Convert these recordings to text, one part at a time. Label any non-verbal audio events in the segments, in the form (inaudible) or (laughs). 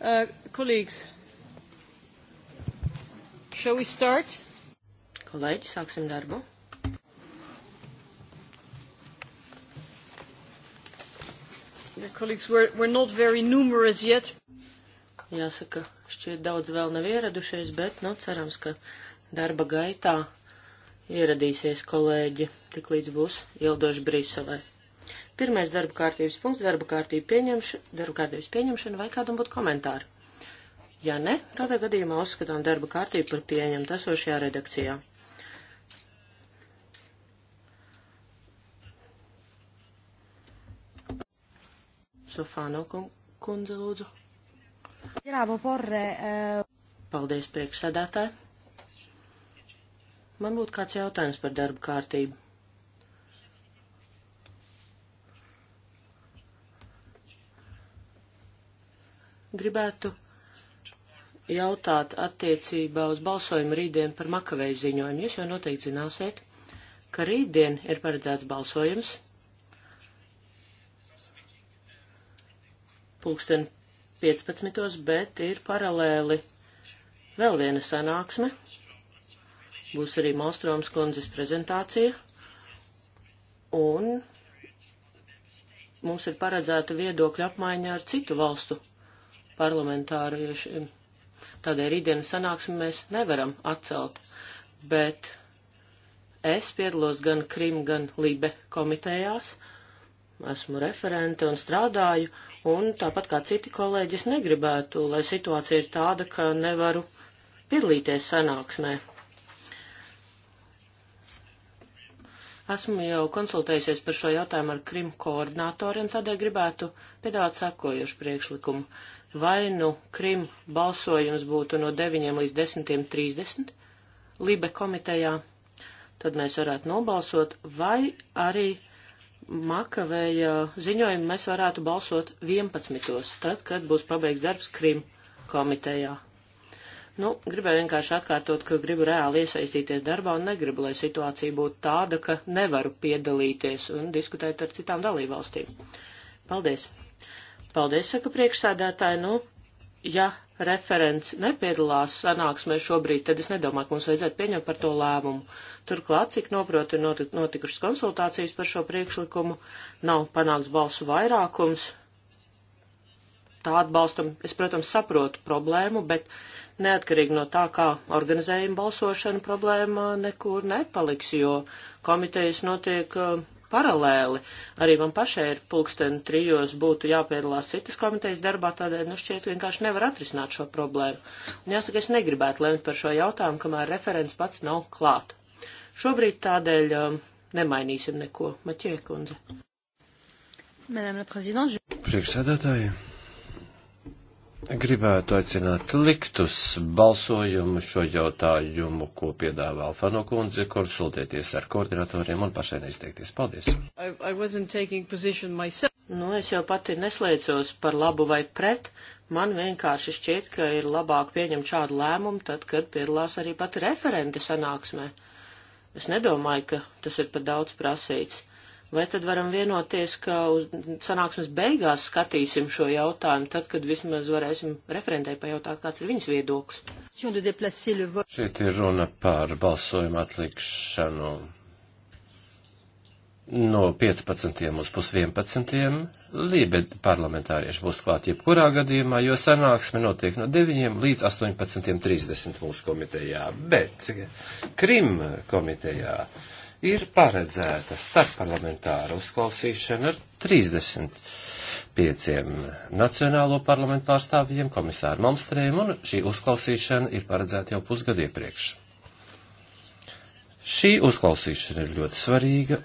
Uh, colleagues, shall we start? Kolēģi, sāksim darbu. The colleagues, we're, we're not very numerous yet. Jāsaka, šķiet daudz vēl nav ieradušies, bet, nu, cerams, ka darba gaitā ieradīsies kolēģi, tik līdz būs ildoši Briselē. Pirmais darba kārtības punkts, darba, kārtība pieņemša, darba kārtības pieņemšana vai kādam būtu komentāri? Ja ne, tādā gadījumā uzskatām darba kārtību par pieņemtu esošajā redakcijā. Sofāno kundze, lūdzu. Grābu porre. Eh, Paldies, priekšsēdētāji. Man būtu kāds jautājums par darba kārtību. Gribētu jautāt attiecībā uz balsojumu rītdien par Makavēju ziņojumu. Jūs jau noteikti zināsiet, ka rītdien ir paredzēts balsojums. Pulksten 15. bet ir paralēli vēl viena sanāksme. Būs arī Malstroms kundzes prezentācija. Un mums ir paredzēta viedokļa apmaiņa ar citu valstu parlamentārieši. Tādēļ rītdienas sanāksmi mēs nevaram atcelt, bet es piedalos gan Krim, gan Libe komitejās, esmu referente un strādāju, un tāpat kā citi kolēģi, es negribētu, lai situācija ir tāda, ka nevaru piedalīties sanāksmē. Esmu jau konsultējusies par šo jautājumu ar Krim koordinatoriem, tādēļ gribētu piedāvāt sekojušu priekšlikumu vai nu Krim balsojums būtu no 9 līdz 10.30 Libe komitejā, tad mēs varētu nobalsot, vai arī Makavēja ziņojumu mēs varētu balsot 11. tad, kad būs pabeigts darbs Krim komitejā. Nu, gribēju vienkārši atkārtot, ka gribu reāli iesaistīties darbā un negribu, lai situācija būtu tāda, ka nevaru piedalīties un diskutēt ar citām dalībvalstīm. Paldies! Paldies, saka priekšsēdētāji. Nu, ja referents nepiedalās sanāksmē šobrīd, tad es nedomāju, ka mums vajadzētu pieņemt par to lēmumu. Turklāt, cik noprotu, ir notik notikušas konsultācijas par šo priekšlikumu, nav panāks balsu vairākums. Tā atbalstam, es, protams, saprotu problēmu, bet neatkarīgi no tā, kā organizējuma balsošana problēma nekur nepaliks, jo komitejas notiek uh, paralēli. Arī man pašai ir pulksteni trijos būtu jāpiedalās citas komitejas darbā, tādēļ, nu, šķiet, vienkārši nevar atrisināt šo problēmu. Un jāsaka, es negribētu lemt par šo jautājumu, kamēr referents pats nav klāt. Šobrīd tādēļ um, nemainīsim neko. Maķie kundze. Priekšsēdētāji. Gribētu aicināt likt uz balsojumu šo jautājumu, ko piedāvā Alfano kundze, konsultēties ar koordinatoriem un pašai neizteikties. Paldies! I, I nu, es jau pati neslēdzos par labu vai pret. Man vienkārši šķiet, ka ir labāk pieņemt šādu lēmumu tad, kad piedalās arī pati referenti sanāksmē. Es nedomāju, ka tas ir pat daudz prasīts. Vai tad varam vienoties, ka uz sanāksmes beigās skatīsim šo jautājumu, tad, kad vismaz varēsim referentē pajautāt, kāds ir viņas viedoklis? Šeit ir runa par balsojumu atlikšanu no 15. uz pusvienpadsmit. Lībe parlamentārieši būs klāt jebkurā gadījumā, jo sanāksme notiek no 9 līdz 18.30 mūsu komitejā, bet Krim komitejā. Mm ir paredzēta starpparlamentāra uzklausīšana ar 35 nacionālo parlamentu pārstāvjiem, komisāru Malmstrēm, un šī uzklausīšana ir paredzēta jau pusgadu iepriekš. Šī uzklausīšana ir ļoti svarīga,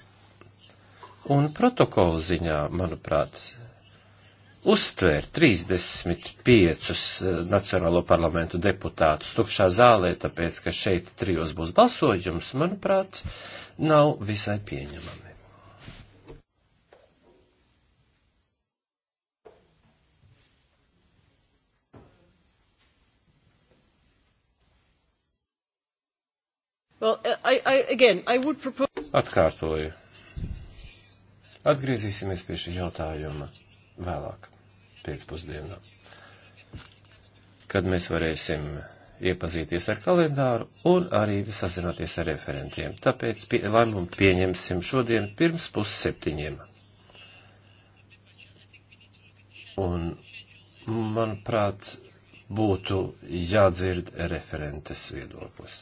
un protokola ziņā, manuprāt, uztvērt 35 eh, Nacionālo parlamentu deputātus tukšā zālē, tāpēc, ka šeit trijos būs balsojums, manuprāt, uh, nav visai pieņemami. Well, I, I, again, I would propose... Atkārtoju. Atgriezīsimies pie šī jautājuma vēlāk, pēcpusdienā, kad mēs varēsim iepazīties ar kalendāru un arī sazināties ar referentiem. Tāpēc pie, lēmumu pieņemsim šodien pirms pusseptiņiem. Un, manuprāt, būtu jādzird referentes viedoklis.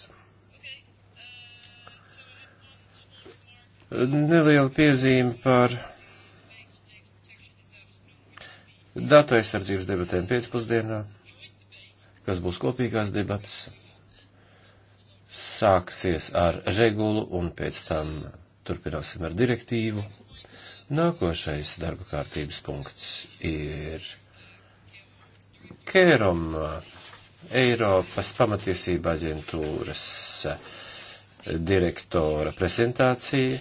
Neliela piezīme par datu aizsardzības debatēm pēcpusdienā kas būs kopīgās debatas. Sāksies ar regulu un pēc tam turpināsim ar direktīvu. Nākošais darba kārtības punkts ir Kērom Eiropas pamatiesība aģentūras direktora prezentācija.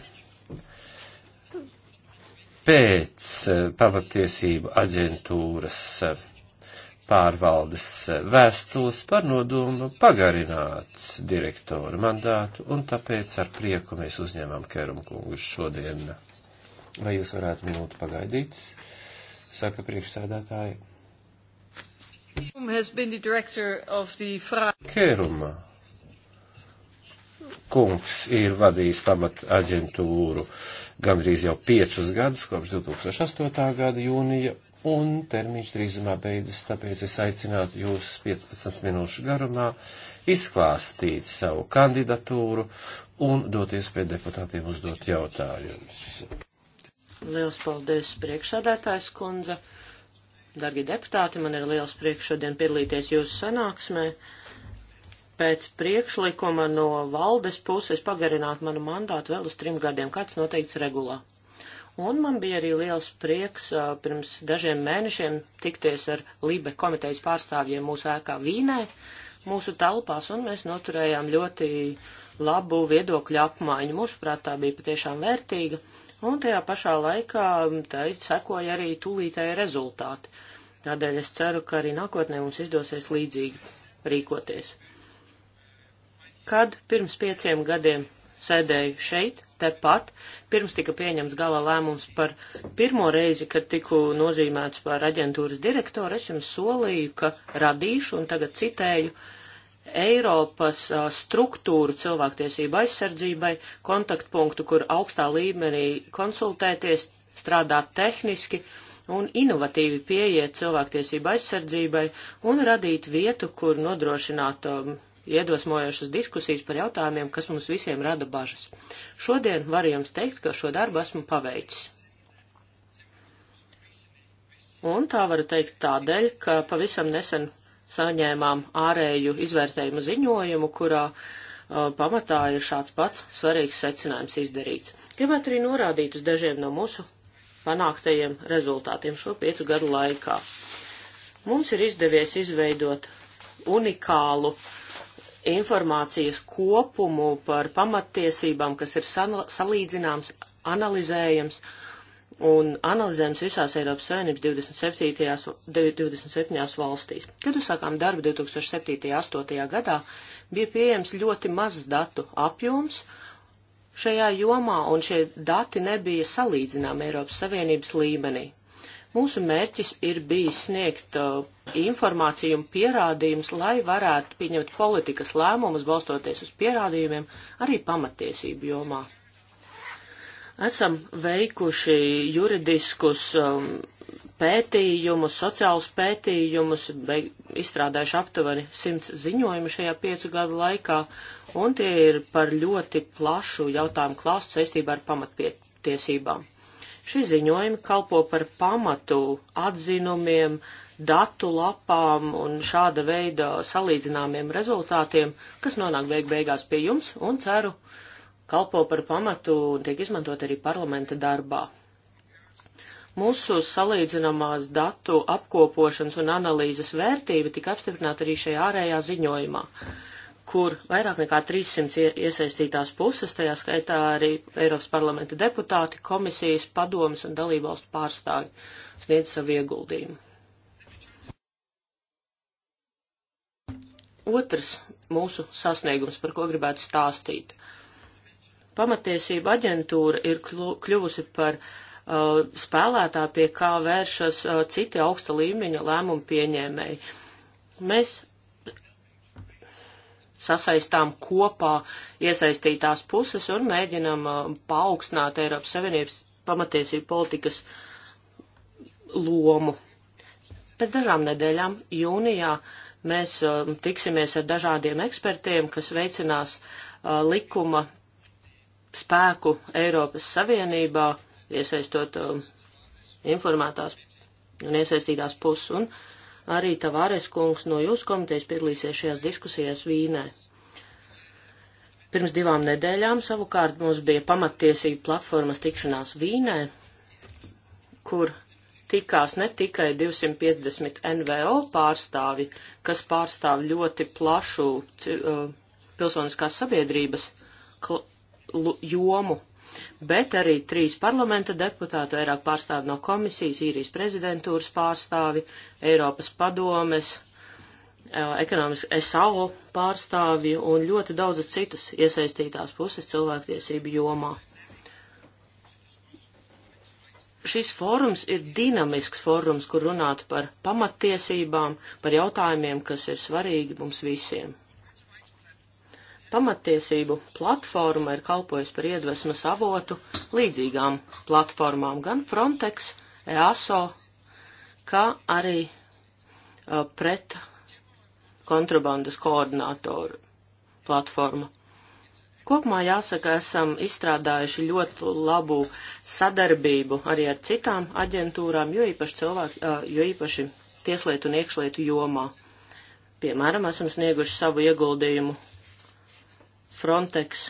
Pēc pamatiesību aģentūras prezentācijas pārvaldes vēstules par nodomu pagarināt direktoru mandātu, un tāpēc ar prieku mēs uzņēmām Kerumu kungu šodien. Vai jūs varētu minūti pagaidīt? Saka priekšsēdētāji. Keruma kungs ir vadījis pamat aģentūru gandrīz jau piecus gadus, kopš 2008. gada jūnija, un termiņš drīzumā beidzas, tāpēc es aicinātu jūs 15 minūšu garumā izklāstīt savu kandidatūru un doties pie deputātiem uzdot jautājumus. Liels paldies, priekšsādātājs kundze. Dargi deputāti, man ir liels prieks šodien piedalīties jūsu sanāksmē. Pēc priekšlikuma no valdes puses pagarināt manu mandātu vēl uz trim gadiem, kāds noteikts regulā. Un man bija arī liels prieks uh, pirms dažiem mēnešiem tikties ar Libe komitejas pārstāvjiem mūsu ēkā Vīnē, mūsu telpās, un mēs noturējām ļoti labu viedokļu apmaiņu. Mūsuprāt, tā bija patiešām vērtīga, un tajā pašā laikā tai sekoja arī tūlītēji rezultāti. Tādēļ es ceru, ka arī nākotnē mums izdosies līdzīgi rīkoties. Kad pirms pieciem gadiem sēdēju šeit, tepat, pirms tika pieņems gala lēmums par pirmo reizi, kad tiku nozīmēts par aģentūras direktoru, es jums solīju, ka radīšu, un tagad citēju, Eiropas a, struktūru cilvēktiesību aizsardzībai, kontaktpunktu, kur augstā līmenī konsultēties, strādāt tehniski un inovatīvi pieiet cilvēktiesību aizsardzībai un radīt vietu, kur nodrošināt um, iedvesmojošas diskusijas par jautājumiem, kas mums visiem rada bažas. Šodien varu jums teikt, ka šo darbu esmu paveicis. Un tā varu teikt tādēļ, ka pavisam nesen saņēmām ārēju izvērtējumu ziņojumu, kurā uh, pamatā ir šāds pats svarīgs secinājums izdarīts. Gribētu arī norādīt uz dažiem no mūsu panāktajiem rezultātiem šo piecu gadu laikā. Mums ir izdevies izveidot unikālu uh, informācijas kopumu par pamattiesībām, kas ir salīdzināms, analizējams un analizējams visās Eiropas Savienības 27, 27 valstīs. Kad uzsākām darbu 2007.-2008. gadā, bija pieejams ļoti mazs datu apjoms šajā jomā, un šie dati nebija salīdzināmi Eiropas Savienības līmenī. Mūsu mērķis ir bijis sniegt uh, informāciju un pierādījumus, lai varētu pieņemt politikas lēmumus, balstoties uz pierādījumiem, arī pamatiesību jomā. Esam veikuši juridiskus um, pētījumus, sociālus pētījumus, beig, izstrādājuši aptuveni simts ziņojumu šajā piecu gadu laikā, un tie ir par ļoti plašu jautājumu klāstu saistībā ar pamattiesībām. Šie ziņojumi kalpo par pamatu atzinumiem, datu lapām un šāda veida salīdzināmiem rezultātiem, kas nonāk beig beigās pie jums un ceru kalpo par pamatu un tiek izmantot arī parlamenta darbā. Mūsu salīdzināmās datu apkopošanas un analīzes vērtība tika apstiprināta arī šajā ārējā ziņojumā kur vairāk nekā 300 iesaistītās puses, tajā skaitā arī Eiropas parlamenta deputāti, komisijas, padomas un dalībvalstu pārstāvi sniedz savu ieguldījumu. Otrs mūsu sasniegums, par ko gribētu stāstīt. Pamatiesība aģentūra ir kļuvusi par uh, spēlētā, pie kā vēršas uh, citi augsta līmeņa lēmumu pieņēmēji. Mēs sasaistām kopā iesaistītās puses un mēģinam uh, paaugstināt Eiropas Savienības pamatiesību politikas lomu. Pēc dažām nedēļām jūnijā mēs uh, tiksimies ar dažādiem ekspertiem, kas veicinās uh, likuma spēku Eiropas Savienībā, iesaistot informētās un iesaistītās puses. Un arī Tavares kungs no jūsu komitejas piedalīsies šajās diskusijās Vīnē. Pirms divām nedēļām savukārt mums bija pamattiesība platformas tikšanās Vīnē, kur tikās ne tikai 250 NVO pārstāvi, kas pārstāv ļoti plašu uh, pilsoniskās sabiedrības jomu, bet arī trīs parlamenta deputāti, vairāk pārstāvi no komisijas, īrijas prezidentūras pārstāvi, Eiropas padomes, eh, ekonomiski SAO pārstāvi un ļoti daudzas citas iesaistītās puses cilvēktiesību jomā šis fórums ir dinamisks fórums, kur runāt par pamattiesībām, par jautājumiem, kas ir svarīgi mums visiem. Pamattiesību platforma ir kalpojusi par iedvesmas avotu līdzīgām platformām gan Frontex, EASO, kā arī uh, pret kontrabandas koordinātoru platforma. Kopumā jāsaka, esam izstrādājuši ļoti labu sadarbību arī ar citām aģentūrām, jo īpaši, cilvēki, jo īpaši tieslietu un iekšlietu jomā. Piemēram, esam snieguši savu ieguldījumu Frontex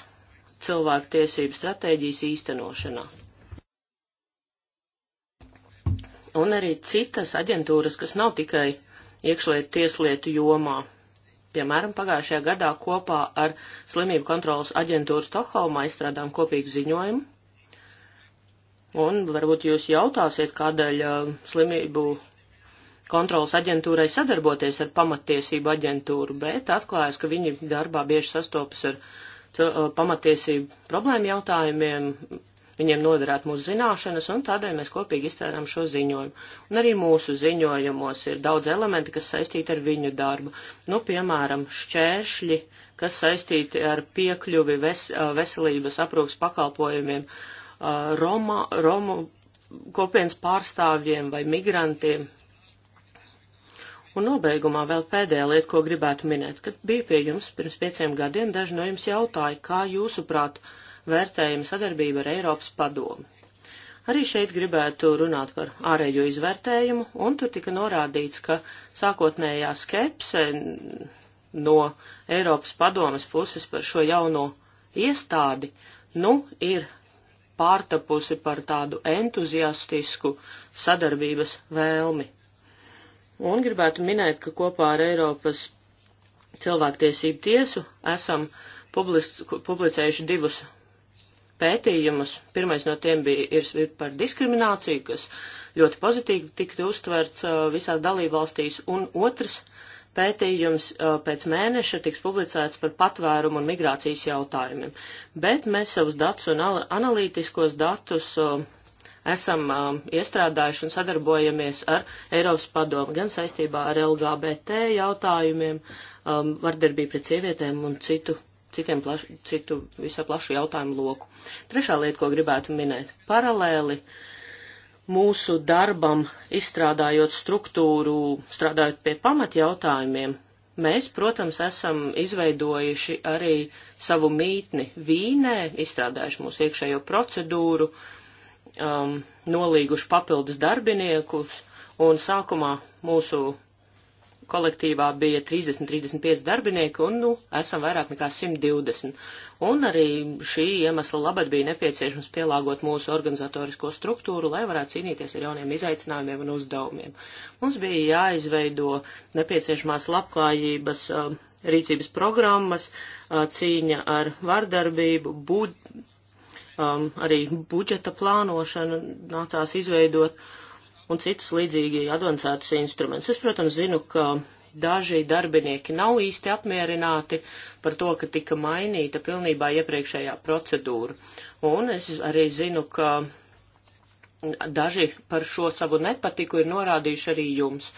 cilvēktiesību stratēģijas īstenošanā. Un arī citas aģentūras, kas nav tikai iekšlietu tieslietu jomā. Piemēram, pagājušajā gadā kopā ar slimību kontrolas aģentūru Stokholmā izstrādām kopīgu ziņojumu. Un varbūt jūs jautāsiet, kādēļ uh, slimību kontrolas aģentūrai sadarboties ar pamatiesību aģentūru, bet atklājas, ka viņi darbā bieži sastopas ar uh, pamatiesību problēmu jautājumiem, viņiem noderētu mūsu zināšanas, un tādēļ mēs kopīgi izstrādājam šo ziņojumu. Un arī mūsu ziņojumos ir daudz elementi, kas saistīti ar viņu darbu. Nu, piemēram, šķēršļi, kas saistīti ar piekļuvi ves, uh, veselības aprūpas pakalpojumiem, uh, Roma, Romu kopienas pārstāvjiem vai migrantiem, Un nobeigumā vēl pēdējā lieta, ko gribētu minēt. Kad bija pie jums pirms pieciem gadiem, daži no jums jautāja, kā jūsuprāt vērtējuma sadarbība ar Eiropas padomu. Arī šeit gribētu runāt par ārējo izvērtējumu, un tur tika norādīts, ka sākotnējā skepse no Eiropas padomas puses par šo jauno iestādi, nu, ir pārtapusi par tādu entuziastisku sadarbības vēlmi Un gribētu minēt, ka kopā ar Eiropas cilvēktiesību tiesu esam publis, publicējuši divus pētījumus. Pirmais no tiem bija ir, ir par diskrimināciju, kas ļoti pozitīvi tika uztverts uh, visās dalībvalstīs, un otrs pētījums uh, pēc mēneša tiks publicēts par patvērumu un migrācijas jautājumiem. Bet mēs savus datus un analītiskos datus uh, esam um, iestrādājuši un sadarbojamies ar Eiropas padomu gan saistībā ar LGBT jautājumiem, um, vardarbību pret sievietēm un citu, citiem plaš, citu visā plašu jautājumu loku. Trešā lieta, ko gribētu minēt, paralēli mūsu darbam, izstrādājot struktūru, strādājot pie pamatjautājumiem, Mēs, protams, esam izveidojuši arī savu mītni Vīnē, izstrādājuši mūsu iekšējo procedūru, um, nolīguši papildus darbiniekus, un sākumā mūsu kolektīvā bija 30-35 darbinieki, un nu esam vairāk nekā 120. Un arī šī iemesla labad bija nepieciešams pielāgot mūsu organizatorisko struktūru, lai varētu cīnīties ar jauniem izaicinājumiem un uzdevumiem. Mums bija jāizveido nepieciešamās labklājības. Um, rīcības programmas, uh, cīņa ar vardarbību, būd, um, arī budžeta plānošanu nācās izveidot un citus līdzīgi advancētus instrumentus. Es, protams, zinu, ka daži darbinieki nav īsti apmierināti par to, ka tika mainīta pilnībā iepriekšējā procedūra. Un es arī zinu, ka daži par šo savu nepatiku ir norādījuši arī jums.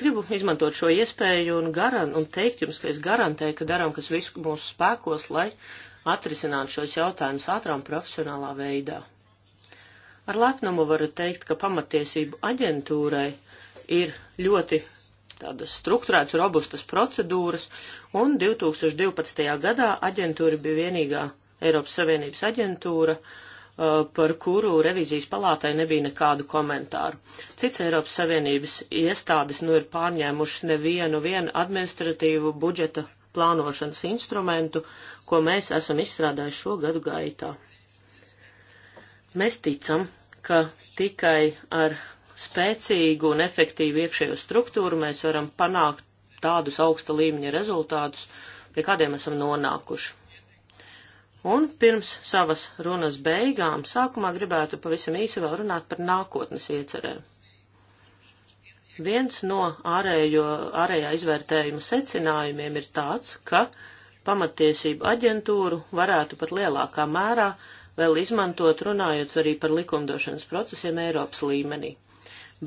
Gribu izmantot šo iespēju un, garan, un teikt jums, ka es garantēju, ka darām, kas visu mūsu spēkos, lai uh, atrisināt šos jautājumus ātrā un profesionālā veidā. Ar lepnumu varu teikt, ka pamatiesību aģentūrai ir ļoti tādas struktūrētas, robustas procedūras, un 2012. gadā aģentūra bija vienīgā Eiropas Savienības aģentūra, uh, par kuru revizijas palātai nebija nekādu komentāru. Cits Eiropas Savienības iestādes nu ir pārņēmušas nevienu vienu administratīvu budžeta plānošanas instrumentu, ko mēs esam izstrādājuši šo gadu gaitā. Mēs ticam, ka tikai ar spēcīgu un efektīvu iekšējo struktūru mēs varam panākt tādus augsta līmeņa rezultātus, pie kādiem esam nonākuši. Un pirms savas runas beigām sākumā gribētu pavisam īsi vēl runāt par nākotnes iecerēm. Viens no ārējo, ārējā izvērtējuma secinājumiem ir tāds, ka pamatiesību aģentūru varētu pat lielākā mērā vēl izmantot runājot arī par likumdošanas procesiem Eiropas līmenī.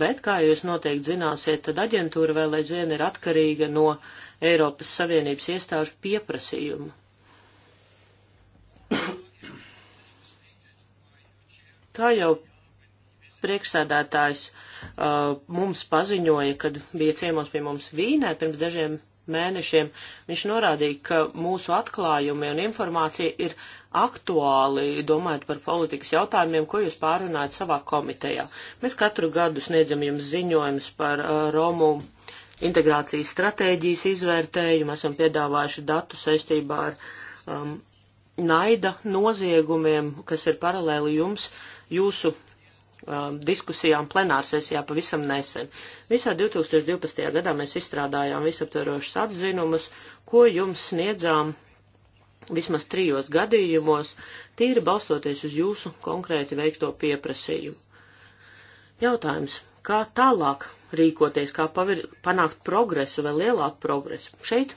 Bet, kā jūs noteikti zināsiet, tad aģentūra vēl aizvien ir atkarīga no Eiropas Savienības iestāžu pieprasījuma. Kā jau priekšsēdētājs uh, uh, mums paziņoja, kad bija ciemos pie mums Vīnē pirms dažiem mēnešiem, viņš norādīja, ka mūsu atklājumi un informācija ir aktuāli, domājot par politikas jautājumiem, ko jūs pārunājat savā komitejā. Mēs katru gadu sniedzam jums ziņojumus par uh, Romu integrācijas stratēģijas izvērtējumu, esam piedāvājuši datu saistībā ar um, naida noziegumiem, kas ir paralēli jums, jūsu um, diskusijām plenārsesijā pavisam nesen. Visā 2012. gadā mēs izstrādājām visaptverošas atzinumus, ko jums sniedzām vismaz trijos gadījumos, tīri balstoties uz jūsu konkrēti veikto pieprasījumu. Jautājums, kā tālāk rīkoties, kā pavir, panākt progresu, vēl lielāku progresu? Šeit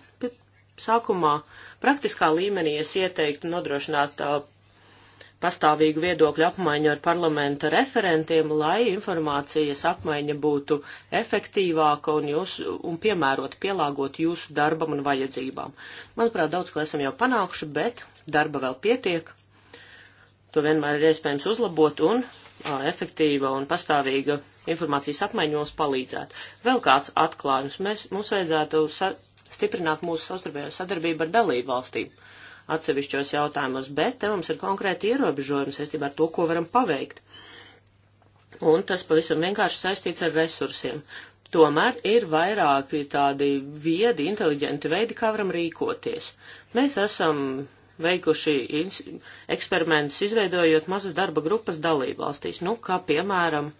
sākumā praktiskā līmenī es ieteiktu nodrošināt uh, pastāvīgu viedokļu apmaiņu ar parlamenta referentiem, lai informācijas apmaiņa būtu efektīvāka un, jūs, un piemērot, pielāgot jūsu darbam un vajadzībām. Manuprāt, daudz ko esam jau panākuši, bet darba vēl pietiek. To vienmēr ir iespējams uzlabot un a, efektīva un pastāvīga informācijas apmaiņa mums palīdzētu. Vēl kāds atklājums. Mēs, mums vajadzētu sa, stiprināt mūsu savstarpējo sadarbību ar dalību valstīm atsevišķos jautājumos, bet te mums ir konkrēti ierobežojumi saistībā ar to, ko varam paveikt. Un tas pavisam vienkārši saistīts ar resursiem. Tomēr ir vairāki tādi viedi, inteliģenti veidi, kā varam rīkoties. Mēs esam veikuši eksperimentus, izveidojot mazas darba grupas dalībvalstīs. Nu, kā piemēram,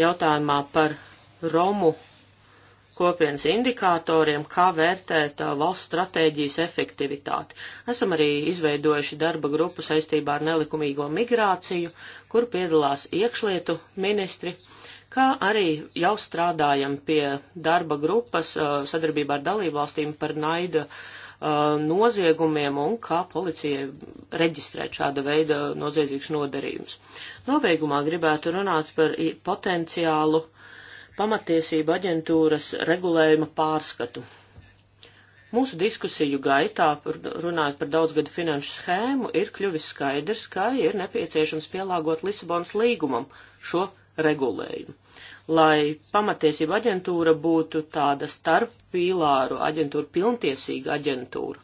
jautājumā par Romu kopienas indikatoriem, kā vērtēt uh, valsts stratēģijas efektivitāti. Esam arī izveidojuši darba grupu saistībā ar nelikumīgo migrāciju, kur piedalās iekšlietu ministri, kā arī jau strādājam pie darba grupas uh, sadarbībā ar dalībvalstīm par naida uh, noziegumiem un kā policija reģistrēt šāda veida noziedzīgs nodarījums. Nobeigumā gribētu runāt par potenciālu pamatiesība aģentūras regulējuma pārskatu. Mūsu diskusiju gaitā, par, runājot par daudzgadu finanšu schēmu, ir kļuvis skaidrs, ka ir nepieciešams pielāgot Lisabonas līgumam šo regulējumu, lai pamatiesība aģentūra būtu tāda starp pīlāru aģentūra, pilntiesīga aģentūra.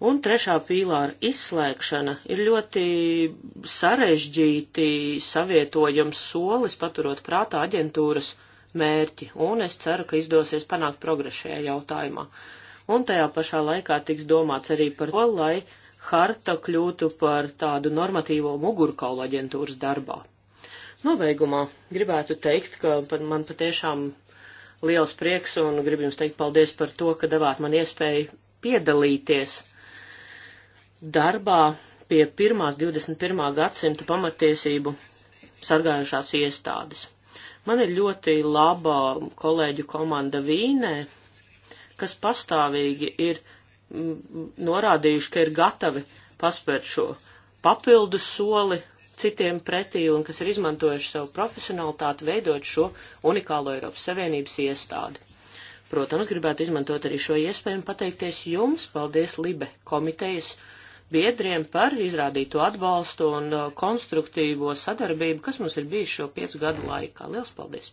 Un trešā pīlāra izslēgšana ir ļoti sarežģīti savietojams solis, paturot prātā aģentūras mērķi, un es ceru, ka izdosies panākt progresu šajā jautājumā. Un tajā pašā laikā tiks domāts arī par to, lai harta kļūtu par tādu normatīvo mugurkaulu aģentūras darbā. Nobeigumā gribētu teikt, ka man patiešām liels prieks un gribu jums teikt paldies par to, ka devāt man iespēju piedalīties darbā pie pirmās 21. gadsimta pamatiesību sargājušās iestādes. Man ir ļoti laba kolēģu komanda Vīnē, kas pastāvīgi ir mm, norādījuši, ka ir gatavi paspērt šo papildus soli citiem pretī un kas ir izmantojuši savu profesionalitāti, veidot šo unikālo Eiropas Savienības iestādi. Protams, gribētu izmantot arī šo iespēju un pateikties jums, paldies Libe komitejas biedriem par izrādīto atbalstu un uh, konstruktīvo sadarbību, kas mums ir bijis šo piecu gadu laikā. Lielas paldies!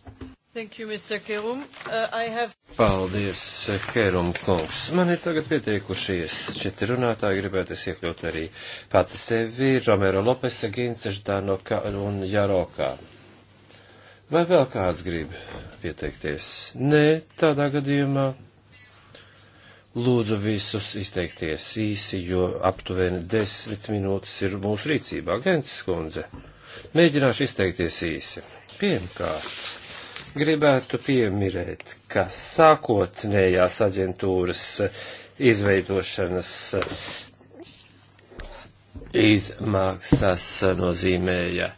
Thank you, Mr. Kerum. Uh, I have... Paldies, Kerum kungs. Man ir tagad pieteikušies četri runātāji, gribētu es iekļaut arī pati sevi, Romero Lopesa, Gincež, Dano un Jarokā. Vai vēl kāds grib pieteikties? Nē, tādā gadījumā Lūdzu visus izteikties īsi, jo aptuveni desmit minūtes ir mūsu rīcībā. Gensis kundze, mēģināšu izteikties īsi. Pirmkārt, gribētu piemirēt, ka sākotnējās aģentūras izveidošanas izmaksas nozīmēja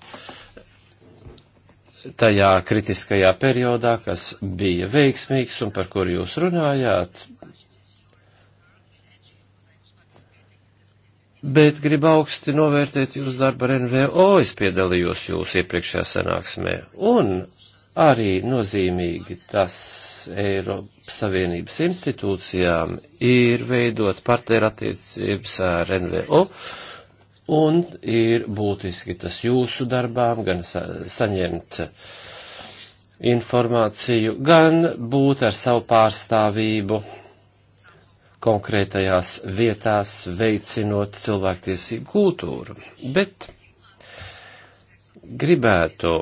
tajā kritiskajā periodā, kas bija veiksmīgs un par kuru jūs runājāt, bet gribu augsti novērtēt jūsu darbu ar NVO. Es piedalījos jūsu iepriekšējā sanāksmē. Un arī nozīmīgi tas Eiropas Savienības institūcijām ir veidot partnerattiecības ar NVO. Un ir būtiski tas jūsu darbām, gan sa saņemt informāciju, gan būt ar savu pārstāvību konkrētajās vietās, veicinot cilvēktiesību kultūru. Bet gribētu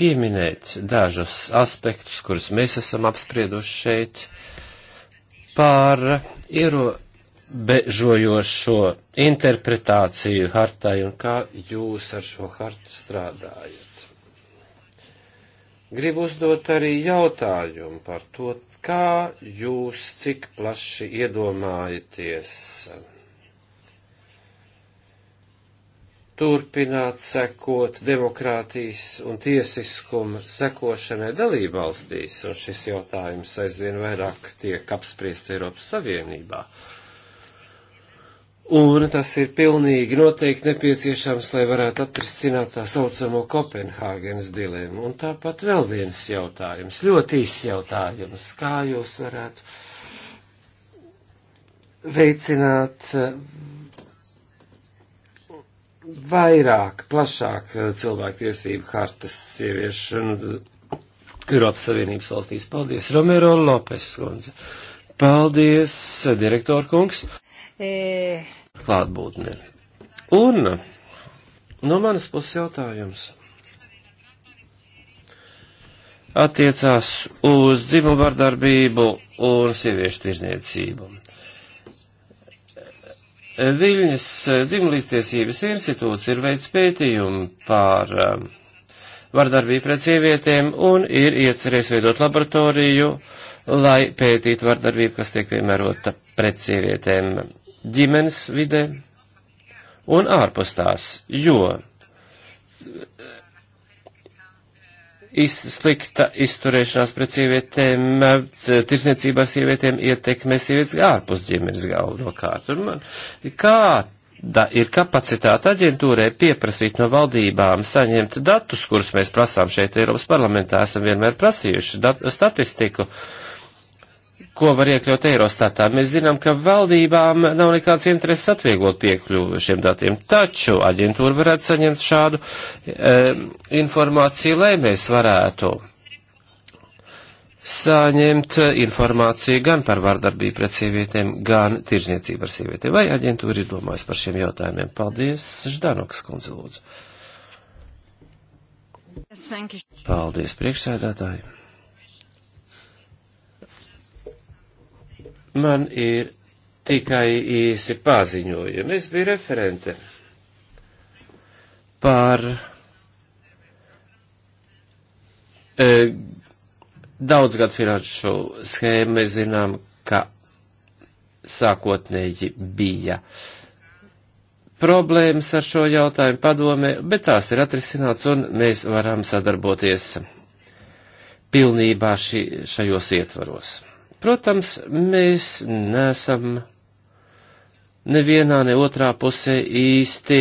pieminēt dažus aspektus, kurus mēs esam apsprieduši šeit par ierobežojošo interpretāciju hartai un kā jūs ar šo hartu strādājat. Gribu uzdot arī jautājumu par to, kā jūs cik plaši iedomājaties turpināt sekot demokrātijas un tiesiskuma sekošanai dalībvalstīs, un šis jautājums aizvien vairāk tiek apspriests Eiropas Savienībā. Uh, Un tas ir pilnīgi noteikti nepieciešams, lai varētu atrisināt tā saucamo Kopenhāgenes dilemmu. Un tāpat vēl viens jautājums, ļoti īsts jautājums, kā jūs varētu veicināt eh, vairāk, plašāk eh, cilvēktiesību hartas sieviešu Eiropas Savienības valstīs. Paldies, Romero Lopes, kundze. Paldies, eh, direktor kungs. E, klātbūtne. Un no manas puses jautājums attiecās uz dzimumu vardarbību un sieviešu tirzniecību. Viļņas dzimumlīstiesības institūts ir veids pētījumu pār um, vardarbību pret sievietēm un ir iecerējis veidot laboratoriju, lai pētītu vardarbību, kas tiek piemērota pret sievietēm ģimenes vidē un ārpus tās, jo slikta izturēšanās pret sievietēm, tirsniecībā sievietēm ietekmē sievietes ārpus ģimenes galvenokārt. Un man, kā da, ir kapacitāte aģentūrai pieprasīt no valdībām saņemt datus, kurus mēs prasām šeit Eiropas parlamentā, esam vienmēr prasījuši dat, statistiku. Uh, ko var iekļaut Eirostatā. Mēs zinām, ka valdībām nav nekāds intereses atvieglot piekļuvu šiem datiem, taču aģentūra varētu saņemt šādu e, informāciju, lai mēs varētu saņemt informāciju gan par vardarbību pret sievietēm, gan tirzniecību ar sievietēm. Vai aģentūra ir domājusi par šiem jautājumiem? Paldies, Ždanoks kundze, lūdzu. Paldies, priekšsēdētāji. Man ir tikai īsi paziņojumi. Es biju referente par e, daudzgad finanšu schēmu. Mēs zinām, ka sākotnēji bija problēmas ar šo jautājumu padomē, bet tās ir atrisināts un mēs varam sadarboties pilnībā ši, šajos ietvaros. Protams, mēs nesam nevienā ne otrā pusē īsti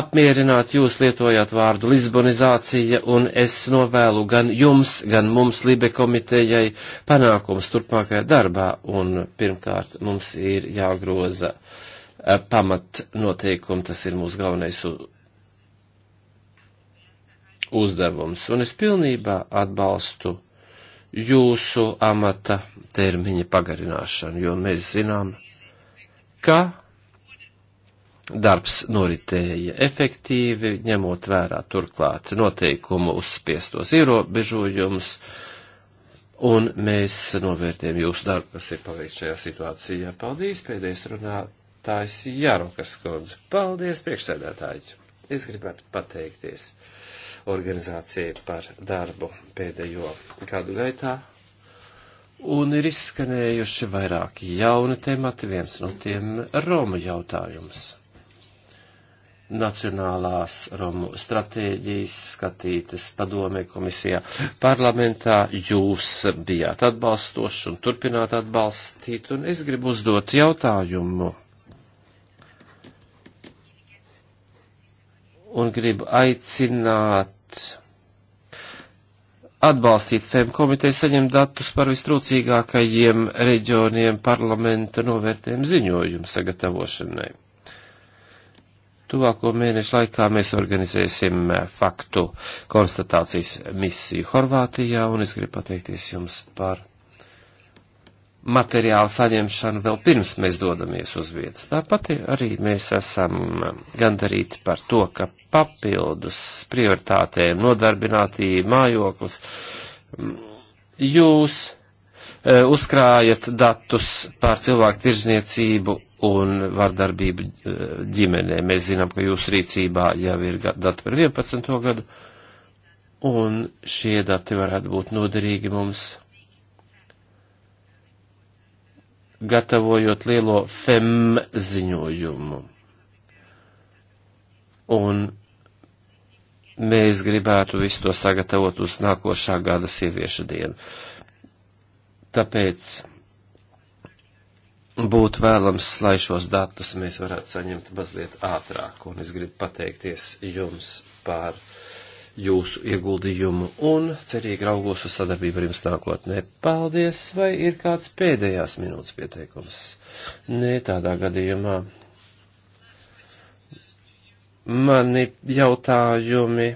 apmierināt, jūs lietojāt vārdu Lisbonizācija, un es novēlu gan jums, gan mums Libe komitejai panākums turpmākajā darbā, un pirmkārt mums ir jāgroza eh, pamat noteikumi, tas ir mūsu galvenais uzdevums, un es pilnībā atbalstu jūsu amata termiņa pagarināšanu, jo mēs zinām, ka darbs noritēja efektīvi, ņemot vērā turklāt noteikumu uzspiestos ierobežojumus, un mēs novērtējam jūsu darbu, kas ir paveikts šajā situācijā. Paldies, pēdējais runātājs Jārokas kundze. Paldies, priekšsēdētāji. Es gribētu pateikties organizācijai par darbu pēdējo gadu gaitā. Un ir izskanējuši vairāki jauni temati, viens no tiem - Romu jautājums. Nacionālās Romu stratēģijas skatītas padomē komisijā parlamentā. Jūs bijāt atbalstoši un turpināt atbalstīt, un es gribu uzdot jautājumu un gribu aicināt atbalstīt FEM komiteju saņemt datus par vistrūcīgākajiem reģioniem parlamenta novērtējumu ziņojumu sagatavošanai. Tuvāko mēnešu laikā mēs organizēsim faktu konstatācijas misiju Horvātijā, un es gribu pateikties jums par materiāla saņemšanu vēl pirms mēs dodamies uz vietas. Tāpat arī mēs esam gandarīti par to, ka papildus prioritātēm nodarbinātība mājoklis mm, jūs e, uzkrājat datus par cilvēku tirzniecību un vardarbību e, ģimenē. Mēs zinām, ka jūsu rīcībā jau ir dati par 11. gadu, un šie dati varētu būt noderīgi mums gatavojot lielo FEM ziņojumu. Un mēs gribētu visu to sagatavot uz nākošā gada sieviešu dienu. Tāpēc būtu vēlams, lai šos datus mēs varētu saņemt mazliet ātrāk, un es gribu pateikties jums par jūsu ieguldījumu un cerīgi raugos uz sadarbību ar jums nākotnē. Paldies, vai ir kāds pēdējās minūtes pieteikums? Nē, tādā gadījumā mani jautājumi.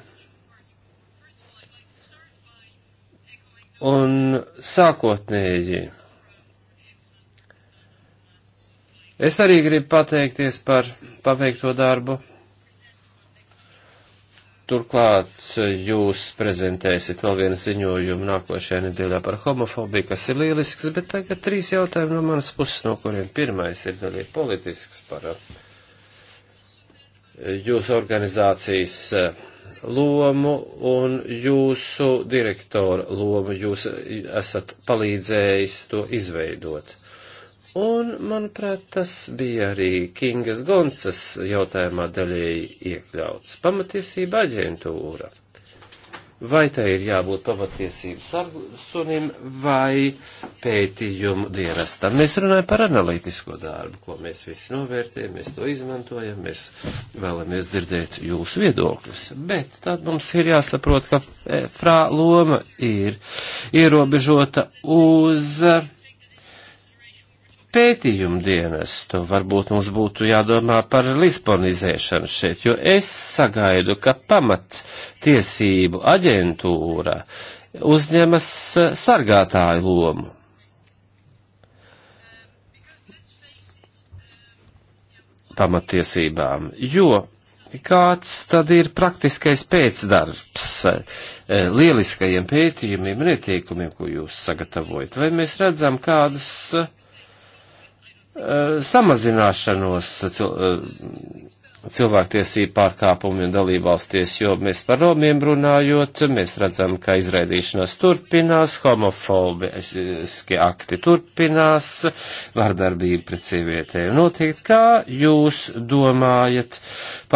Un sākotnēji. Es arī gribu pateikties par paveikto darbu. Turklāt eh, jūs prezentēsiet vēl vienu ziņojumu nākošajā nedēļā par homofobiju, kas ir lielisks, bet tagad trīs jautājumi no manas puses, no kuriem pirmais ir daļai politisks par eh, jūsu organizācijas eh, lomu un jūsu direktora lomu. Jūs esat palīdzējis to izveidot. Un, manuprāt, tas bija arī Kingas Goncas jautājumā daļēji iekļauts. Pamatiesība aģentūra. Vai tai ir jābūt pamatiesības sunim vai pētījumu dienestam? Mēs runājam par analītisko darbu, ko mēs visi novērtējam, mēs to izmantojam, mēs vēlamies dzirdēt jūsu viedokļus. Bet tad mums ir jāsaprot, ka e, frā loma ir ierobežota uz pētījumu dienestu. Varbūt mums būtu jādomā par lisbonizēšanu šeit, jo es sagaidu, ka pamat tiesību aģentūra uzņemas eh, sargātāju lomu. pamatiesībām, jo kāds tad ir praktiskais pēcdarbs eh, lieliskajiem pētījumiem un ieteikumiem, ko jūs sagatavojat? Vai mēs redzam kādus uh, Eh, samazināšanos eh, cilvēktiesību pārkāpumiem dalībvalstīs, jo mēs par romiem runājot, mēs redzam, ka izraidīšanās turpinās, homofobiski akti turpinās, vardarbība pret sievietēm notiek. Kā jūs domājat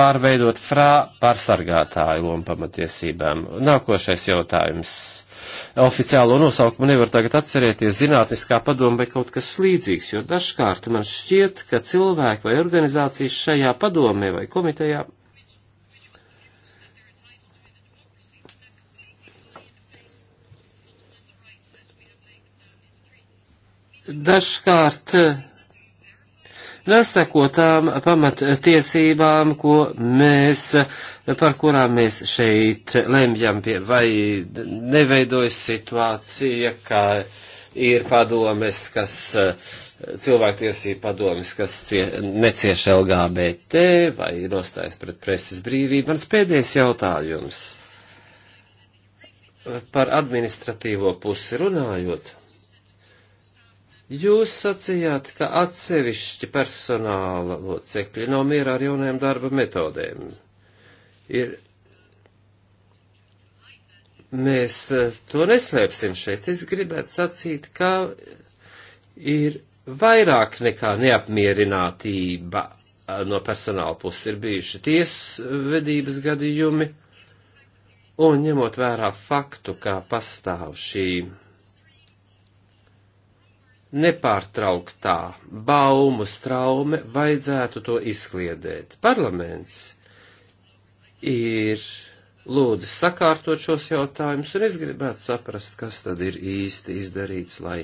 pārveidot frā par sargātāju lomu pamatiesībām? Nākošais jautājums oficiālo nosaukumu nevar tagad atcerēties zinātniskā padoma vai kaut kas līdzīgs, jo dažkārt man šķiet, ka cilvēki vai organizācijas šajā padomē vai komitejā dažkārt nesakotām pamattiesībām, ko mēs, par kurām mēs šeit lemjam, pie, vai neveidojas situācija, ka ir padomes, kas cilvēktiesība padomes, kas cie, necieš LGBT, vai ir nostājas pret preses brīvību. Mans pēdējais jautājums par administratīvo pusi runājot Jūs sacījāt, ka atsevišķi personāla locekļi nav mierā ar jaunajām darba metodēm. Ir mēs eh, to neslēpsim šeit. Es gribētu sacīt, ka ir vairāk nekā neapmierinātība eh, no personāla puses ir bijuši tiesvedības gadījumi, un ņemot vērā faktu, kā pastāv šī nepārtrauktā baumu straume vajadzētu to izkliedēt. Parlaments ir lūdzis sakārtot šos jautājumus, un es gribētu saprast, kas tad ir īsti izdarīts, lai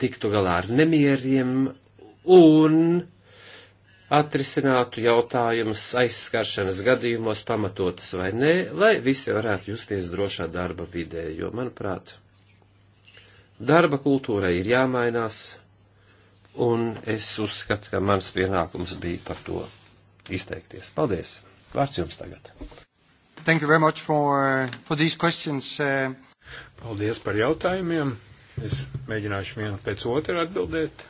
tiktu galā ar nemieriem un atrisinātu jautājumus aizskaršanas gadījumos pamatotas vai nē, lai visi varētu justies drošā darba vidē, jo, manuprāt, Darba kultūrai ir jāmainās, un es uzskatu, ka mans pienākums bija par to izteikties. Paldies! Vārds jums tagad. Thank you very much for, for these questions. Uh, Paldies par jautājumiem. Es mēģināšu vienu pēc otru atbildēt.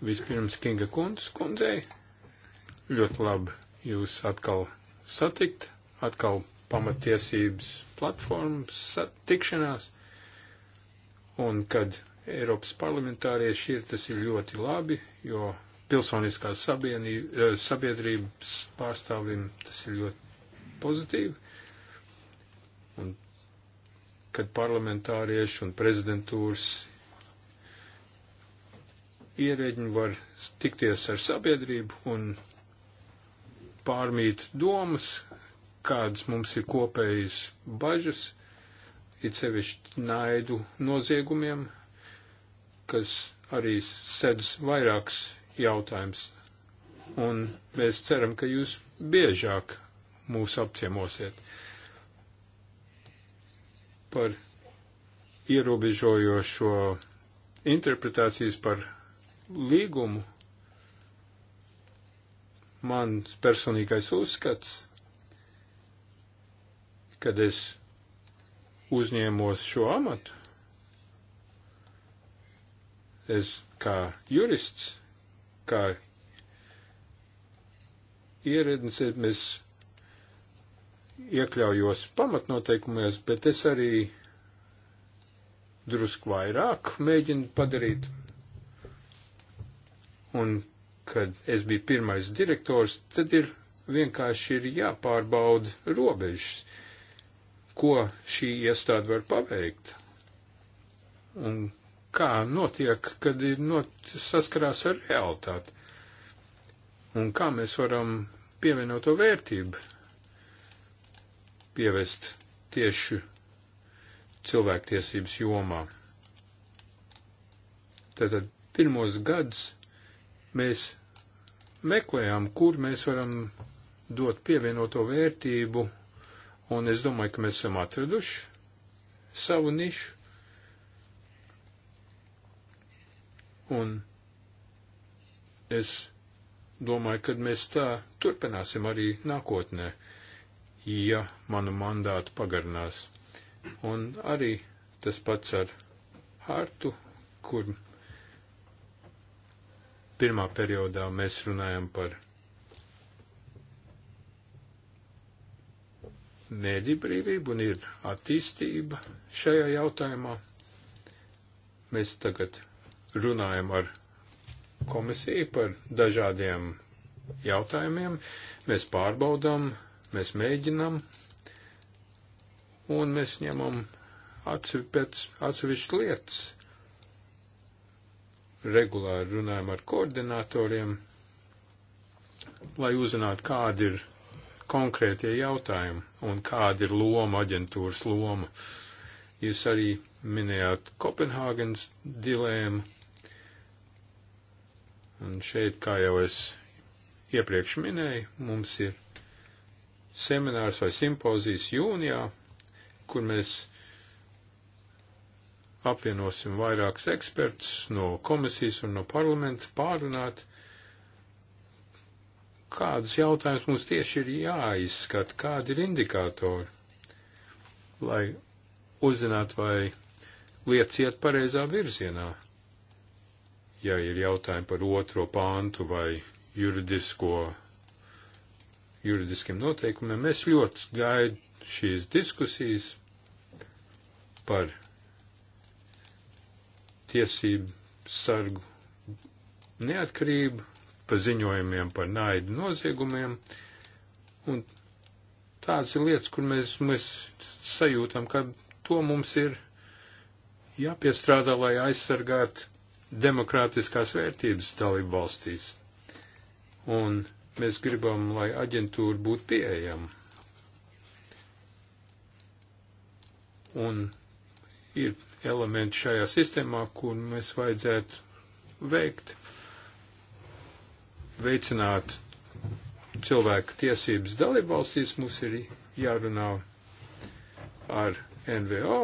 Vispirms Kinga kundz, kundzei. Ļoti labi jūs atkal satikt, atkal pamatiesības platformas tikšanās. Un kad Eiropas parlamentārieši ir, tas ir ļoti labi, jo pilsoniskās eh, sabiedrības pārstāvim tas ir ļoti pozitīvi. Un kad parlamentārieši un prezidentūras ierēģi var tikties ar sabiedrību un pārmīt domas, kādas mums ir kopējas bažas, it sevišķi naidu noziegumiem, kas arī sedz vairāks jautājums. Un mēs ceram, ka jūs biežāk mūs apciemosiet par ierobežojošo interpretācijas par līgumu. Mans personīgais uzskats, kad es uzņēmos šo amatu, es kā jurists, kā ierednis, es iekļaujos pamatnoteikumos, bet es arī drusku vairāk mēģinu padarīt. Un, kad es biju pirmais direktors, tad ir vienkārši ir jāpārbauda robežas ko šī iestāde var paveikt. Un kā notiek, kad ir not, saskarās ar realitāti. Un kā mēs varam pievienot to vērtību, pievest tieši cilvēktiesības jomā. Tātad pirmos gadus mēs meklējām, kur mēs varam dot pievienoto vērtību Un es domāju, ka mēs esam atraduši savu nišu. Un es domāju, ka mēs tā turpināsim arī nākotnē, ja manu mandātu pagarinās. Un arī tas pats ar hartu, kur pirmā periodā mēs runājam par mēdī brīvība un ir attīstība šajā jautājumā. Mēs tagad runājam ar komisiju par dažādiem jautājumiem, mēs pārbaudām, mēs mēģinām un mēs ņemam atsevišķas lietas. Regulāri runājam ar koordinatoriem, lai uzzinātu, kāda ir konkrētie jautājumi un kāda ir loma, aģentūras loma. Jūs arī minējāt Kopenhāgenes dilēmu, un šeit, kā jau es iepriekš minēju, mums ir seminārs vai simpozijas jūnijā, kur mēs apvienosim vairākus ekspertus no komisijas un no parlamenta pārunāt kādus jautājumus mums tieši ir jāizskata, kādi ir indikātori, lai uzzinātu, vai lietas iet pareizā virzienā. Ja ir jautājumi par otro pāntu vai juridisko, juridiskiem noteikumiem, es ļoti gaidu šīs diskusijas par tiesību sargu neatkarību pa ziņojumiem par naidu noziegumiem. Un tāds ir lietas, kur mēs, mēs sajūtam, ka to mums ir jāpiestrādā, lai aizsargātu demokrātiskās vērtības dalību valstīs. Un mēs gribam, lai aģentūra būtu pieejama. Un ir elementi šajā sistēmā, kur mēs vajadzētu veikt veicināt cilvēku tiesības dalībvalstīs, mums ir jārunā ar NVO,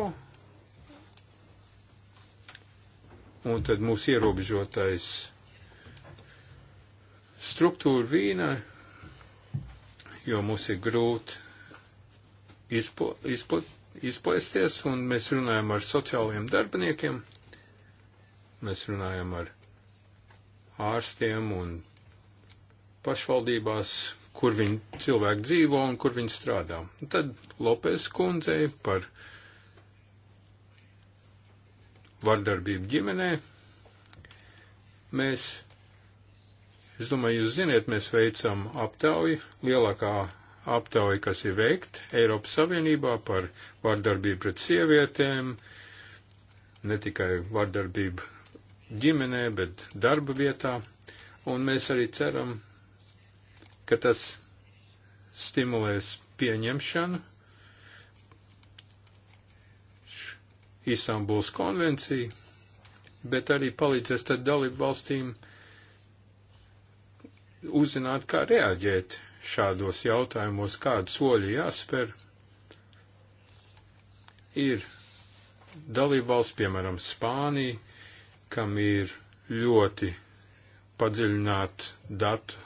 un tad mūsu ierobežotais struktūra vīna, jo mums ir grūti izpo, izpo, izplēsties, un mēs runājam ar sociālajiem darbiniekiem, mēs runājam ar ārstiem un pašvaldībās, kur viņi cilvēki dzīvo un kur viņi strādā. Un tad Lopes kundzei par vardarbību ģimenē. Mēs, es domāju, jūs ziniet, mēs veicam aptauju, lielākā aptauja, kas ir veikt Eiropas Savienībā par vardarbību pret sievietēm, ne tikai vardarbību ģimenē, bet darba vietā. Un mēs arī ceram ka tas stimulēs pieņemšanu. Istanbuls konvencija, bet arī palīdzēs tad dalību valstīm uzzināt, kā reaģēt šādos jautājumos, kādu soļi jāspēr. Ir dalību valsts, piemēram, Spānija, kam ir ļoti padziļināta datu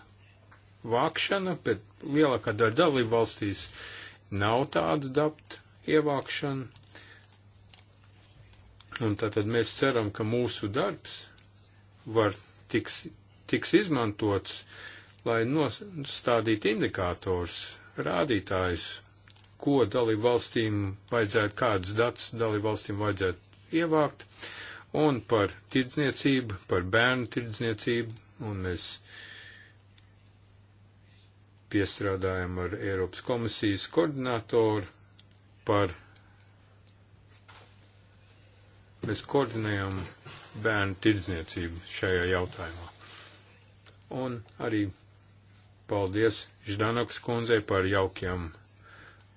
vākšana, bet lielākā daļa dalību valstīs nav tādu datu ievākšanu. Un tātad mēs ceram, ka mūsu darbs var tiks, tiks izmantots, lai nostādītu indikātors, rādītājs, ko dalību valstīm vajadzētu, kādus datus dalību valstīm vajadzētu ievākt, un par tirdzniecību, par bērnu tirdzniecību, un mēs uh, piestrādājam ar Eiropas komisijas koordinatoru par. Mēs koordinējam bērnu tirdzniecību šajā jautājumā. Un arī paldies Ždanoks kundzei par jaukiem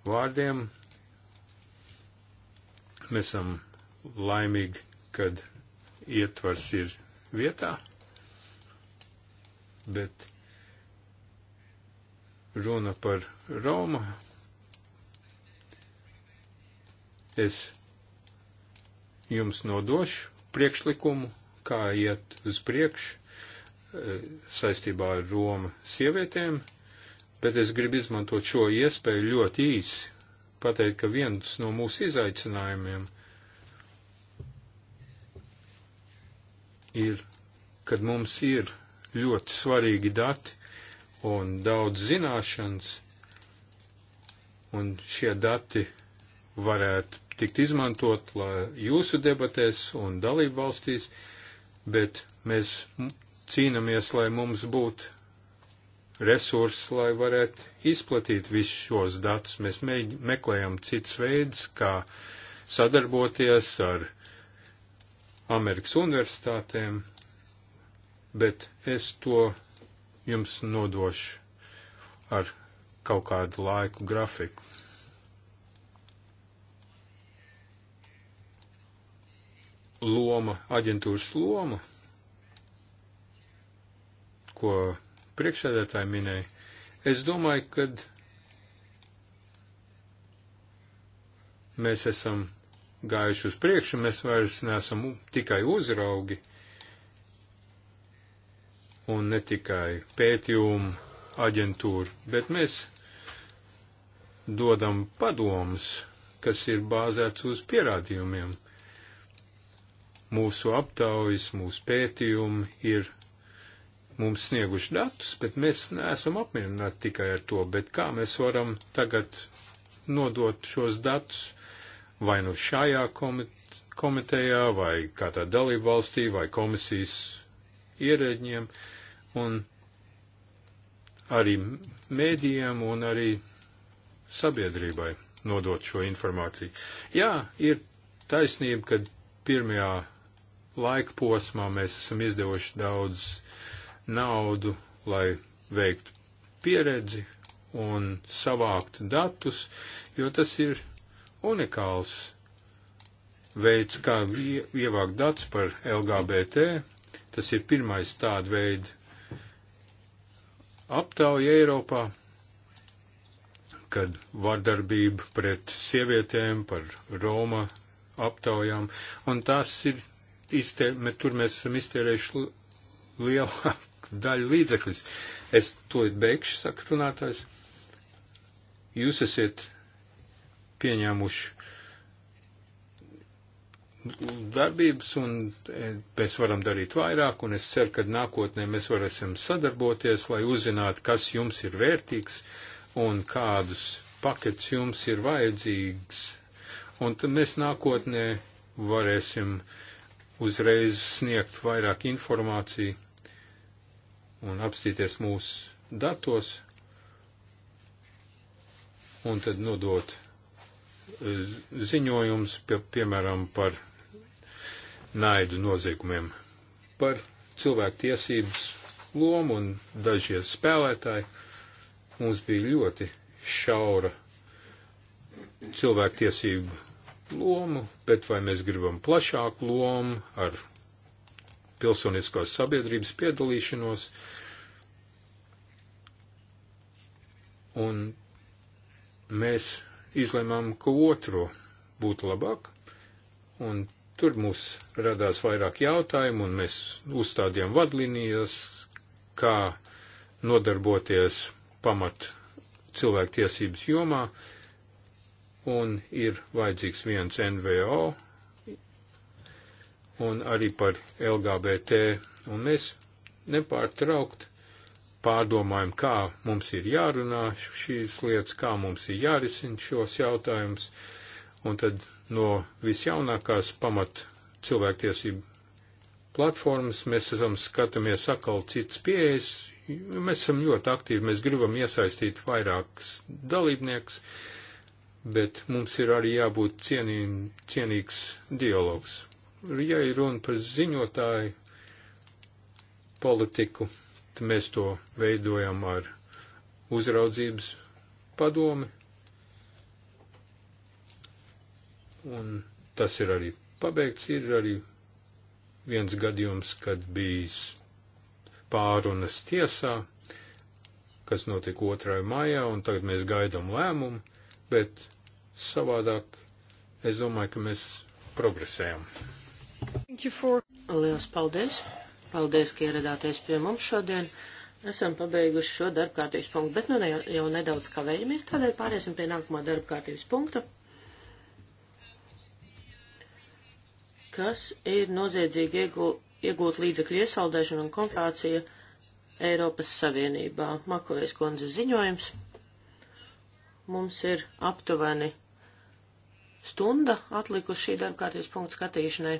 vārdiem. Mēs esam laimīgi, kad ietvars ir vietā, bet runa par Romu, es jums nodošu priekšlikumu, kā iet uz priekšu eh, saistībā ar Roma sievietēm, bet es gribu izmantot šo iespēju ļoti īsi pateikt, ka viens no mūsu izaicinājumiem ir, kad mums ir ļoti svarīgi dati un daudz zināšanas, un šie dati varētu tikt izmantot jūsu debatēs un dalību valstīs, bet mēs cīnāmies, lai mums būtu resursi, lai varētu izplatīt visus šos datus. Mēs meklējam cits veids, kā sadarboties ar Amerikas universitātēm, bet es to jums nodošu ar kaut kādu laiku grafiku. Loma, aģentūras loma, ko priekšsēdētāji minēja, es domāju, ka mēs esam gājuši uz priekšu, mēs vairs neesam tikai uzraugi un ne tikai pētījumu aģentūru, bet mēs dodam padomus, kas ir bāzēts uz pierādījumiem. Mūsu aptaujas, mūsu pētījumi ir mums snieguši datus, bet mēs neesam apmierināti tikai ar to, bet kā mēs varam tagad nodot šos datus vai nu šajā komitejā, vai kādā dalību valstī, vai komisijas ierēģiem un arī mēdījiem un arī sabiedrībai nodot šo informāciju. Jā, ir taisnība, ka pirmajā laika posmā mēs esam izdevuši daudz naudu, lai veiktu pieredzi un savākt datus, jo tas ir unikāls veids, kā ievākt datus par LGBT Tas ir pirmais tāda veida aptauja Eiropā, kad vardarbība pret sievietēm par Roma aptaujām, un tās ir, iztē, tur mēs esam iztērējuši lielāku (laughs) daļu līdzekļus. Es to beigšu, saka runātājs. Jūs esat pieņēmuši darbības, un e, mēs varam darīt vairāk, un es ceru, ka nākotnē mēs varēsim sadarboties, lai uzzinātu, kas jums ir vērtīgs un kādus pakets jums ir vajadzīgs. Un tad mēs nākotnē varēsim uzreiz sniegt vairāk informāciju un apstīties mūsu datos, un tad nodot e, ziņojums, pie, piemēram, par naidu noziegumiem, par cilvēku tiesības lomu un dažie spēlētāji. Mums bija ļoti šaura cilvēku tiesību lomu, bet vai mēs gribam plašāku lomu ar pilsoniskos sabiedrības piedalīšanos. Un mēs izlēmām, ka otro būtu labāk, un Tur mums radās vairāk jautājumu, un mēs uzstādījām vadlīnijas, kā nodarboties pamat cilvēktiesības jomā, un ir vajadzīgs viens NVO, un arī par LGBT, un mēs nepārtraukt pārdomājam, kā mums ir jārunā šīs lietas, kā mums ir jārisina šos jautājumus, un tad no visjaunākās pamat cilvēktiesību platformas. Mēs esam skatāmies atkal citas pieejas. Mēs esam ļoti aktīvi, mēs gribam iesaistīt vairākus dalībniekus, bet mums ir arī jābūt cienī, cienīgs dialogs. Ja ir runa par ziņotāju politiku, tad mēs to veidojam ar uzraudzības padomi, Un tas ir arī pabeigts. Ir arī viens gadījums, kad bijis pārunas tiesā, kas notika 2. maijā, un tagad mēs gaidām lēmumu, bet savādāk es domāju, ka mēs progresējam. For... Lielas paldies! Paldies, ka ieradāties pie mums šodien. Esam pabeiguši šo darbkārtības punktu, bet nu ne, jau nedaudz kavējamies, tādēļ pāriesim pie nākamā darbkārtības punkta. kas ir noziedzīgi iegū, iegūt līdzekļu iesaldēšana un konfrontācija Eiropas Savienībā. Makovies kundze ziņojums. Mums ir aptuveni stunda atlikusi šī darba kārtības punkta skatīšanai.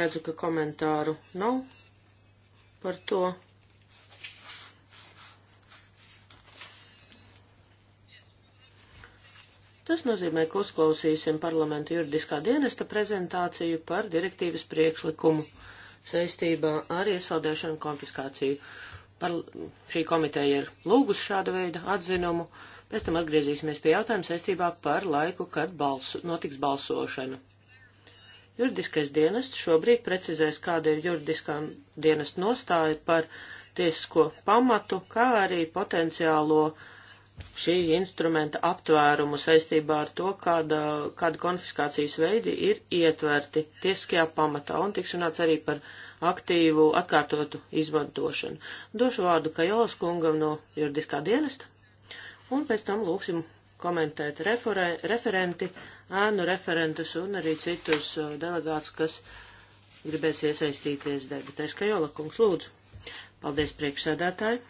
Redzu, ka komentāru nav par to. Tas nozīmē, ka uzklausīsim parlamenta juridiskā dienesta prezentāciju par direktīvas priekšlikumu saistībā ar iesaldēšanu konfiskāciju. Par šī komiteja ir lūgus šāda veida atzinumu. Pēc tam atgriezīsimies pie jautājuma saistībā par laiku, kad balsu, notiks balsošana. Juridiskais dienests šobrīd precizēs, kāda ir juridiskā dienesta nostāja par tiesisko pamatu, kā arī potenciālo uh, šī instrumenta aptvērumu saistībā ar to, kāda, kāda konfiskācijas veidi ir ietverti tiesiskajā pamatā, un tiks runāts arī par aktīvu atkārtotu izmantošanu. Došu vārdu Kajolas kungam no juridiskā dienesta, un pēc tam lūksim komentēt refore, referenti, ēnu referentus un arī citus uh, delegātus, kas gribēs iesaistīties debatēs. Kajola kungs, lūdzu. Paldies priekšsēdētāji.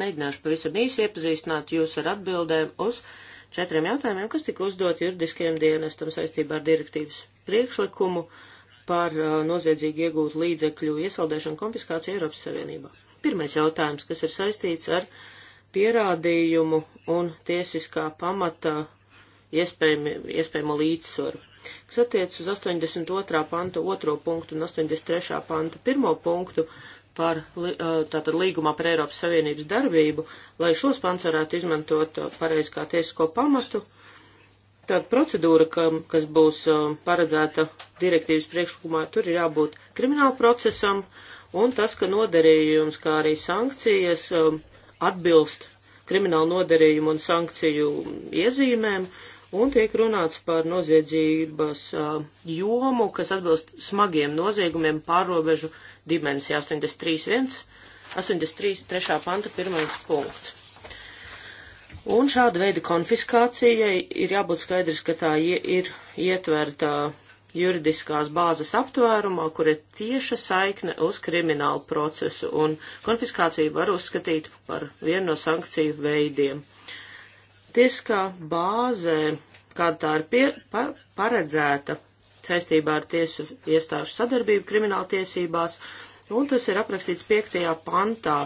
Mēģināšu pavisam īsi iepazīstināt jūs ar atbildēm uz četriem jautājumiem, kas tika uzdot juridiskajam dienestam saistībā ar direktīvas priekšlikumu par uh, noziedzīgi iegūtu līdzekļu iesaldēšanu konfiskāciju Eiropas Savienībā. Pirmais jautājums, kas ir saistīts ar pierādījumu un tiesiskā pamata iespējami, iespējamo līdzsvaru. Kas attiec uz 82. panta otro punktu un 83. panta pirmo punktu, uh, par tātad līgumā par Eiropas Savienības darbību, lai šos pants varētu izmantot pareizi kā tiesisko pamatu. Tāda procedūra, ka, kas būs paredzēta direktīvas priekšlikumā, tur ir jābūt krimināla procesam, un tas, ka nodarījums, kā arī sankcijas atbilst kriminālu nodarījumu un sankciju iezīmēm, uh, un tiek runāts par noziedzības uh, jomu, kas atbilst smagiem noziegumiem pārobežu dimensijā 83.1, 83.3. panta pirmais punkts. Un šāda veida konfiskācijai ir jābūt skaidrs, ka tā ir ietverta juridiskās bāzes aptvērumā, kur ir tieša saikne uz kriminālu procesu, un konfiskāciju var uzskatīt par vienu no sankciju veidiem. Tieskā bāzē, kāda tā ir pie, pa, paredzēta saistībā ar tiesu iestāžu sadarbību krimināltiesībās, un tas ir aprakstīts 5. pantā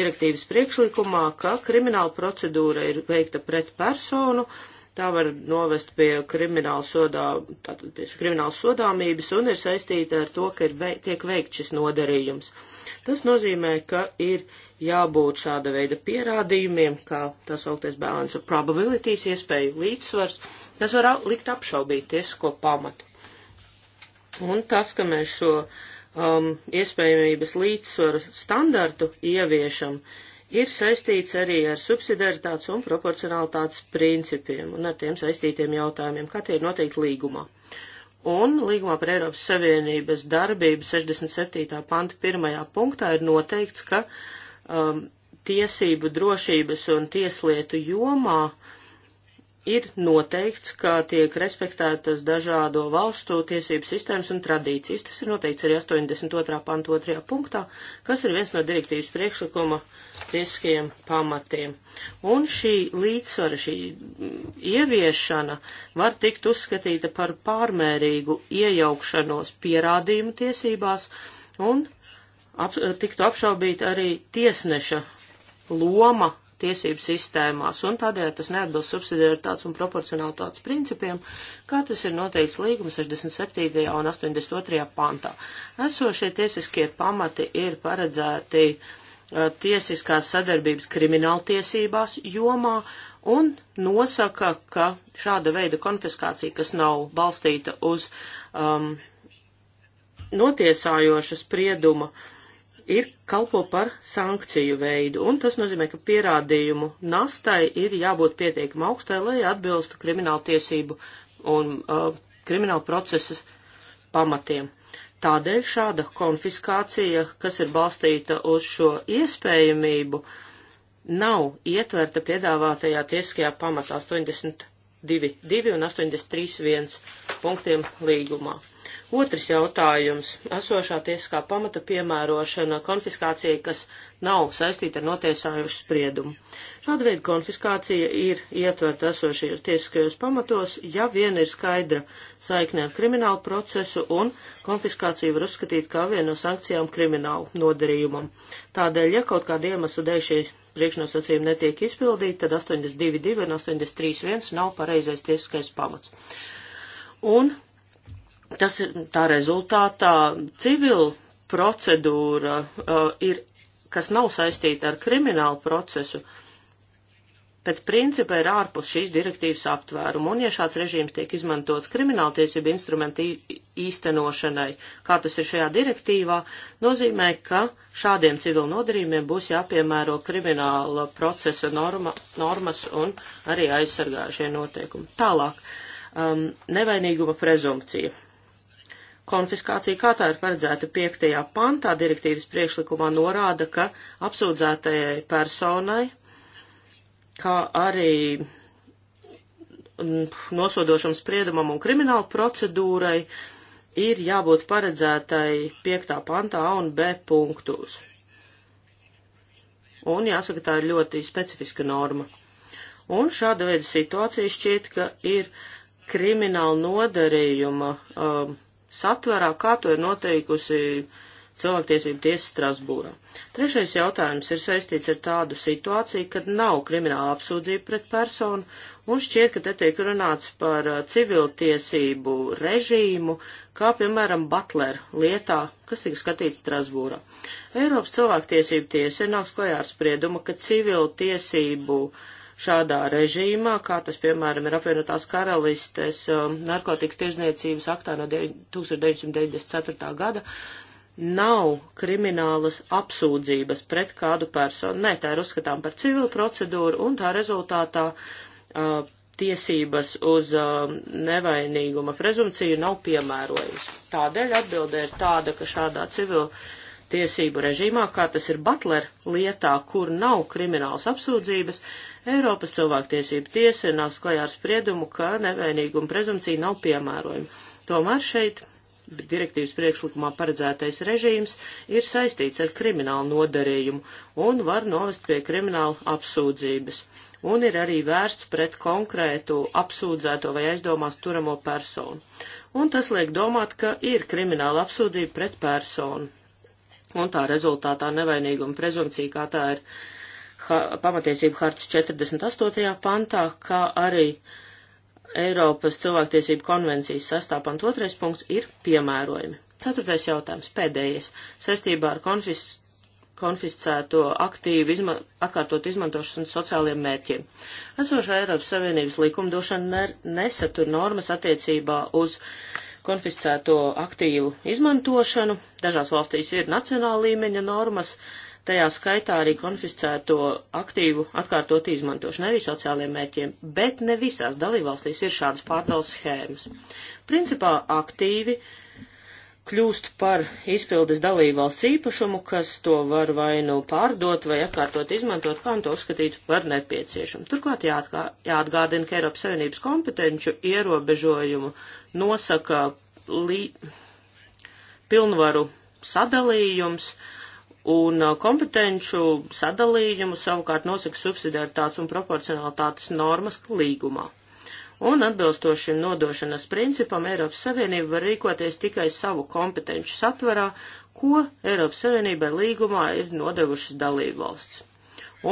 direktīvas priekšlikumā, ka krimināla procedūra ir veikta pret personu, uh, Tā var novest pie krimināla, sodā, tātad pie krimināla sodāmības un ir saistīta ar to, ka ir vei, tiek veikt šis nodarījums. Tas nozīmē, ka ir jābūt šāda veida pierādījumiem, kā tas augtais balance of probabilities, iespēju līdzsvars, tas var likt apšaubīt tiesisko pamatu. Un tas, ka mēs šo um, iespējamības līdzsvaru standartu ieviešam, uh, ir saistīts arī ar subsidiaritātes un proporcionalitātes principiem un ar tiem saistītiem jautājumiem, kā tie ir noteikti līgumā. Un līgumā par Eiropas Savienības darbību 67. panta pirmajā punktā ir noteikts, ka um, tiesību drošības un tieslietu jomā uh, ir noteikts, ka tiek respektētas dažādo valstu tiesību sistēmas un tradīcijas. Tas ir noteikts arī 82. pantu 2. punktā, kas ir viens no direktīvas priekšlikuma tiesiskajiem pamatiem. Un šī līdzsvara, šī ieviešana var tikt uzskatīta par pārmērīgu iejaukšanos pierādījumu tiesībās un ap, tiktu apšaubīt arī tiesneša loma tiesību sistēmās, un tādēļ tas neatbilst subsidiaritātes un proporcionalitātes principiem, kā tas ir noteikts līguma 67. un 82. pantā. Esošie tiesiskie pamati ir paredzēti uh, tiesiskās sadarbības krimināltiesībās jomā un nosaka, ka šāda veida konfiskācija, kas nav balstīta uz um, notiesājoša sprieduma, uh, ir kalpo par sankciju veidu, un tas nozīmē, ka pierādījumu nastai ir jābūt pietiekami augstai, lai atbilstu kriminālu tiesību un uh, kriminālu procesu pamatiem. Tādēļ šāda konfiskācija, kas ir balstīta uz šo iespējamību, nav ietverta piedāvātajā tiesiskajā pamatā 82.2 un 83.1 punktiem līgumā. Otrs jautājums - esošā tiesiskā pamata piemērošana konfiskācija, kas nav saistīta ar notiesājušu spriedumu. Šāda veida konfiskācija ir ietverta esošajos tiesiskajos pamatos, ja vien ir skaidra saikne ar kriminālu procesu un konfiskāciju var uzskatīt kā vienu no sankcijām kriminālu nodarījumam. Tādēļ, ja kaut kāda iemesla dēļ šie priekšnosacījumi netiek izpildīti, tad 82.2 un 83.1 nav pareizais tiesiskais pamats. Un Tas ir tā rezultātā civila procedūra uh, ir, kas nav saistīta ar kriminālu procesu, pēc principa ir ārpus šīs direktīvas aptvērumu, un ja šāds režīms tiek izmantots krimināltiesību instrumentu īstenošanai, kā tas ir šajā direktīvā, nozīmē, ka šādiem civil nodarījumiem būs jāpiemēro krimināla procesa norma, normas un arī aizsargājušie noteikumi. Tālāk, um, nevainīguma prezumpcija. Konfiskācija kā tā ir paredzēta 5. pantā direktīvas priekšlikumā norāda, ka apsūdzētajai personai, kā arī mm, nosodošam spriedumam un kriminālu procedūrai ir jābūt paredzētai 5. pantā A un B punktos. Un jāsaka, tā ir ļoti specifiska norma. Un šāda veida situācija šķiet, ka ir krimināla nodarījuma um, satverā, kā to ir noteikusi cilvēktiesību tiesa Strasbūrā. Trešais jautājums ir saistīts ar tādu situāciju, kad nav krimināla apsūdzība pret personu, un šķiet, ka te tiek runāts par uh, civiltiesību režīmu, kā piemēram Butler lietā, kas tika skatīts Strasbūrā. Eiropas cilvēktiesību tiesa ir nāks klajā ar spriedumu, ka civiltiesību uh, šādā režīmā, kā tas, piemēram, ir apvienotās karalistes um, narkotika tirzniecības aktā no 1994. gada, nav kriminālas apsūdzības pret kādu personu. Nē, tā ir uzskatām par civilu procedūru un tā rezultātā uh, tiesības uz uh, nevainīguma prezumciju nav piemērojums. Tādēļ atbilde ir tāda, ka šādā civilu tiesību režīmā, kā tas ir Butler lietā, kur nav kriminālas apsūdzības, Eiropas cilvēktiesība tiesa ir nāks klajā ar spriedumu, ka nevainīguma prezumcija nav piemērojama. Tomēr šeit direktīvas priekšlikumā paredzētais režīms ir saistīts ar kriminālu nodarījumu un var novest pie krimināla apsūdzības. Un ir arī vērsts pret konkrētu apsūdzēto vai aizdomās turamo personu. Un tas liek domāt, ka ir krimināla apsūdzība pret personu. Un tā rezultātā nevainīguma prezumcija, kā tā ir ha, pamatiesību hartas 48. pantā, kā arī Eiropas cilvēktiesību konvencijas 6. pant 2. punkts ir piemērojami. Ceturtais jautājums, pēdējais, saistībā ar konfis, konfiscēto aktīvu izma, atkārtot izmantošanas sociāliem mērķiem. Esošā Eiropas Savienības likumdošana ner, nesatur normas attiecībā uz konfiscēto aktīvu izmantošanu. Dažās valstīs ir nacionāla līmeņa normas, uh, tajā skaitā arī konfiscēto aktīvu atkārtot izmantošanu arī sociālajiem mērķiem, bet ne visās dalībvalstīs ir šādas pārdales schēmas. Principā aktīvi kļūst par izpildes dalībvalsts īpašumu, kas to var vai nu pārdot vai atkārtot izmantot, kā un nu to uzskatīt par nepieciešamu. Turklāt jāatgā, jāatgādina, ka Eiropas Savienības kompetenču ierobežojumu nosaka lī, pilnvaru sadalījums, uh, un uh, kompetenču sadalījumu savukārt nosaka subsidiaritātes un proporcionalitātes normas līgumā. Un atbilstoši šim nodošanas principam Eiropas Savienība var rīkoties tikai savu kompetenču satverā, ko Eiropas Savienībai līgumā ir nodevušas dalībvalsts.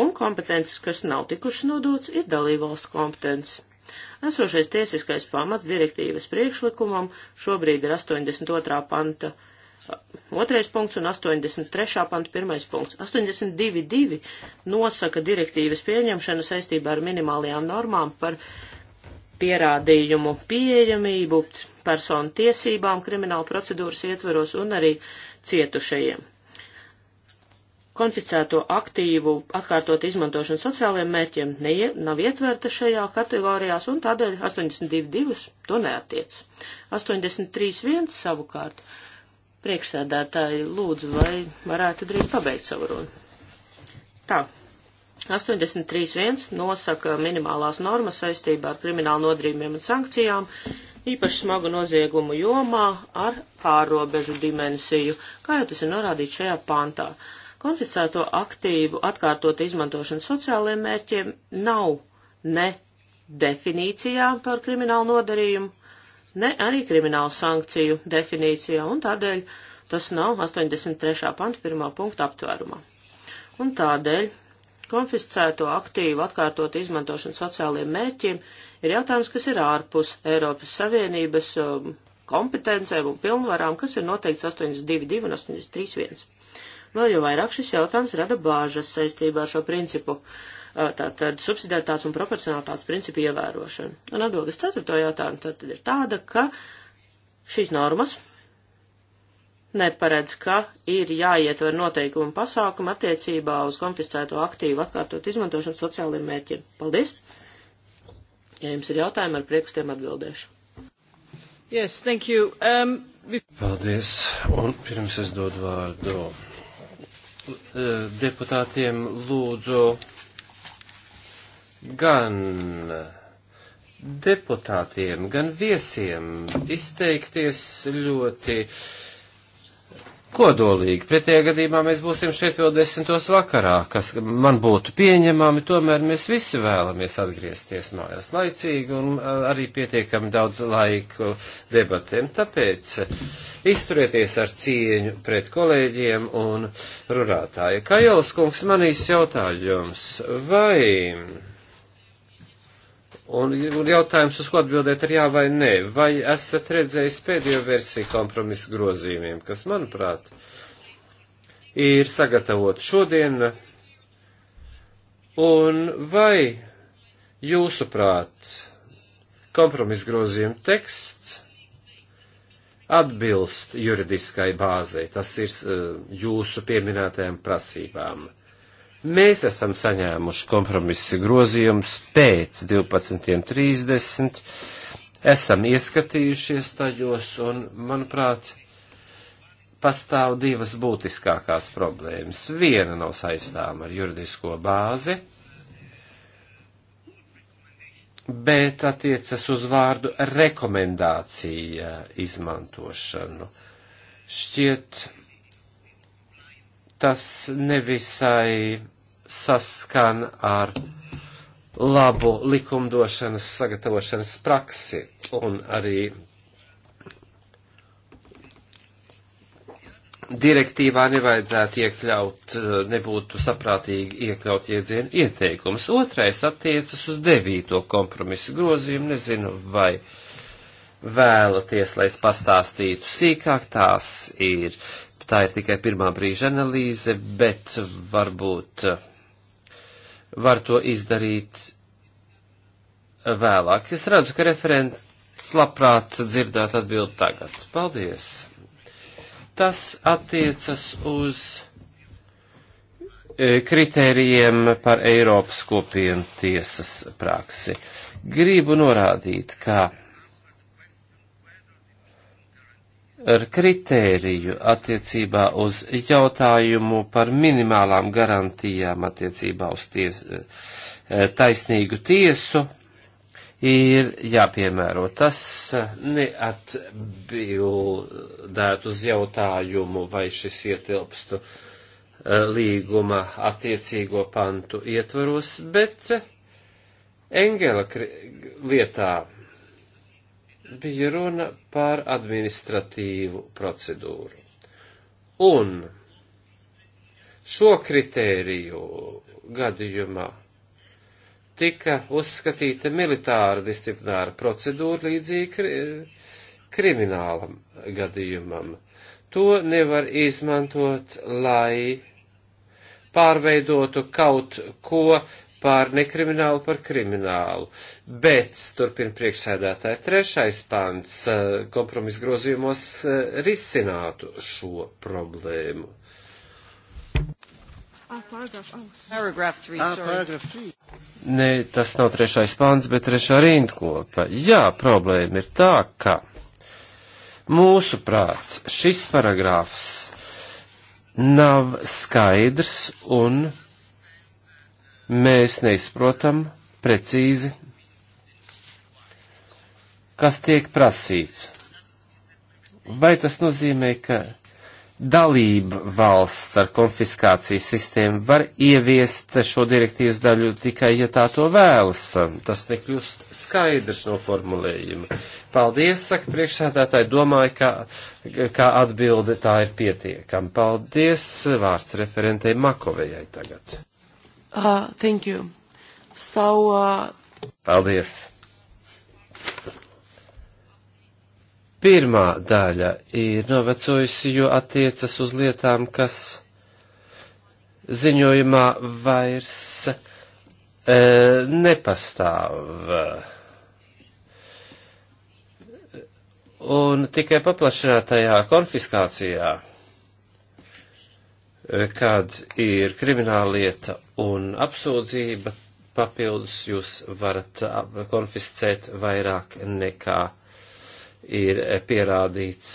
Un kompetences, kas nav tikušas nodots, ir dalībvalstu kompetences. Esošais tiesiskais pamats direktīvas priekšlikumam šobrīd ir 82. panta Otrais punkts un 83. pants pirmais punkts. 82.2 nosaka direktīvas pieņemšanu saistībā ar minimālajām normām par pierādījumu pieejamību, personu tiesībām krimināla procedūras ietveros un arī cietušajiem. Konfiscēto aktīvu atkārtot izmantošanu sociālajiem mērķiem neie, nav ietverta šajā kategorijās un tādēļ 82.2 to neatiec. 83.1 savukārt Priekšsēdētāji, lūdzu, vai varētu drīz pabeigt savu runu? Tā. 83.1 nosaka minimālās normas saistībā ar kriminālu nodrīmiem un sankcijām, īpaši smagu noziegumu jomā ar pārobežu dimensiju, kā jau tas ir norādīts šajā pantā. Konfiscēto aktīvu atkārtot izmantošanu sociālajiem mērķiem nav ne definīcijām par kriminālu nodarījumu, ne arī kriminālu sankciju definīcijā, un tādēļ tas nav 83. panta pirmā punkta aptvērumā. Un tādēļ konfiscēto aktīvu atkārtot izmantošanu sociālajiem mērķiem ir jautājums, kas ir ārpus Eiropas Savienības um, kompetencēm un pilnvarām, kas ir noteikts 822 un 831. Vēl jau vairāk šis jautājums rada bāžas saistībā ar šo principu, tātad subsidiaritātes un proporcionalitātes principu ievērošanu. Un atbildes ceturto jautājumu tātad ir tāda, ka šīs normas neparedz, ka ir jāietver noteikumi pasākumi attiecībā uz konfiscēto aktīvu atkārtot izmantošanu sociāliem mērķiem. Paldies! Ja jums ir jautājumi, ar prieku tiem atbildēšu. Yes, thank you. Um, with... Paldies. Un pirms es dodu vārdu eh, deputātiem, lūdzu gan deputātiem, gan viesiem izteikties ļoti kodolīgi. Pretējā gadījumā mēs būsim šeit vēl desmitos vakarā, kas man būtu pieņemami, tomēr mēs visi vēlamies atgriezties mājās laicīgi un arī pietiekami daudz laiku debatēm. Tāpēc izturieties ar cieņu pret kolēģiem un runātāju. Kajals kungs manīs jautājums, vai Un, un jautājums, uz ko atbildēt ar jā vai nē, vai esat redzējis pēdējo versiju kompromisu grozījumiem, kas, manuprāt, ir sagatavot šodien, un vai jūsuprāt kompromisu grozījumu teksts atbilst juridiskai bāzei, tas ir eh, jūsu pieminētajām prasībām. Mēs esam saņēmuši kompromisa grozījumus pēc 12.30, esam ieskatījušies tajos un, manuprāt, pastāv divas būtiskākās problēmas. Viena nav saistāma ar juridisko bāzi, bet attiecas uz vārdu rekomendācija izmantošanu. Šķiet, tas nevisai saskan ar labu likumdošanas sagatavošanas praksi un arī direktīvā nevajadzētu iekļaut, nebūtu saprātīgi iekļaut iedzienu ieteikums. Otrais attiecas uz devīto kompromisu grozījumu, nezinu, vai vēlaties, lai es pastāstītu sīkāk, tās ir, tā ir tikai pirmā brīža analīze, bet varbūt uh, var to izdarīt vēlāk. Es redzu, ka referents labprāt dzirdēt atbildi tagad. Paldies! Tas attiecas uz e, kritērijiem par Eiropas kopienu tiesas praksi. Gribu norādīt, ka ar kritēriju attiecībā uz jautājumu par minimālām garantijām attiecībā uz ties, eh, taisnīgu tiesu ir jāpiemēro. Tas eh, neatbildētu uz jautājumu, vai šis ietilpstu eh, līguma attiecīgo pantu ietvaros, bet Engela lietā bija runa par administratīvu procedūru. Un šo kritēriju gadījumā tika uzskatīta militāra disciplināra procedūra līdzīgi kri kriminālam gadījumam. To nevar izmantot, lai pārveidotu kaut ko pār nekriminālu par kriminālu. Bet, turpina priekšsēdētāji, trešais pants eh, kompromis grozījumos eh, risinātu šo problēmu. Ah, oh. ah, Nē, tas nav trešais pants, bet trešā rindkopa. Jā, problēma ir tā, ka mūsu prāts šis paragrāfs nav skaidrs un mēs neizprotam precīzi, kas tiek prasīts. Vai tas nozīmē, ka dalība valsts ar konfiskācijas sistēmu var ieviest šo direktīvas daļu tikai, ja tā to vēlas. Tas nekļūst skaidrs no formulējuma. Paldies, saka priekšsēdētāji, domāju, ka, kā atbilde tā ir pietiekama. Paldies, vārds referentei Makovejai tagad. Uh, thank you. So, uh... Paldies. Pirmā daļa ir novecojusi, jo attiecas uz lietām, kas ziņojumā vairs e, nepastāv. Un tikai paplašinātajā konfiskācijā kad ir krimināllieta un apsūdzība papildus, jūs varat konfiscēt vairāk nekā ir pierādīts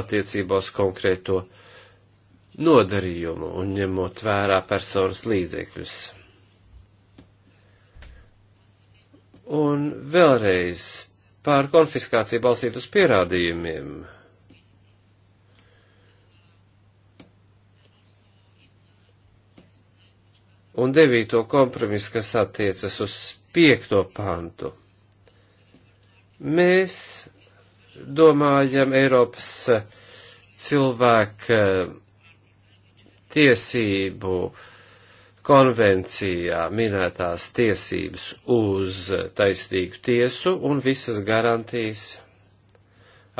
attiecībā uz konkrēto nodarījumu un ņemot vērā personas līdzekļus. Un vēlreiz pār konfiskāciju balstīt uz pierādījumiem un devīto kompromisu, kas attiecas uz piekto pantu. Mēs domājam Eiropas cilvēku tiesību konvencijā minētās tiesības uz taisnīgu tiesu un visas garantijas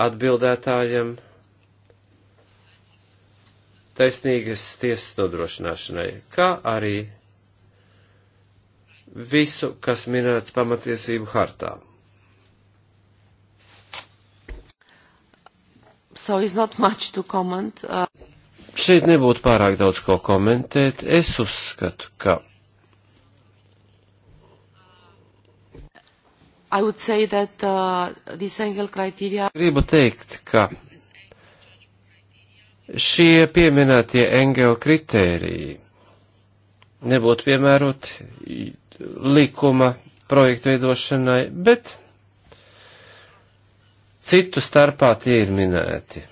atbildētājiem taisnīgas tiesas nodrošināšanai, kā arī visu, kas minēts pamatiesību hartā. So it's not much to comment. Uh... Šeit nebūtu pārāk daudz ko komentēt. Es uzskatu, ka. I would say that uh, this angle criteria. Gribu teikt, ka šie pieminētie Engela kritēriji nebūtu piemēroti likuma projektu veidošanai, bet citu starpā tie ir minēti.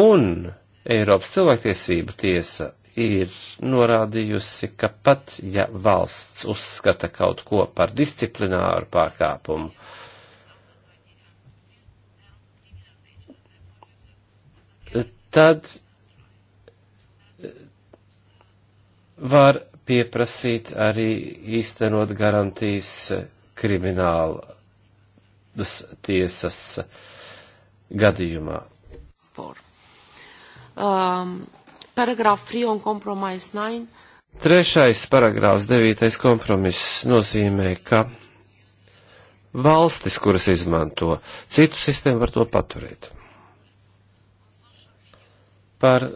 Un Eiropas cilvēktiesība tiesa ir norādījusi, ka pat ja valsts uzskata kaut ko par disciplināru pārkāpumu, tad var pieprasīt arī īstenot garantijas kriminālas tiesas gadījumā. Um, paragraf 3 un kompromis 9. Trešais paragrāfs, devītais kompromiss nozīmē, ka valstis, kuras izmanto citu sistēmu, var to paturēt. Par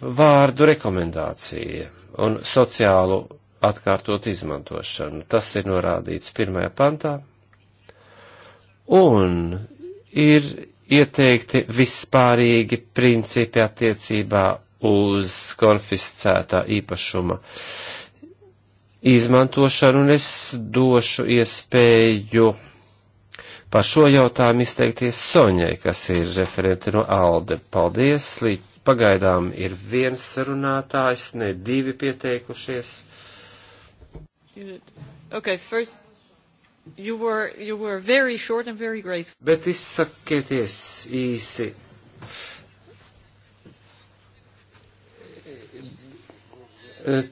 vārdu rekomendācija un sociālu atkārtot izmantošanu. Tas ir norādīts pirmajā pantā. Un ir ieteikti vispārīgi principi attiecībā uz konfiscētā īpašuma izmantošanu, un es došu iespēju par šo jautājumu izteikties Soņai, kas ir referente no Alde. Paldies! Līdz Pagaidām ir viens sarunātājs, ne divi pieteikušies. Okay, first, you were, you were very short and very grateful. Bet izsakieties īsi.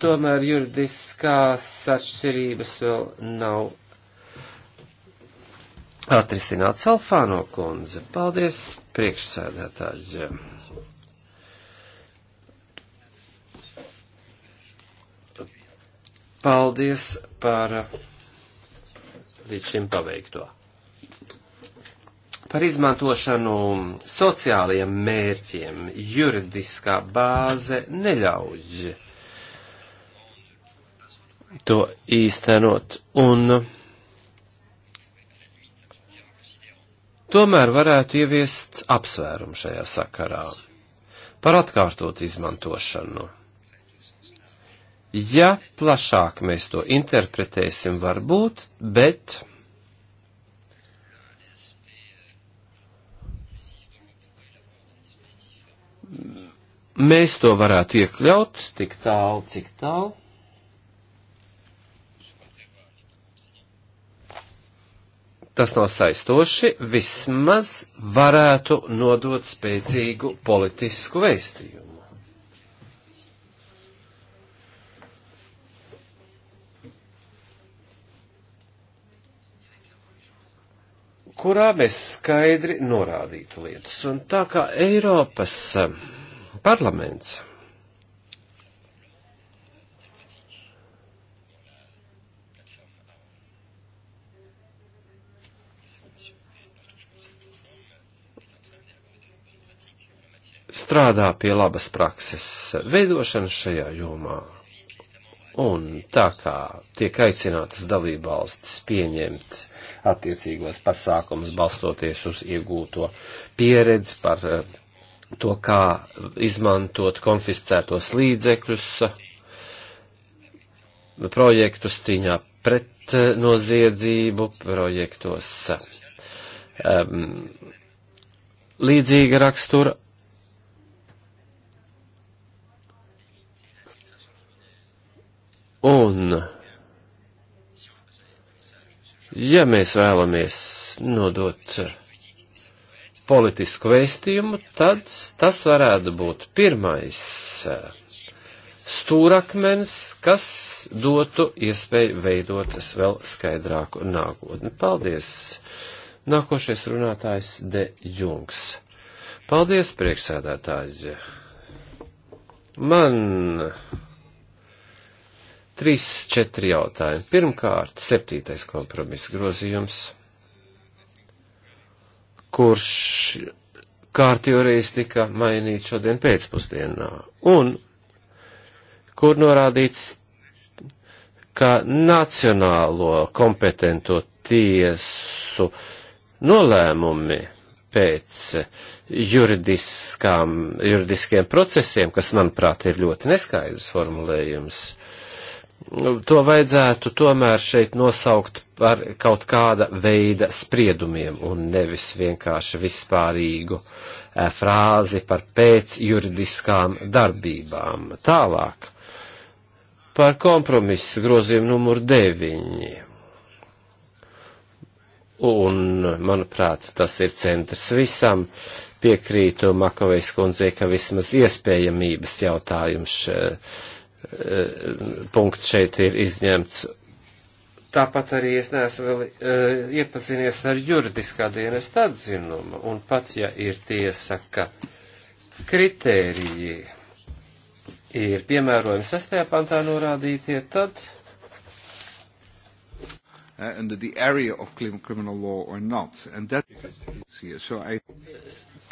Tomēr juridiskās atšķirības vēl nav atrisināt Salfāno kundze. Paldies, priekšsēdētāji. Paldies par līdz šim paveikto. Par izmantošanu sociālajiem mērķiem juridiskā bāze neļauj to īstenot, un tomēr varētu ieviest apsvērumu šajā sakarā par atkārtot izmantošanu. Ja plašāk mēs to interpretēsim, varbūt, bet. Mēs to varētu iekļaut tik tālu, cik tālu. Tas nav saistoši, vismaz varētu nodot spēcīgu politisku vēstījumu. kurā mēs skaidri norādītu lietas. Un tā kā Eiropas um, parlaments strādā pie labas prakses veidošanas šajā jomā. Un tā kā tiek aicinātas dalībvalstis pieņemt attiecīgos pasākumus balstoties uz iegūto pieredzi par eh, to, kā izmantot konfiscētos līdzekļus, projektus cīņā pret eh, noziedzību, projektos um, līdzīga rakstura Un, ja mēs vēlamies nodot politisku vēstījumu, tad tas varētu būt pirmais eh, stūrakmens, kas dotu iespēju veidot vēl skaidrāku nākotni. Paldies! Nākošais runātājs De Jungs. Paldies, priekšsēdētāji! Man Trīs, četri jautājumi. Pirmkārt, septītais kompromiss grozījums, kurš kārtīgi reiz tika mainīts šodien pēcpusdienā, un kur norādīts, ka nacionālo kompetento tiesu nolēmumi pēc juridiskām, juridiskiem procesiem, kas, manuprāt, ir ļoti neskaidrs formulējums, uh, to vajadzētu tomēr šeit nosaukt par kaut kāda veida spriedumiem un nevis vienkārši vispārīgu eh, frāzi par pēc juridiskām darbībām. Tālāk par kompromisu grozījumu numur 9. Un, manuprāt, tas ir centrs visam. Piekrītu Makovejs kundzei, ka vismaz iespējamības jautājums šeit eh, Eh, punkts šeit ir izņemts. Tāpat arī es neesmu vēl uh, iepazinies ar juridiskā dienesta atzinumu, un pat ja ir tiesa, ka kritēriji ir piemērojami sastajā pantā norādītie, tad. Uh, under the area of criminal law or not. And that is here. So I.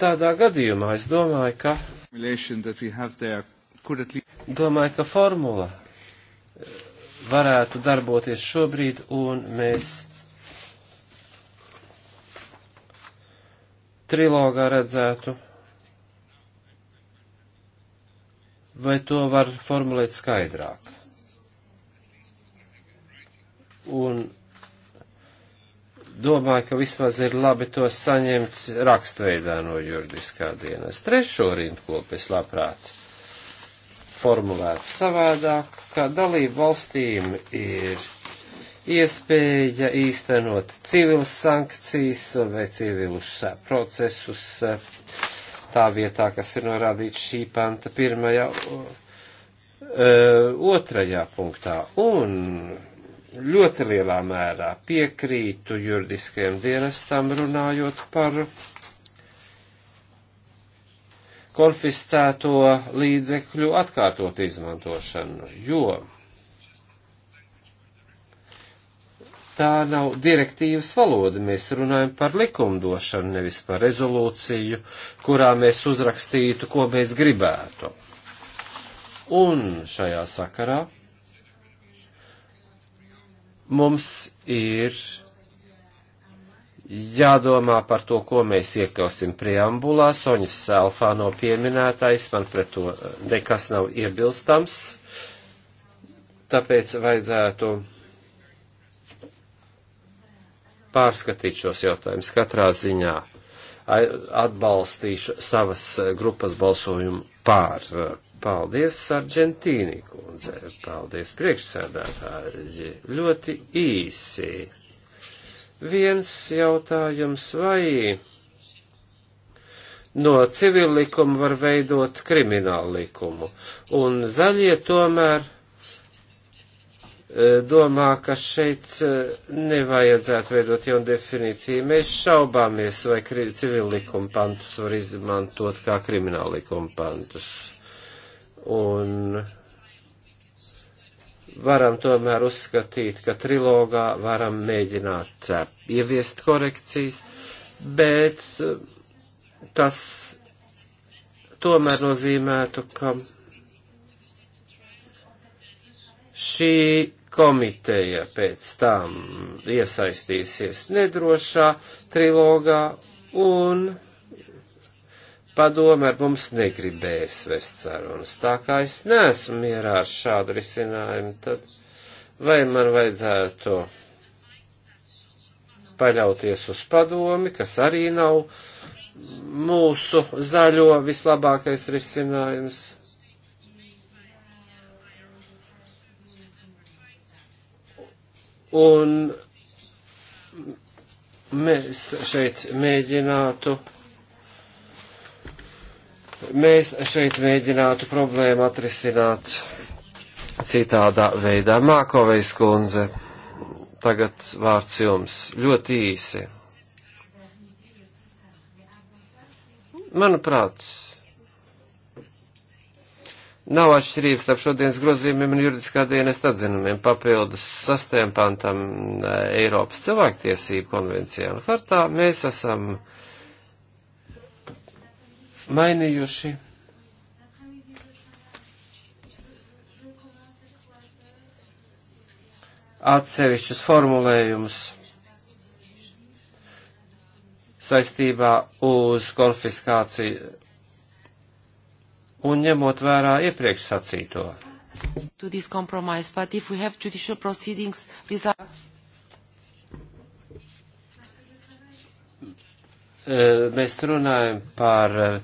Tādā gadījumā es domāju, ka. Relation that we have there could at least Domāju, ka formula eh, varētu darboties šobrīd, un mēs trilogā redzētu, vai to var formulēt skaidrāk. Un domāju, ka vismaz ir labi to saņemt rakstveidā no juridiskā dienas. Trešo rindkopu es labprāt formulētu savādāk, ka dalību valstīm ir iespēja īstenot civilas sankcijas vai civilus eh, procesus eh, tā vietā, kas ir norādīts šī panta pirmajā, eh, otrajā punktā. Un ļoti lielā mērā piekrītu juridiskajam dienestam runājot par konfiscēto līdzekļu atkārtot izmantošanu, jo tā nav direktīvas valoda. Mēs runājam par likumdošanu, nevis par rezolūciju, kurā mēs uzrakstītu, ko mēs gribētu. Un šajā sakarā mums ir jādomā par to, ko mēs iekļausim preambulā. Soņas Alfā no pieminētais, man pret to nekas nav iebilstams. Tāpēc vajadzētu pārskatīt šos jautājumus katrā ziņā. Atbalstīšu savas grupas balsojumu pār. Paldies, Sargentīni kundze. Paldies, priekšsēdētāji. Ļoti īsi Viens jautājums vai no civil likuma var veidot kriminālu likumu. Un zaļie tomēr e, domā, ka šeit e, nevajadzētu veidot jaunu definīciju. Mēs šaubāmies, vai civil likuma pantus var izmantot kā krimināla likuma pantus. Un varam tomēr uzskatīt, ka trilogā varam mēģināt eh, ieviest korekcijas, bet eh, tas tomēr nozīmētu, ka šī komiteja pēc tam iesaistīsies nedrošā trilogā un padome ar mums negribēs vest sarunas. Tā kā es neesmu mierā ar šādu risinājumu, tad vai man vajadzētu paļauties uz padomi, kas arī nav mūsu zaļo vislabākais risinājums. Un mēs šeit mēģinātu mēs šeit mēģinātu problēmu atrisināt citādā veidā. Mākovejs kundze, tagad vārds jums ļoti īsi. Manuprāt, nav atšķirības starp šodienas grozījumiem un juridiskā dienas atzinumiem papildus sastēm pantam eh, Eiropas cilvēktiesību konvencijā un hartā. Mēs esam uh, mainījuši. atsevišķus formulējumus saistībā uz konfiskāciju un ņemot vērā iepriekš sacīto. Eh, mēs runājam par eh,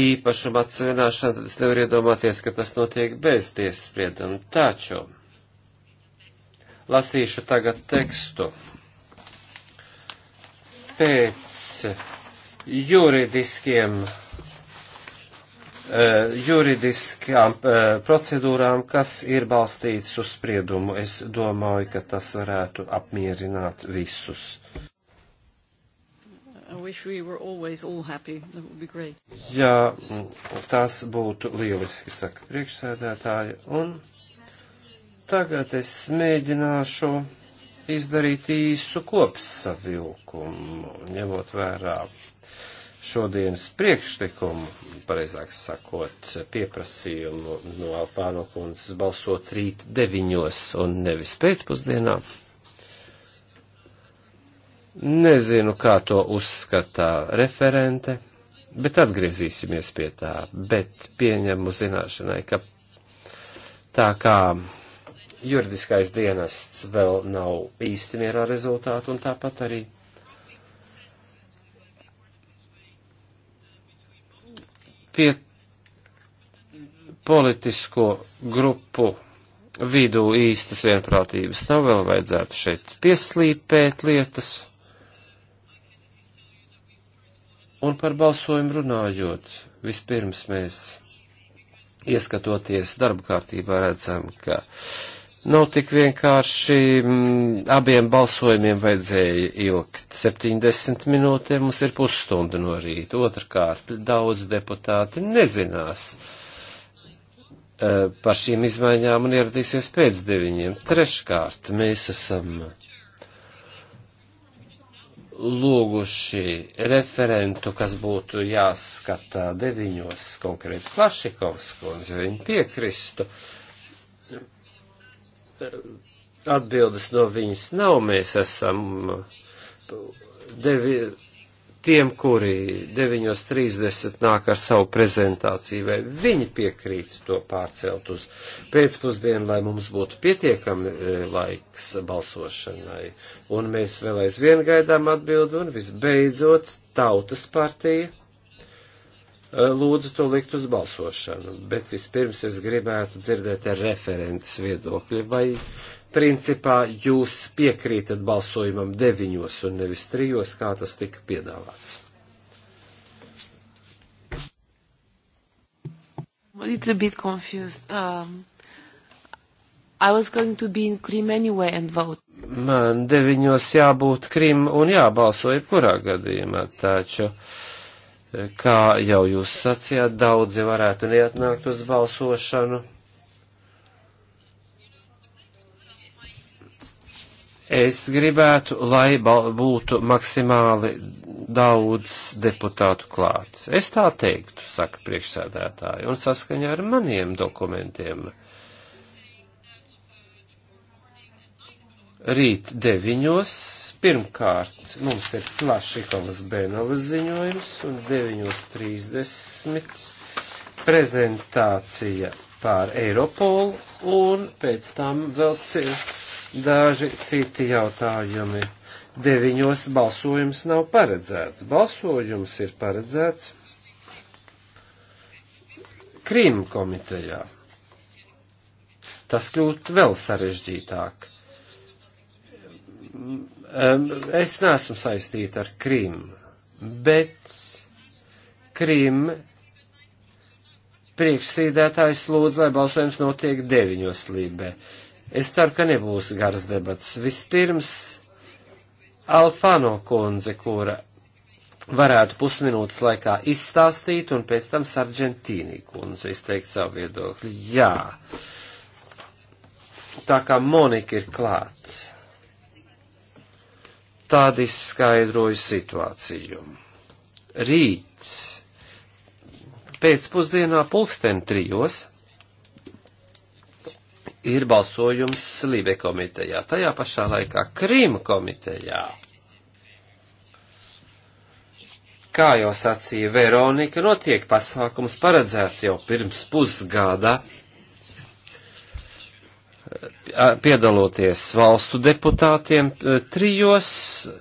īpašumu atsevināšanu, tad es nevaru iedomāties, ka tas notiek bez tiesas sprieduma. Taču lasīšu tagad tekstu. Pēc juridiskiem, eh, juridiskām procedūrām, kas ir balstīts uz spriedumu, es domāju, ka tas varētu apmierināt visus. I wish we were always all happy. That would be great. Jā, tas būtu lieliski, saka priekšsēdētāja. Un tagad es mēģināšu izdarīt īsu kopsavilkumu, ņemot vērā šodienas priekšlikumu, pareizāk sakot, pieprasījumu no Alpāno kundzes balsot rīt deviņos un nevis pēcpusdienā. Nezinu, kā to uzskatā referente, bet atgriezīsimies pie tā. Bet pieņemu zināšanai, ka tā kā juridiskais dienests vēl nav īsti mierā rezultātu, un tāpat arī pie politisko grupu vidū īstas vienprātības nav, vēl vajadzētu šeit pieslīpēt lietas. Un par balsojumu runājot, vispirms mēs ieskatoties darba kārtībā redzam, ka nav tik vienkārši abiem balsojumiem vajadzēja ilgt 70 minūtēm, mums ir pusstunda no rīta. Otrkārt, daudz deputāti nezinās eh, par šīm izmaiņām un ieradīsies pēc deviņiem. Treškārt, mēs esam lūguši referentu, kas būtu jāskatā deviņos konkrēti Flašikovs kundze, viņa piekristu. Atbildes no viņas nav, mēs esam devi, tiem, kuri 9.30 nāk ar savu prezentāciju, vai viņi piekrīt to pārcelt uz pēcpusdienu, lai mums būtu pietiekami e, laiks balsošanai. Un mēs vēl aizvien gaidām atbildi, un visbeidzot tautas partija e, lūdzu to likt uz balsošanu. Bet vispirms es gribētu dzirdēt referents viedokļi, vai principā jūs piekrītat balsojumam deviņos un nevis trijos, kā tas tika piedāvāts. A little bit confused. Um, I was going to be in Krim anyway and vote. Man deviņos jābūt Krim un jābalso jebkurā gadījumā, taču, kā jau jūs sacījāt, daudzi varētu neatnākt uz balsošanu Es gribētu, lai būtu maksimāli daudz deputātu klāts. Es tā teiktu, saka priekšsēdētāji, un saskaņā ar maniem dokumentiem. Rīt deviņos, pirmkārt, mums ir Flašikovas Benovas ziņojums, un deviņos trīsdesmit prezentācija pār Eiropolu, un pēc tam vēl citu daži citi jautājumi. Deviņos balsojums nav paredzēts. Balsojums ir paredzēts Krīma komitejā. Tas kļūt vēl sarežģītāk. Es neesmu saistīta ar Krīmu, bet Krīma priekšsīdētājs lūdz, lai balsojums notiek deviņos lībē. Uh, Es ceru, ka nebūs garas debats. Vispirms Alfano kundze, kura varētu pusminūtes laikā izstāstīt, un pēc tam Sargentīnī kundze izteikt savu viedokli. Jā, tā kā Monika ir klāts, tāda izskaidroju situāciju. Rīts pēcpusdienā pulksten trijos ir balsojums Lībe komitejā. Tajā pašā laikā Krīma komitejā. Kā jau sacīja Veronika, notiek pasākums paredzēts jau pirms pusgada, piedaloties valstu deputātiem e, trijos, e,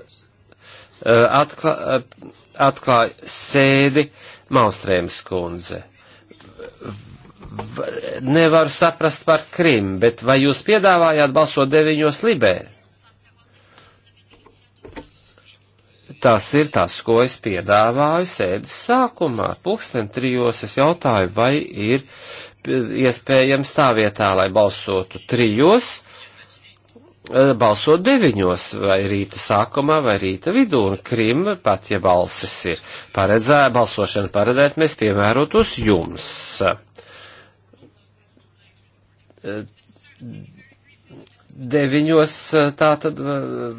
atklā, e, atklāja sēdi Maustrēmas kundze nevaru saprast par Krim, bet vai jūs piedāvājāt balsot deviņos libē? Tas ir tas, ko es piedāvāju sēdes sākumā. Pulksten trijos es jautāju, vai ir iespējams tā vietā, lai balsotu trijos, e, balsot deviņos, vai rīta sākumā, vai rīta vidū, un Krim, pat ja balsis ir paredzē, balsošana paredzēt, mēs piemērotos jums. Deviņos, tā tad,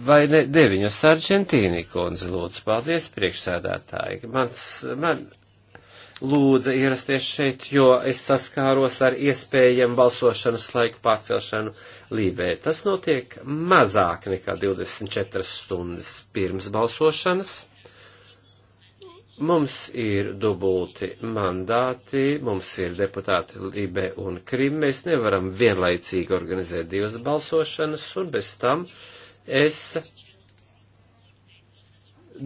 vai ne, deviņos Argentīni kundze lūdzu, paldies priekšsēdētāji. Mans, man lūdza ierasties šeit, jo es saskāros ar iespējamu balsošanas laiku pārcelšanu Lībē. Tas notiek mazāk nekā 24 stundas pirms balsošanas Mums ir dubulti mandāti, mums ir deputāti Libe un Krim, mēs nevaram vienlaicīgi organizēt divas balsošanas, un bez tam es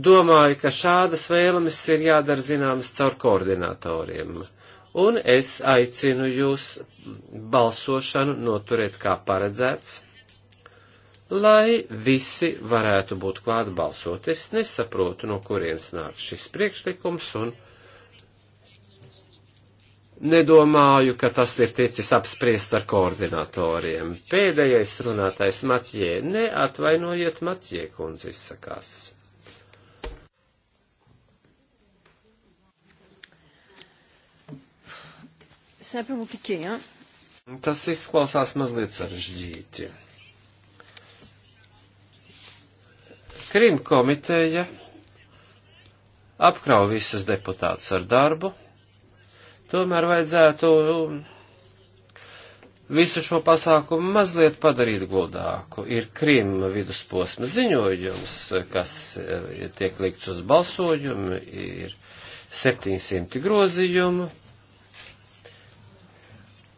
domāju, ka šādas vēlmes ir jādara zināmas caur koordinatoriem. Un es aicinu jūs balsošanu noturēt kā paredzēts lai visi varētu būt klāt balsot. Es nesaprotu, no kurienes nāk šis priekšlikums un nedomāju, ka tas ir ticis apspriest ar koordinatoriem. Pēdējais runātais Matjē, neatvainojiet Matjē, kundze izsakās. Tas izklausās mazliet sarežģīti. Krim komiteja apkrau visas deputātas ar darbu, tomēr vajadzētu visu šo pasākumu mazliet padarīt gludāku. Ir Krim vidusposma ziņojums, kas eh, tiek likts uz balsojumu, ir 700 grozījumu,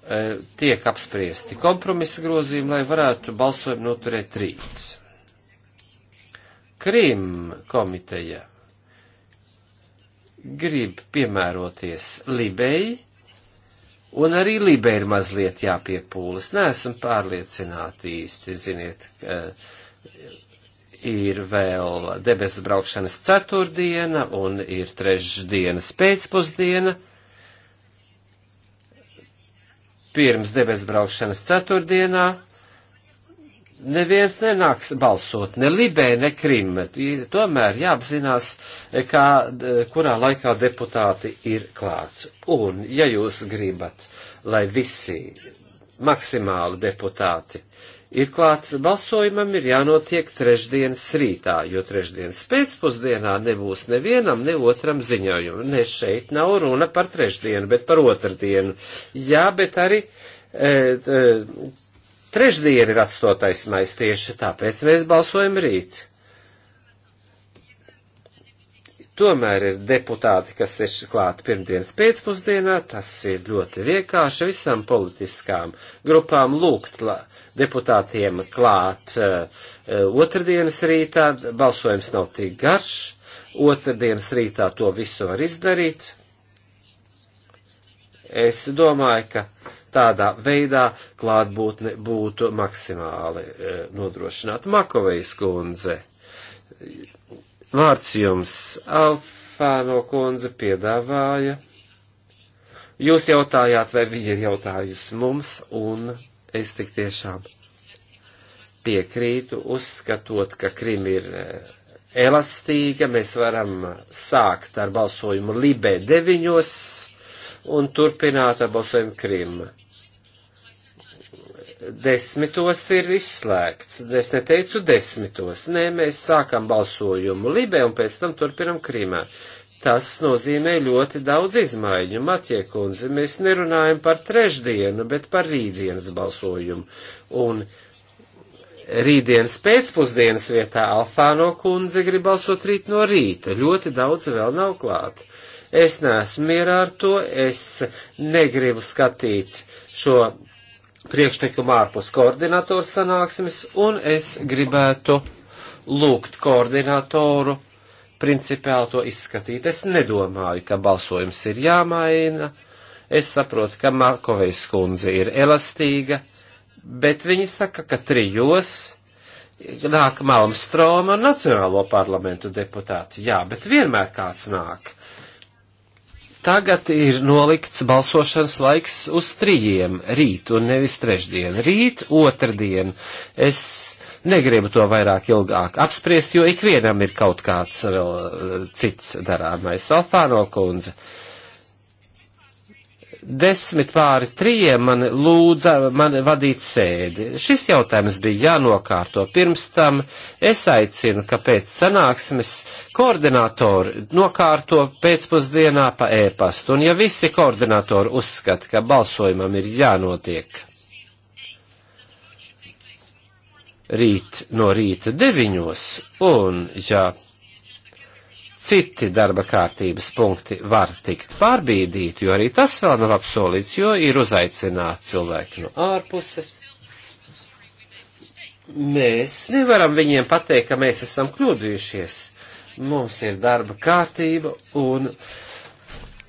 eh, tiek apspriesti kompromisa grozījumi, lai varētu balsojumu noturēt rīts. Krim komiteja grib piemēroties Libei, un arī Libei ir mazliet jāpiepūlas. Nesmu pārliecināti īsti, ziniet, ir vēl debesu braukšanas ceturtdiena un ir trešdienas pēcpusdiena. Pirms debesu braukšanas ceturtdienā neviens nenāks balsot, ne Libē, ne Krim. Tomēr jāapzinās, kā, kurā laikā deputāti ir klāt. Un, ja jūs gribat, lai visi maksimāli deputāti ir klāt, balsojumam ir jānotiek trešdienas rītā, jo trešdienas pēcpusdienā nebūs nevienam, ne otram ziņojumu. Ne šeit nav runa par trešdienu, bet par otrdienu. Jā, bet arī. E, e, Trešdien ir atstotais maijs tieši, tāpēc mēs balsojam rīt. Tomēr ir deputāti, kas ir klāt pirmdienas pēcpusdienā, tas ir ļoti vienkārši visām politiskām grupām lūgt la, deputātiem klāt uh, otrdienas rītā, balsojums nav tik garš, otrdienas rītā to visu var izdarīt. Es domāju, ka tādā veidā klātbūtne būtu maksimāli e, nodrošināta. Makovejas kundze, vārds jums, Alfāno kundze piedāvāja. Jūs jautājāt, vai viņi ir jautājusi mums, un es tik tiešām piekrītu, uzskatot, ka Krim ir e, elastīga, mēs varam sākt ar balsojumu Libē 9 un turpināt ar balsojumu Krim desmitos ir izslēgts. Es neteicu desmitos. Nē, mēs sākam balsojumu Libē un pēc tam turpinam Krīmē. Tas nozīmē ļoti daudz izmaiņu. Matie kundze, mēs nerunājam par trešdienu, bet par rītdienas balsojumu. Un rītdienas pēcpusdienas vietā Alfāno kundze grib balsot rīt no rīta. Ļoti daudz vēl nav klāt. Es neesmu mierā ar to, es negribu skatīt šo priekšteikumu ārpus koordinatoru sanāksmes, un es gribētu lūgt koordinatoru principiāli to izskatīt. Es nedomāju, ka balsojums ir jāmaina. Es saprotu, ka Markovejs kundze ir elastīga, bet viņi saka, ka trijos nāk Malmstroma un Nacionālo parlamentu deputāti. Jā, bet vienmēr kāds nāk. Tagad ir nolikts balsošanas laiks uz trījiem rīt un nevis trešdien. Rīt otrdien. Es negribu to vairāk ilgāk apspriest, jo ikvienam ir kaut kāds vēl eh, cits darāmais. Alfāno kundze. Uh, desmit pāri trījiem man lūdza man vadīt sēdi. Šis jautājums bija jānokārto. Pirms tam es aicinu, ka pēc sanāksmes koordinatori nokārto pēcpusdienā pa ēpastu. Un ja visi koordinatori uzskata, ka balsojumam ir jānotiek rīt no rīta deviņos, un ja citi darba kārtības punkti var tikt pārbīdīti, jo arī tas vēl nav apsolīts, jo ir uzaicināti cilvēki no ārpuses. Mēs nevaram viņiem pateikt, ka mēs esam kļūdījušies. Mums ir darba kārtība un. Uh,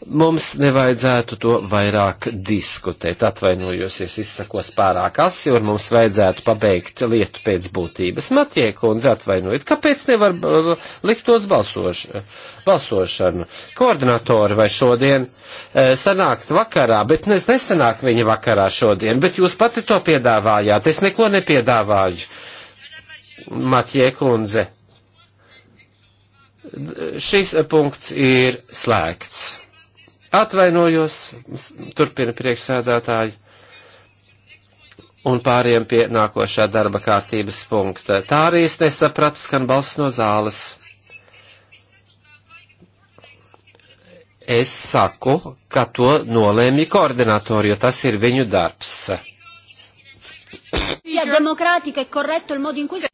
mums nevajadzētu to vairāk diskutēt. Atvainojos, es izsakos pārāk asi, un mums vajadzētu pabeigt lietu pēc būtības. Matie kundze, atvainojiet, kāpēc nevar uh, likt uz balsoš balsošanu? Koordinatori vai šodien e, sanākt vakarā, bet es nesanāku viņa vakarā šodien, bet jūs pati to piedāvājāt, es neko nepiedāvāju. Matie kundze. Šis punkts ir slēgts. Atvainojos, turpina priekšsēdētāji un pāriem pie nākošā darba kārtības punkta. Tā arī es nesapratu, skan balss no zāles. Es saku, ka to nolēmja koordinatori, jo tas ir viņu darbs. E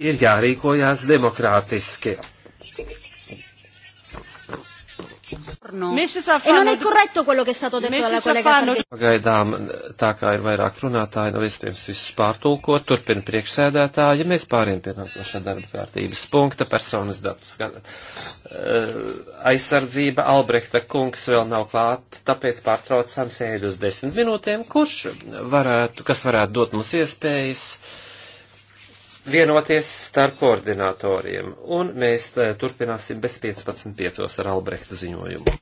ir jārīkojās demokrātiski. No. E non è corretto quello che è stato detto dalla collega Sargentini. Pagaidām, tā kā ir vairāk runātāji, nav iespējams visus pārtulkot. Turpina priekšsēdētāji. Ja mēs pāriem pie nākošā darba kārtības punkta, personas datus gan eh, aizsardzība. Albrehta kungs vēl nav klāt, tāpēc pārtraucam sēdi uz desmit minūtēm, kurš varētu, kas varētu dot mums iespējas vienoties starp koordinatoriem, un mēs eh, turpināsim bez 15.5 ar Albrehta ziņojumu.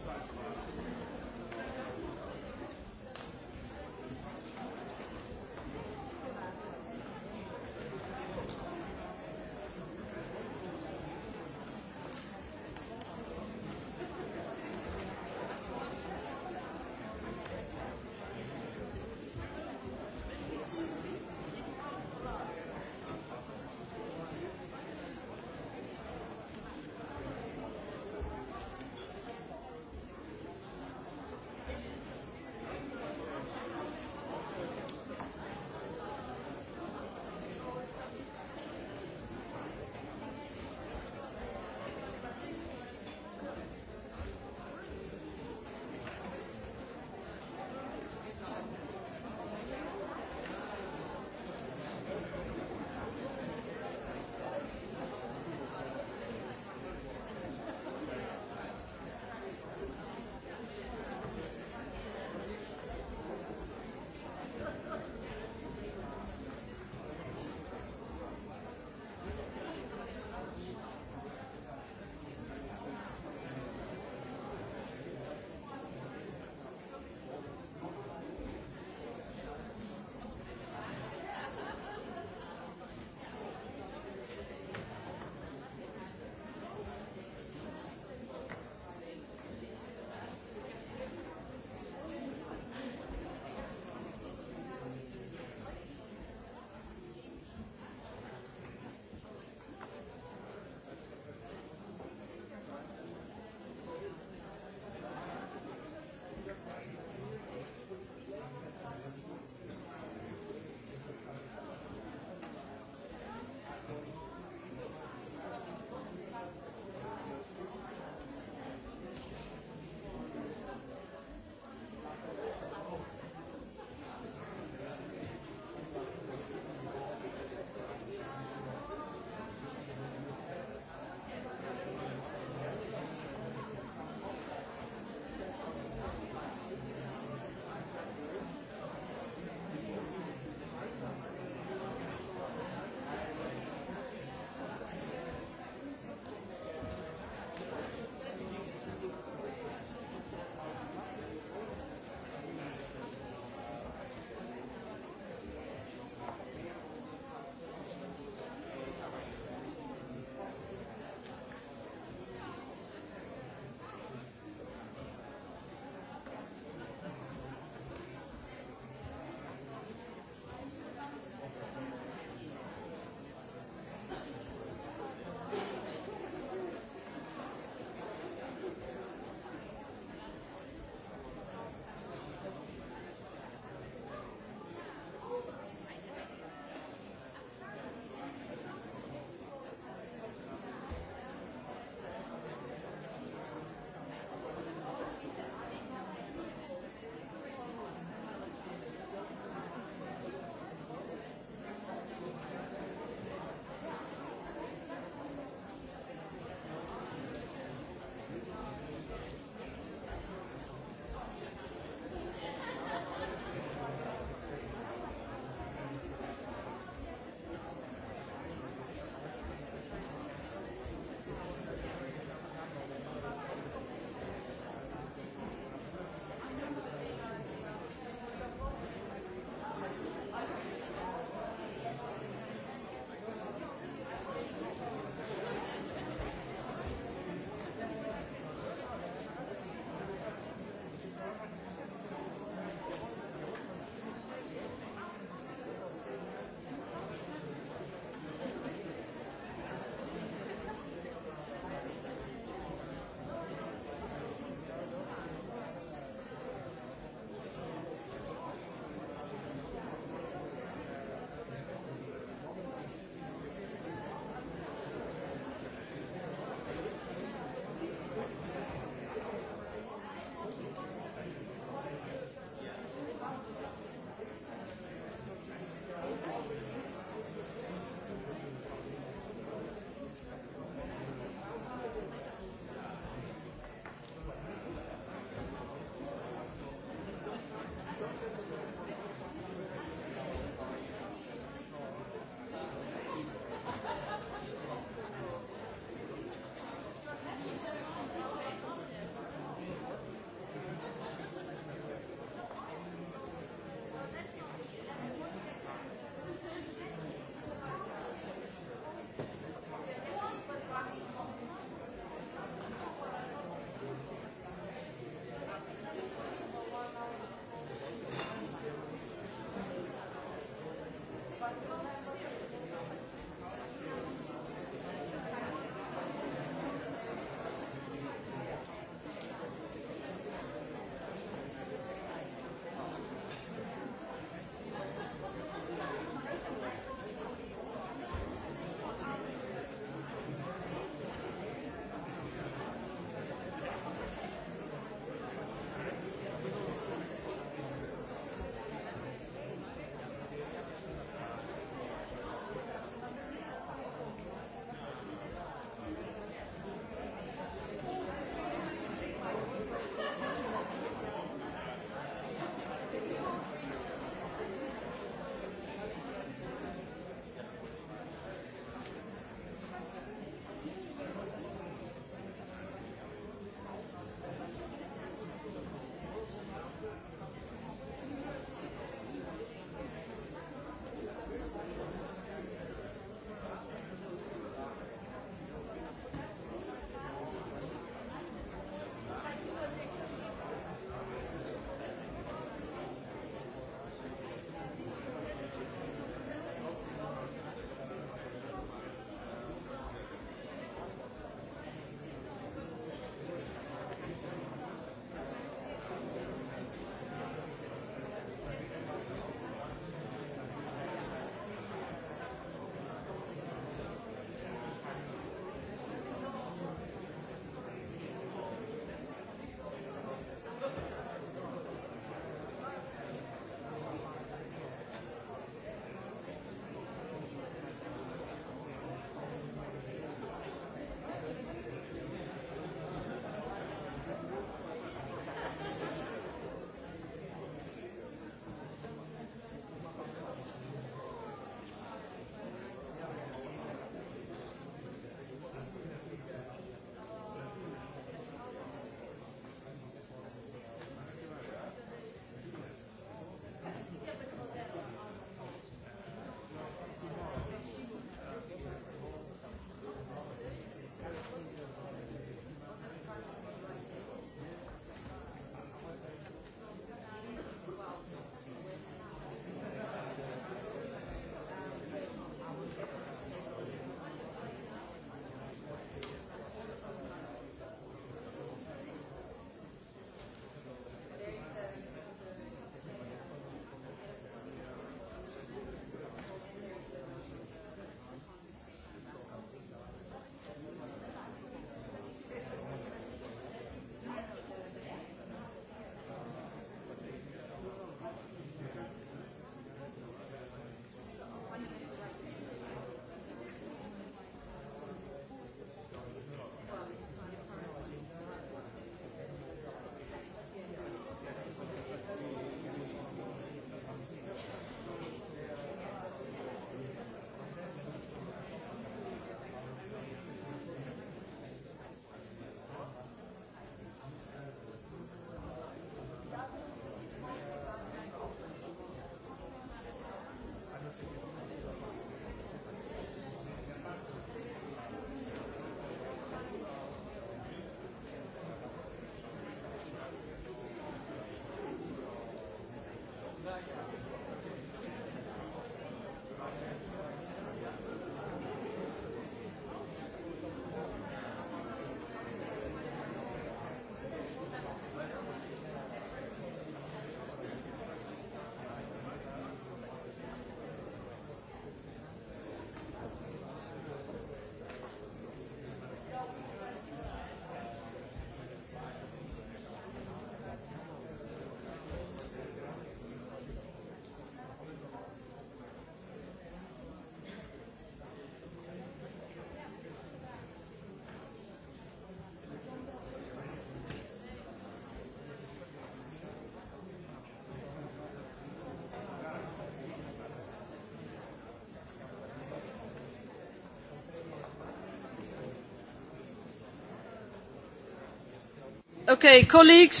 Okay, colleagues,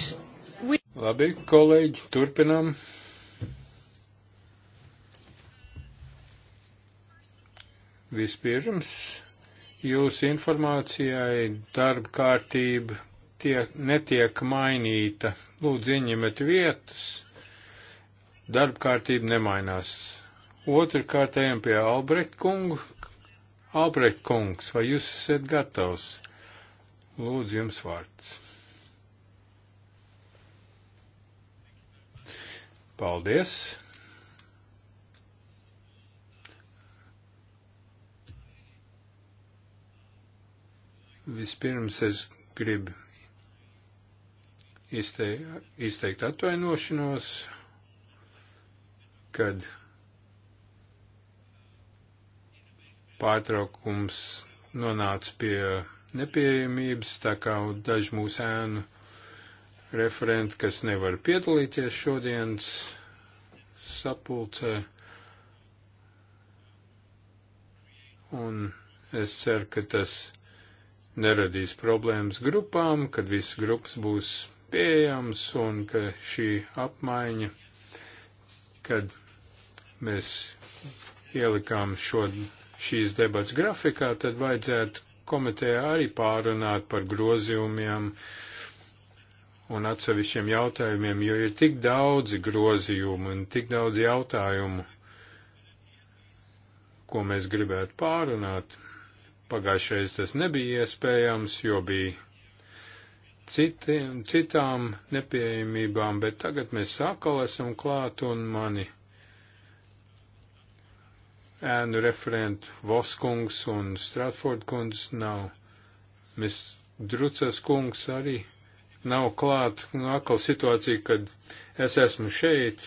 we... Labi, kolēģi, turpinām. Vispirms jūsu informācijai darba kārtība tiek, netiek mainīta. Lūdzu, ieņemiet vietas. Darba kārtība nemainās. Otrakārt ejam pie Albrecht kungu. Albrecht kungs, vai jūs esat gatavs? Lūdzu, jums vārds. Paldies! Vispirms es gribu izteikt atvainošanos, kad pārtraukums nonāca pie nepieejamības, tā kā daži mūsu ēnu referenti, kas nevar piedalīties šodienas sapulcē. Un es ceru, ka tas neradīs problēmas grupām, kad viss grupas būs pieejams un ka šī apmaiņa, kad mēs ielikām šo, šīs debats grafikā, tad vajadzētu komitejā arī pārunāt par grozījumiem, uh, un atsevišķiem jautājumiem, jo ir tik daudzi grozījumi un tik daudz jautājumu, ko mēs gribētu pārunāt. Pagājušreiz tas nebija iespējams, jo bija citi, citām nepieejamībām, bet tagad mēs sakal esam klāt un mani ēnu referentu Voskungs un Stratford kungs nav. Mēs Drucas kungs arī nav klāt nu, atkal situācija, kad es esmu šeit,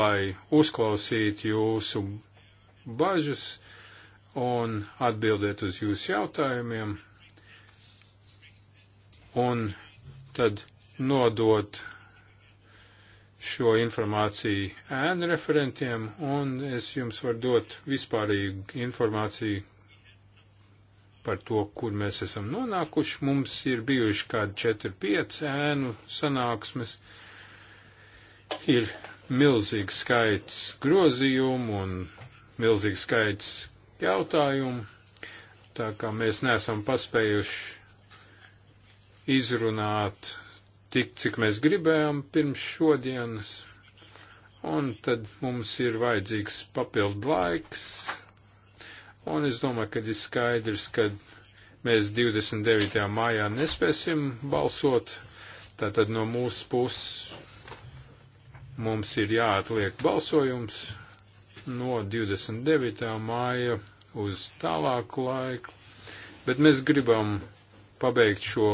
lai uzklausītu jūsu bažas un atbildēt uz jūsu jautājumiem, un tad nodot šo informāciju ēnu referentiem, un es jums varu dot vispārīgu informāciju, par to, kur mēs esam nonākuši. Mums ir bijuši kādi 4-5 ēnu sanāksmes, ir milzīgs skaits grozījumu un milzīgs skaits jautājumu, tā kā mēs neesam paspējuši izrunāt tik, cik mēs gribējām pirms šodienas, un tad mums ir vajadzīgs papildu laiks, Un es domāju, ka ir skaidrs, ka mēs 29. mājā nespēsim balsot. Tātad no mūsu puses mums ir jāatliek balsojums no 29. māja uz tālāku laiku. Bet mēs gribam pabeigt šo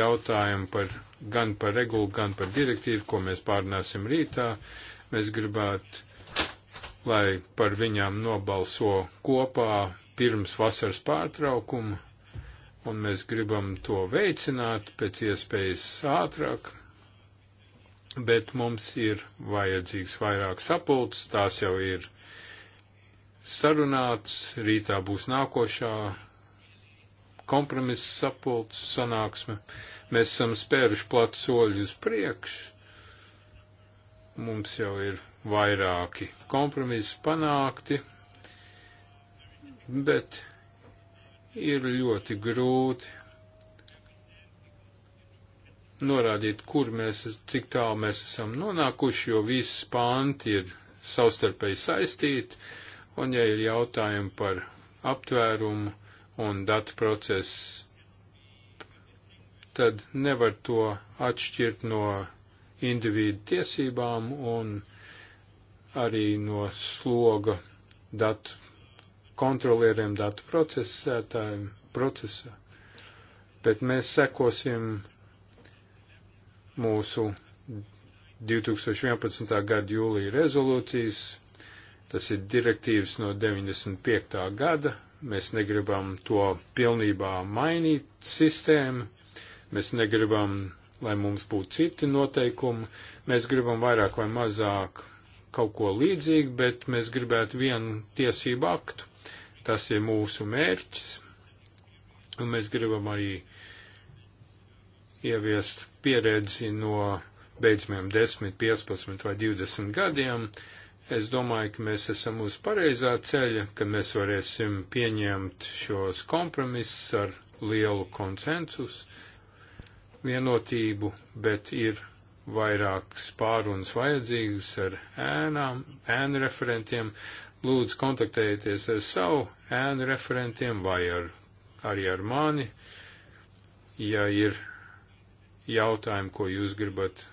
jautājumu par, gan par regulu, gan par direktīvu, ko mēs pārnāsim rītā. Mēs gribētu lai par viņām nobalso kopā pirms vasaras pārtraukuma, un mēs gribam to veicināt pēc iespējas ātrāk, bet mums ir vajadzīgs vairāk sapulcs, tās jau ir sarunāts, rītā būs nākošā kompromisa sapulcs sanāksme. Mēs esam spēruši plats soļus priekš, mums jau ir vairāki kompromisi panākti, bet ir ļoti grūti norādīt, kur mēs, cik tālu mēs esam nonākuši, jo visi panti ir savstarpēji saistīti, un ja ir jautājumi par aptvērumu un datu procesu, tad nevar to atšķirt no individu tiesībām un arī no sloga datu kontrolieriem, datu procesētājiem, procesā. Bet mēs sekosim mūsu 2011. gada jūlija rezolūcijas, tas ir direktīvas no 95. gada, mēs negribam to pilnībā mainīt sistēmu, mēs negribam, lai mums būtu citi noteikumi, mēs gribam vairāk vai mazāk kaut ko līdzīgu, bet mēs gribētu vienu tiesību aktu. Tas ir mūsu mērķis, un mēs gribam arī ieviest pieredzi no beidzamiem 10, 15 vai 20 gadiem. Es domāju, ka mēs esam uz pareizā ceļa, ka mēs varēsim pieņemt šos kompromisus ar lielu konsensus, vienotību, bet ir vairākas pārunas vajadzīgas ar ēnām, ēnu referentiem. Lūdzu, kontaktējieties ar savu ēnu referentiem vai ar, arī ar mani, ja ir jautājumi, ko jūs gribat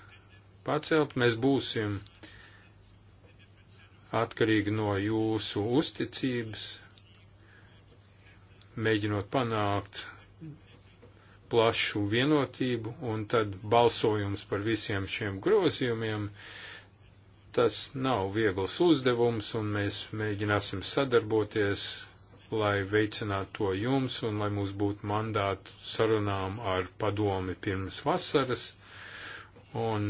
pacelt. Mēs būsim atkarīgi no jūsu uzticības, mēģinot panākt plašu vienotību, un tad balsojums par visiem šiem grozījumiem. Tas nav viegls uzdevums, un mēs mēģināsim sadarboties, lai veicinātu to jums un lai mums būtu mandātu sarunām ar padomi pirms vasaras. Un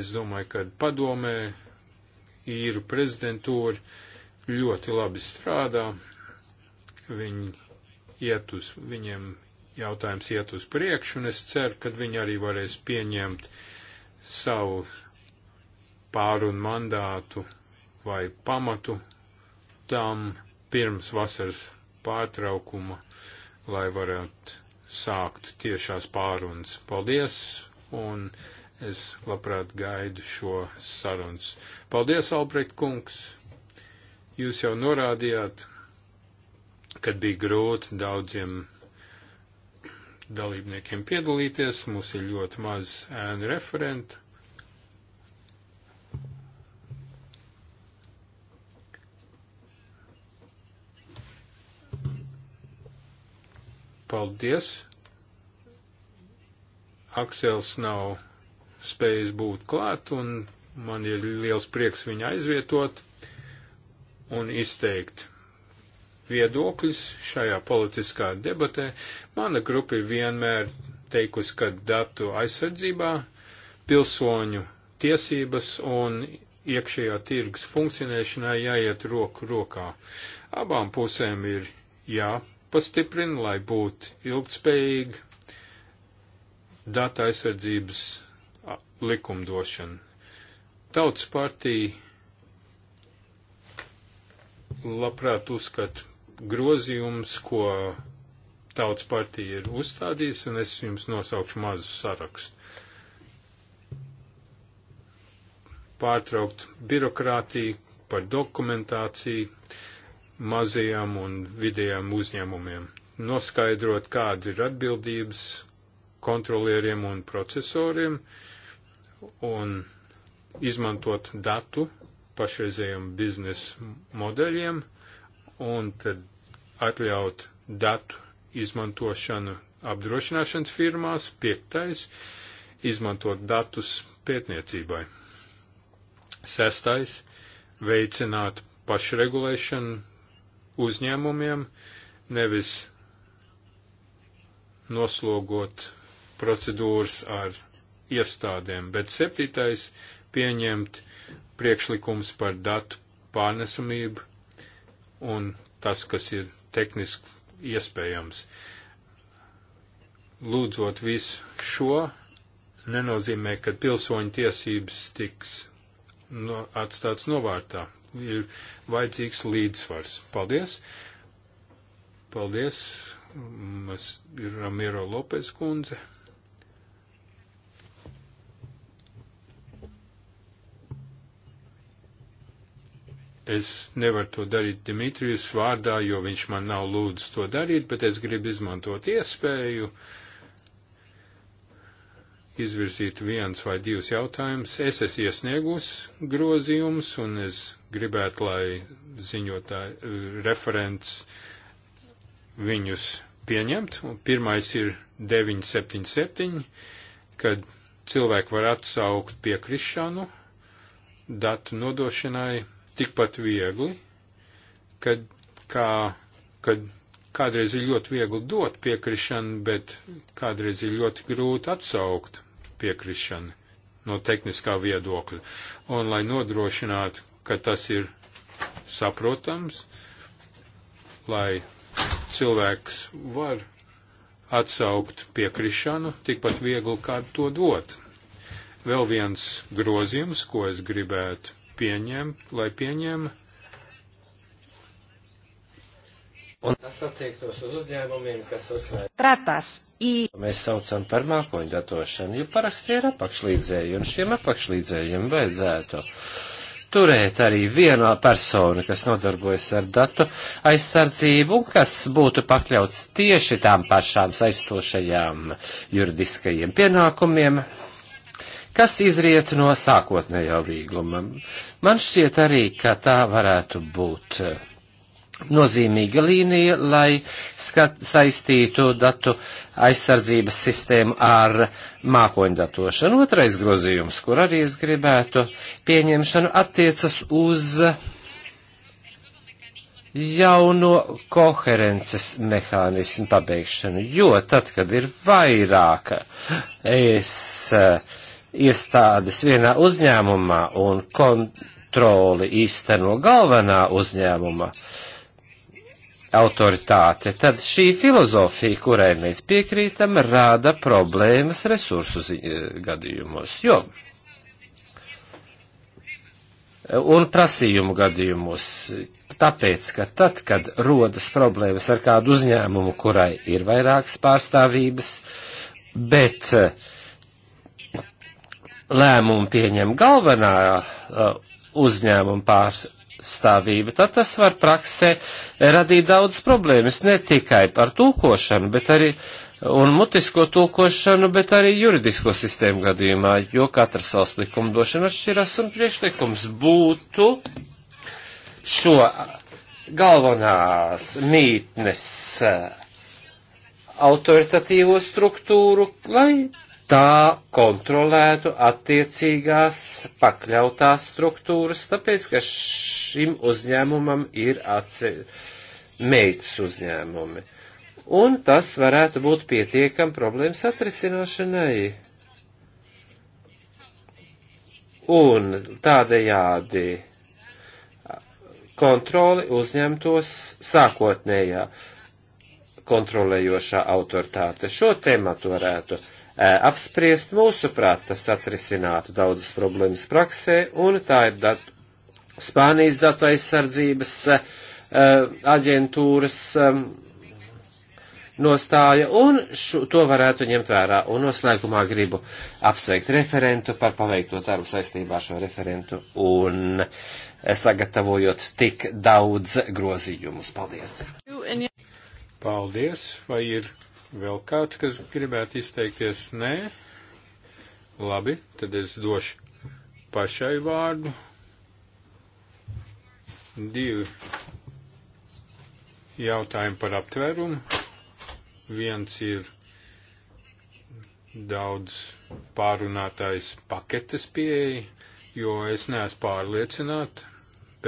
es domāju, ka padomē īru prezidentūra ļoti labi strādā. Viņi iet uz, viņiem jautājums iet uz priekšu, un es ceru, ka viņi arī varēs pieņemt savu pārunu mandātu vai pamatu tam pirms vasaras pārtraukuma, lai varētu sākt tiešās pārunas. Paldies, un es labprāt gaidu šo sarunas. Paldies, Albrekt kungs! Jūs jau norādījāt, kad bija grūti daudziem dalībniekiem piedalīties. Mums ir ļoti maz ēnu referentu. Paldies! Aksels nav spējis būt klāt, un man ir liels prieks viņu aizvietot un izteikt viedokļus šajā politiskā debatē. Mana grupa vienmēr teikusi, ka datu aizsardzībā pilsoņu tiesības un iekšējā tirgus funkcionēšanai jāiet roku rokā. Abām pusēm ir jāpastiprina, lai būtu ilgtspējīga data aizsardzības likumdošana. Tautas partija labprāt uzskata grozījums, ko tautas partija ir uzstādījusi, un es jums nosaukšu mazu sarakstu. Pārtraukt birokrātiju par dokumentāciju mazajām un vidējām uzņēmumiem. Noskaidrot, kāda ir atbildības kontrolieriem un procesoriem, un izmantot datu pašreizējiem biznesa modeļiem, un tad atļaut datu izmantošanu apdrošināšanas firmās, piektais - izmantot datus pētniecībai, sestais - veicināt pašregulēšanu uzņēmumiem, nevis noslogot procedūras ar iestādēm, bet septītais - pieņemt priekšlikums par datu pārnesamību un tas, kas ir tehniski iespējams. Lūdzot visu šo, nenozīmē, ka pilsoņu tiesības tiks no, atstāts novārtā. Ir vajadzīgs līdzsvars. Paldies! Paldies! Mēs ir Ramiro Lopes kundze. Es nevaru to darīt Dimitrijas vārdā, jo viņš man nav lūdzis to darīt, bet es gribu izmantot iespēju izvirzīt viens vai divus jautājumus. Es esmu iesniegus grozījumus, un es gribētu, lai ziņotāji, referents viņus pieņemt. Un pirmais ir 977, kad cilvēki var atsaukt piekrišanu datu nodošanai tikpat viegli, kad, kā, kad kādreiz ir ļoti viegli dot piekrišanu, bet kādreiz ir ļoti grūti atsaukt piekrišanu no tehniskā viedokļa. Un lai nodrošinātu, ka tas ir saprotams, lai cilvēks var atsaukt piekrišanu tikpat viegli, kā to dot. Vēl viens grozījums, ko es gribētu pieņem, lai pieņem. Un tas attiektos uz uzņēmumiem, kas uzklāj. Tratas. I... Mēs saucam par mākoņu datošanu, jo parasti ir apakšlīdzēji, un šiem apakšlīdzējiem vajadzētu turēt arī vienā persona, kas nodarbojas ar datu aizsardzību un kas būtu pakļauts tieši tām pašām saistošajām juridiskajiem pienākumiem, kas izriet no sākotnējā līguma. Man šķiet arī, ka tā varētu būt eh, nozīmīga līnija, lai skat, saistītu datu aizsardzības sistēmu ar mākoņdatošanu. Otrais grozījums, kur arī es gribētu pieņemšanu, attiecas uz jauno koherences mehānismu pabeigšanu, jo tad, kad ir vairāka es uh, iestādes vienā uzņēmumā un kontroli īsteno galvenā uzņēmuma autoritāte, tad šī filozofija, kurai mēs piekrītam, rāda problēmas resursu eh, gadījumos, jo un prasījumu gadījumos, tāpēc, ka tad, kad rodas problēmas ar kādu uzņēmumu, kurai ir vairākas pārstāvības, bet uh, lēmumu pieņem galvenā uh, uzņēmuma pārstāvība, tad tas var praksē radīt daudz problēmas ne tikai par tūkošanu, bet arī un mutisko tulkošanu, bet arī juridisko sistēmu gadījumā, jo katrs valsts likumdošana atšķiras un priekšlikums būtu šo galvenās mītnes uh, autoritatīvo struktūru, lai tā kontrolētu attiecīgās pakļautās struktūras, tāpēc, ka šim uzņēmumam ir atse... meitas uzņēmumi. Un tas varētu būt pietiekam problēmas atrisināšanai. Un tādējādi kontroli uzņemtos sākotnējā uh, kontrolējošā autoritāte. Šo tematu varētu eh, apspriest. Mūsuprāt, tas atrisinātu daudzas problēmas praksē, un tā ir dat Spānijas datu aizsardzības uh, aģentūras um, nostāja, un šo, to varētu ņemt vērā. Un noslēgumā gribu apsveikt referentu par paveikto darbu saistībā ar šo referentu un eh, sagatavojot tik daudz grozījumus. Paldies! Paldies, vai ir vēl kāds, kas gribētu izteikties? Nē. Labi, tad es došu pašai vārdu. Divi jautājumi par aptvērumu. Viens ir daudz pārunātais paketes pieeja, jo es neesmu pārliecināta,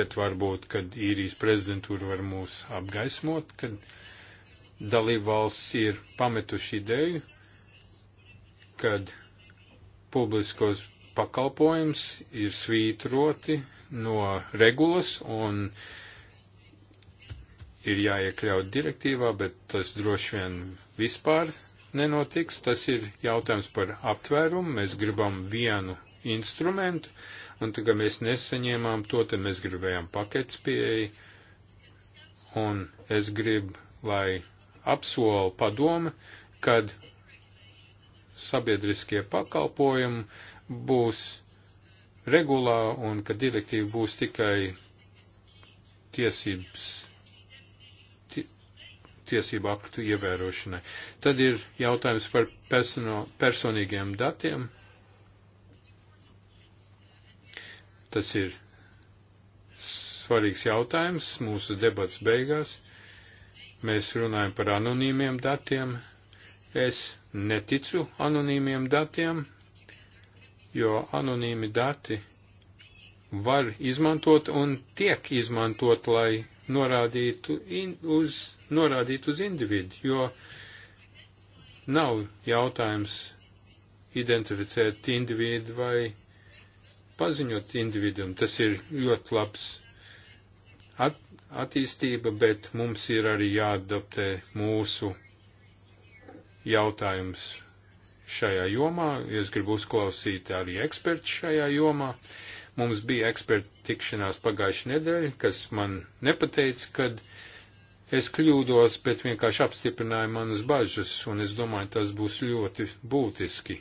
bet varbūt, kad īrijas prezidentūra var mūs apgaismot, kad dalībvalsts ir pametuši ideju, kad publiskos pakalpojums ir svītroti no regulas un ir jāiekļaut direktīvā, bet tas droši vien vispār nenotiks. Tas ir jautājums par aptvērumu. Mēs gribam vienu instrumentu, un tagad mēs nesaņēmām to, te mēs gribējām pakets pieeja, un es gribu, lai apsola padome, kad sabiedriskie pakalpojumi būs regulā un ka direktīva būs tikai tiesības, tiesību aktu ievērošanai. Tad ir jautājums par persono, personīgiem datiem. Tas ir svarīgs jautājums mūsu debats beigās. Mēs runājam par anonīmiem datiem. Es neticu anonīmiem datiem, jo anonīmi dati var izmantot un tiek izmantot, lai norādītu in, uz, norādītu uz individu, jo nav jautājums identificēt individu vai paziņot individum. Tas ir ļoti labs attīstība, bet mums ir arī jāadaptē mūsu jautājums šajā jomā. Es gribu uzklausīt arī ekspertu šajā jomā. Mums bija eksperta tikšanās pagājušajā nedēļā, kas man nepateica, kad es kļūdos, bet vienkārši apstiprināja manas bažas, un es domāju, tas būs ļoti būtiski,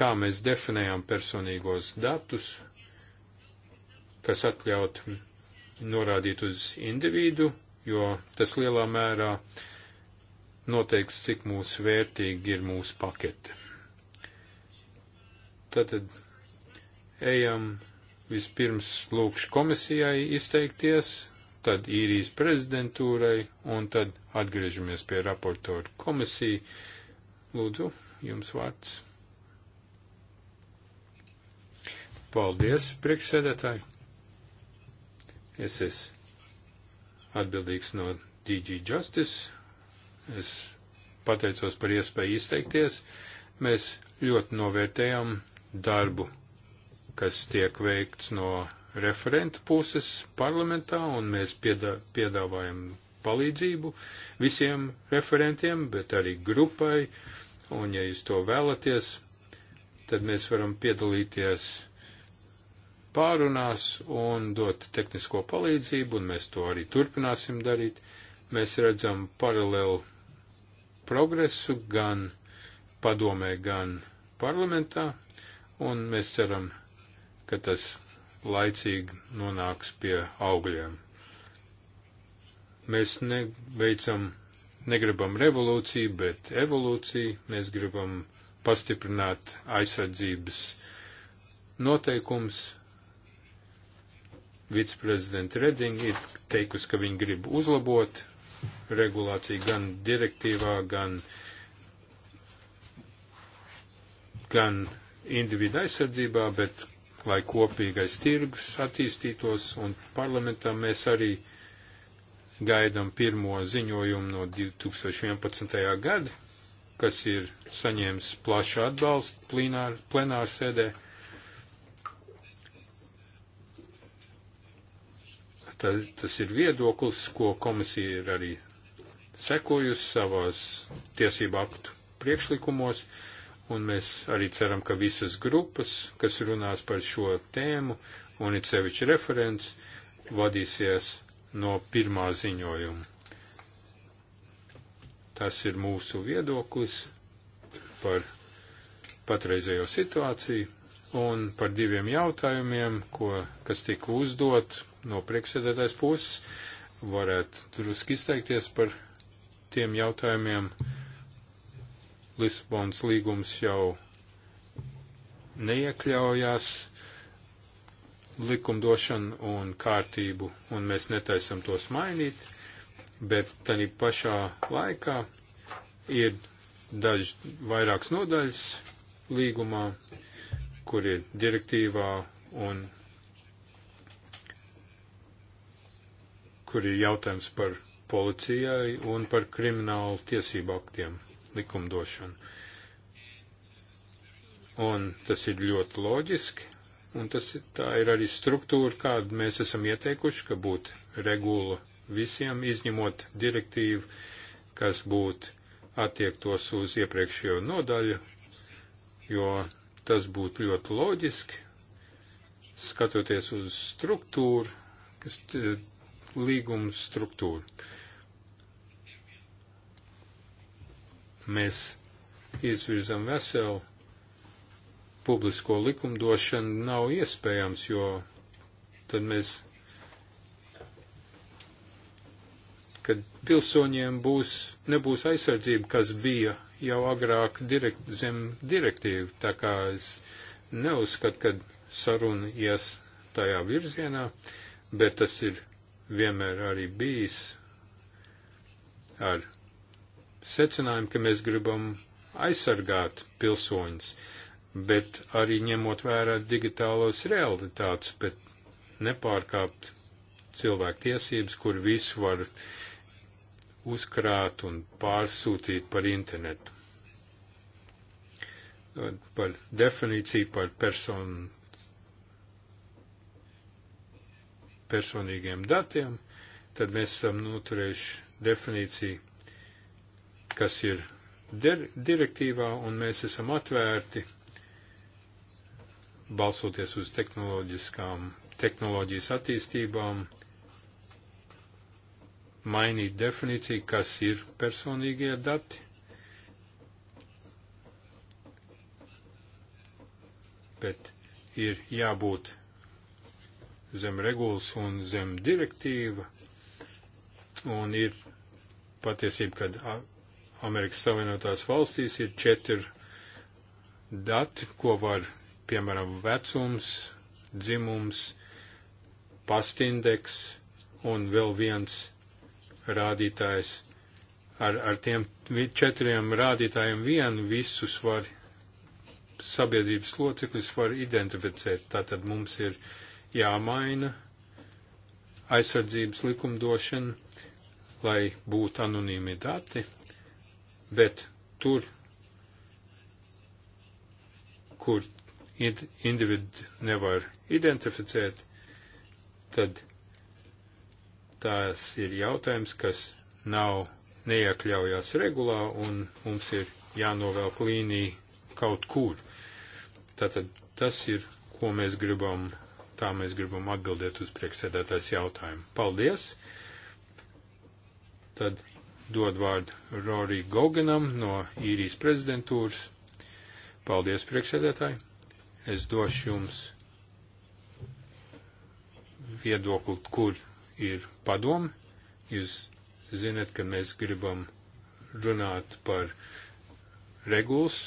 kā mēs definējam personīgos datus, kas atļaut norādīt uz individu, jo tas lielā mērā noteiks, cik mūsu vērtīgi ir mūsu pakete. Tātad ejam vispirms lūkšu komisijai izteikties, tad īrijas prezidentūrai un tad atgriežamies pie raportoru komisiju. Lūdzu, jums vārds. Paldies, priekšsēdētāji! Es esmu atbildīgs no DG Justice. Es pateicos par iespēju izteikties. Mēs ļoti novērtējam darbu, kas tiek veikts no referenta puses parlamentā, un mēs piedā, piedāvājam palīdzību visiem referentiem, bet arī grupai, un ja jūs to vēlaties, tad mēs varam piedalīties pārunās un dot tehnisko palīdzību, un mēs to arī turpināsim darīt. Mēs redzam paralēlu progresu gan padomē, gan parlamentā, un mēs ceram, ka tas laicīgi nonāks pie augļiem. Mēs neveicam, negribam revolūciju, bet evolūciju. Mēs gribam pastiprināt aizsardzības noteikums viceprezidenta Redinga ir teikusi, ka viņi grib uzlabot regulāciju gan direktīvā, gan, gan individu aizsardzībā, bet lai kopīgais tirgus attīstītos un parlamentā mēs arī gaidām pirmo ziņojumu no 2011. gada, kas ir saņēmis plašu atbalstu plenāru sēdē. Plenār Tad, tas ir viedoklis, ko komisija ir arī sekojusi savās tiesību aktu priekšlikumos, un mēs arī ceram, ka visas grupas, kas runās par šo tēmu, un it sevišķi referents, vadīsies no pirmā ziņojuma. Tas ir mūsu viedoklis par patreizējo situāciju un par diviem jautājumiem, ko, kas tika uzdot no priekšsēdētājs puses varētu drusku izteikties par tiem jautājumiem. Lisabons līgums jau neiekļaujās likumdošanu un kārtību, un mēs netaisam tos mainīt, bet tādī pašā laikā ir daži vairākas nodaļas līgumā, kur ir direktīvā un kur ir jautājums par policijai un par kriminālu tiesību aktiem likumdošanu. Un tas ir ļoti loģiski, un tas ir, tā ir arī struktūra, kādu mēs esam ieteikuši, ka būtu regula visiem, izņemot direktīvu, kas būtu attiektos uz iepriekšējo nodaļu, jo tas būtu ļoti loģiski, skatoties uz struktūru, kas līgumu struktūru. Mēs izvirzam veselu publisko likumdošanu, nav iespējams, jo tad mēs, kad pilsoņiem būs, nebūs aizsardzība, kas bija jau agrāk direkt, zem direktīvu, tā kā es neuzskatu, ka saruna ies tajā virzienā, bet tas ir vienmēr arī bijis ar secinājumu, ka mēs gribam aizsargāt pilsoņus, bet arī ņemot vērā digitālos realitātes, bet nepārkāpt cilvēku tiesības, kur visu var uzkrāt un pārsūtīt par internetu. Par definīciju par personu personīgiem datiem, tad mēs esam noturējuši definīciju, kas ir direktīvā, un mēs esam atvērti balsoties uz tehnoloģiskām, tehnoloģijas attīstībām, mainīt definīciju, kas ir personīgie dati. Bet ir jābūt zem regulas un zem direktīva. Un ir patiesība, ka Amerikas Savienotās valstīs ir četri dati, ko var, piemēram, vecums, dzimums, pastindeks un vēl viens rādītājs. Ar, ar tiem četriem rādītājiem vienu visus var sabiedrības loceklis var identificēt. Tātad mums ir uh, jāmaina aizsardzības likumdošana, lai būtu anonīmi dati, bet tur, kur individu nevar identificēt, tad tās ir jautājums, kas nav neiekļaujās regulā un mums ir jānovelk līnija kaut kur. Tātad tas ir, ko mēs gribam Tā mēs gribam atbildēt uz priekšsēdētājs jautājumu. Paldies! Tad dod vārdu Rorī Goganam no īrijas prezidentūras. Paldies, priekšsēdētāji! Es došu jums viedokli, kur ir padomi. Jūs zinat, ka mēs gribam runāt par regulas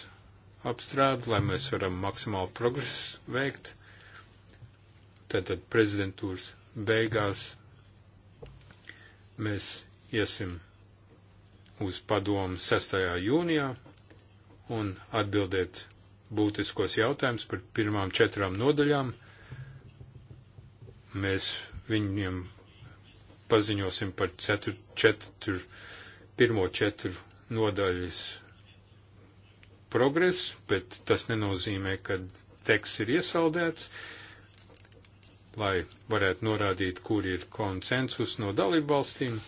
apstrādi, lai mēs varam maksimāli progresu veikt. Tātad prezidentūras beigās mēs iesim uz padomu 6. jūnijā un atbildēt būtiskos jautājumus par pirmām četrām nodaļām. Mēs viņiem paziņosim par cetru, četru, pirmo četru nodaļas progresu, bet tas nenozīmē, ka teksts ir iesaldēts. Uh, lai varētu norādīt, kur ir konsensus no dalību valstīm.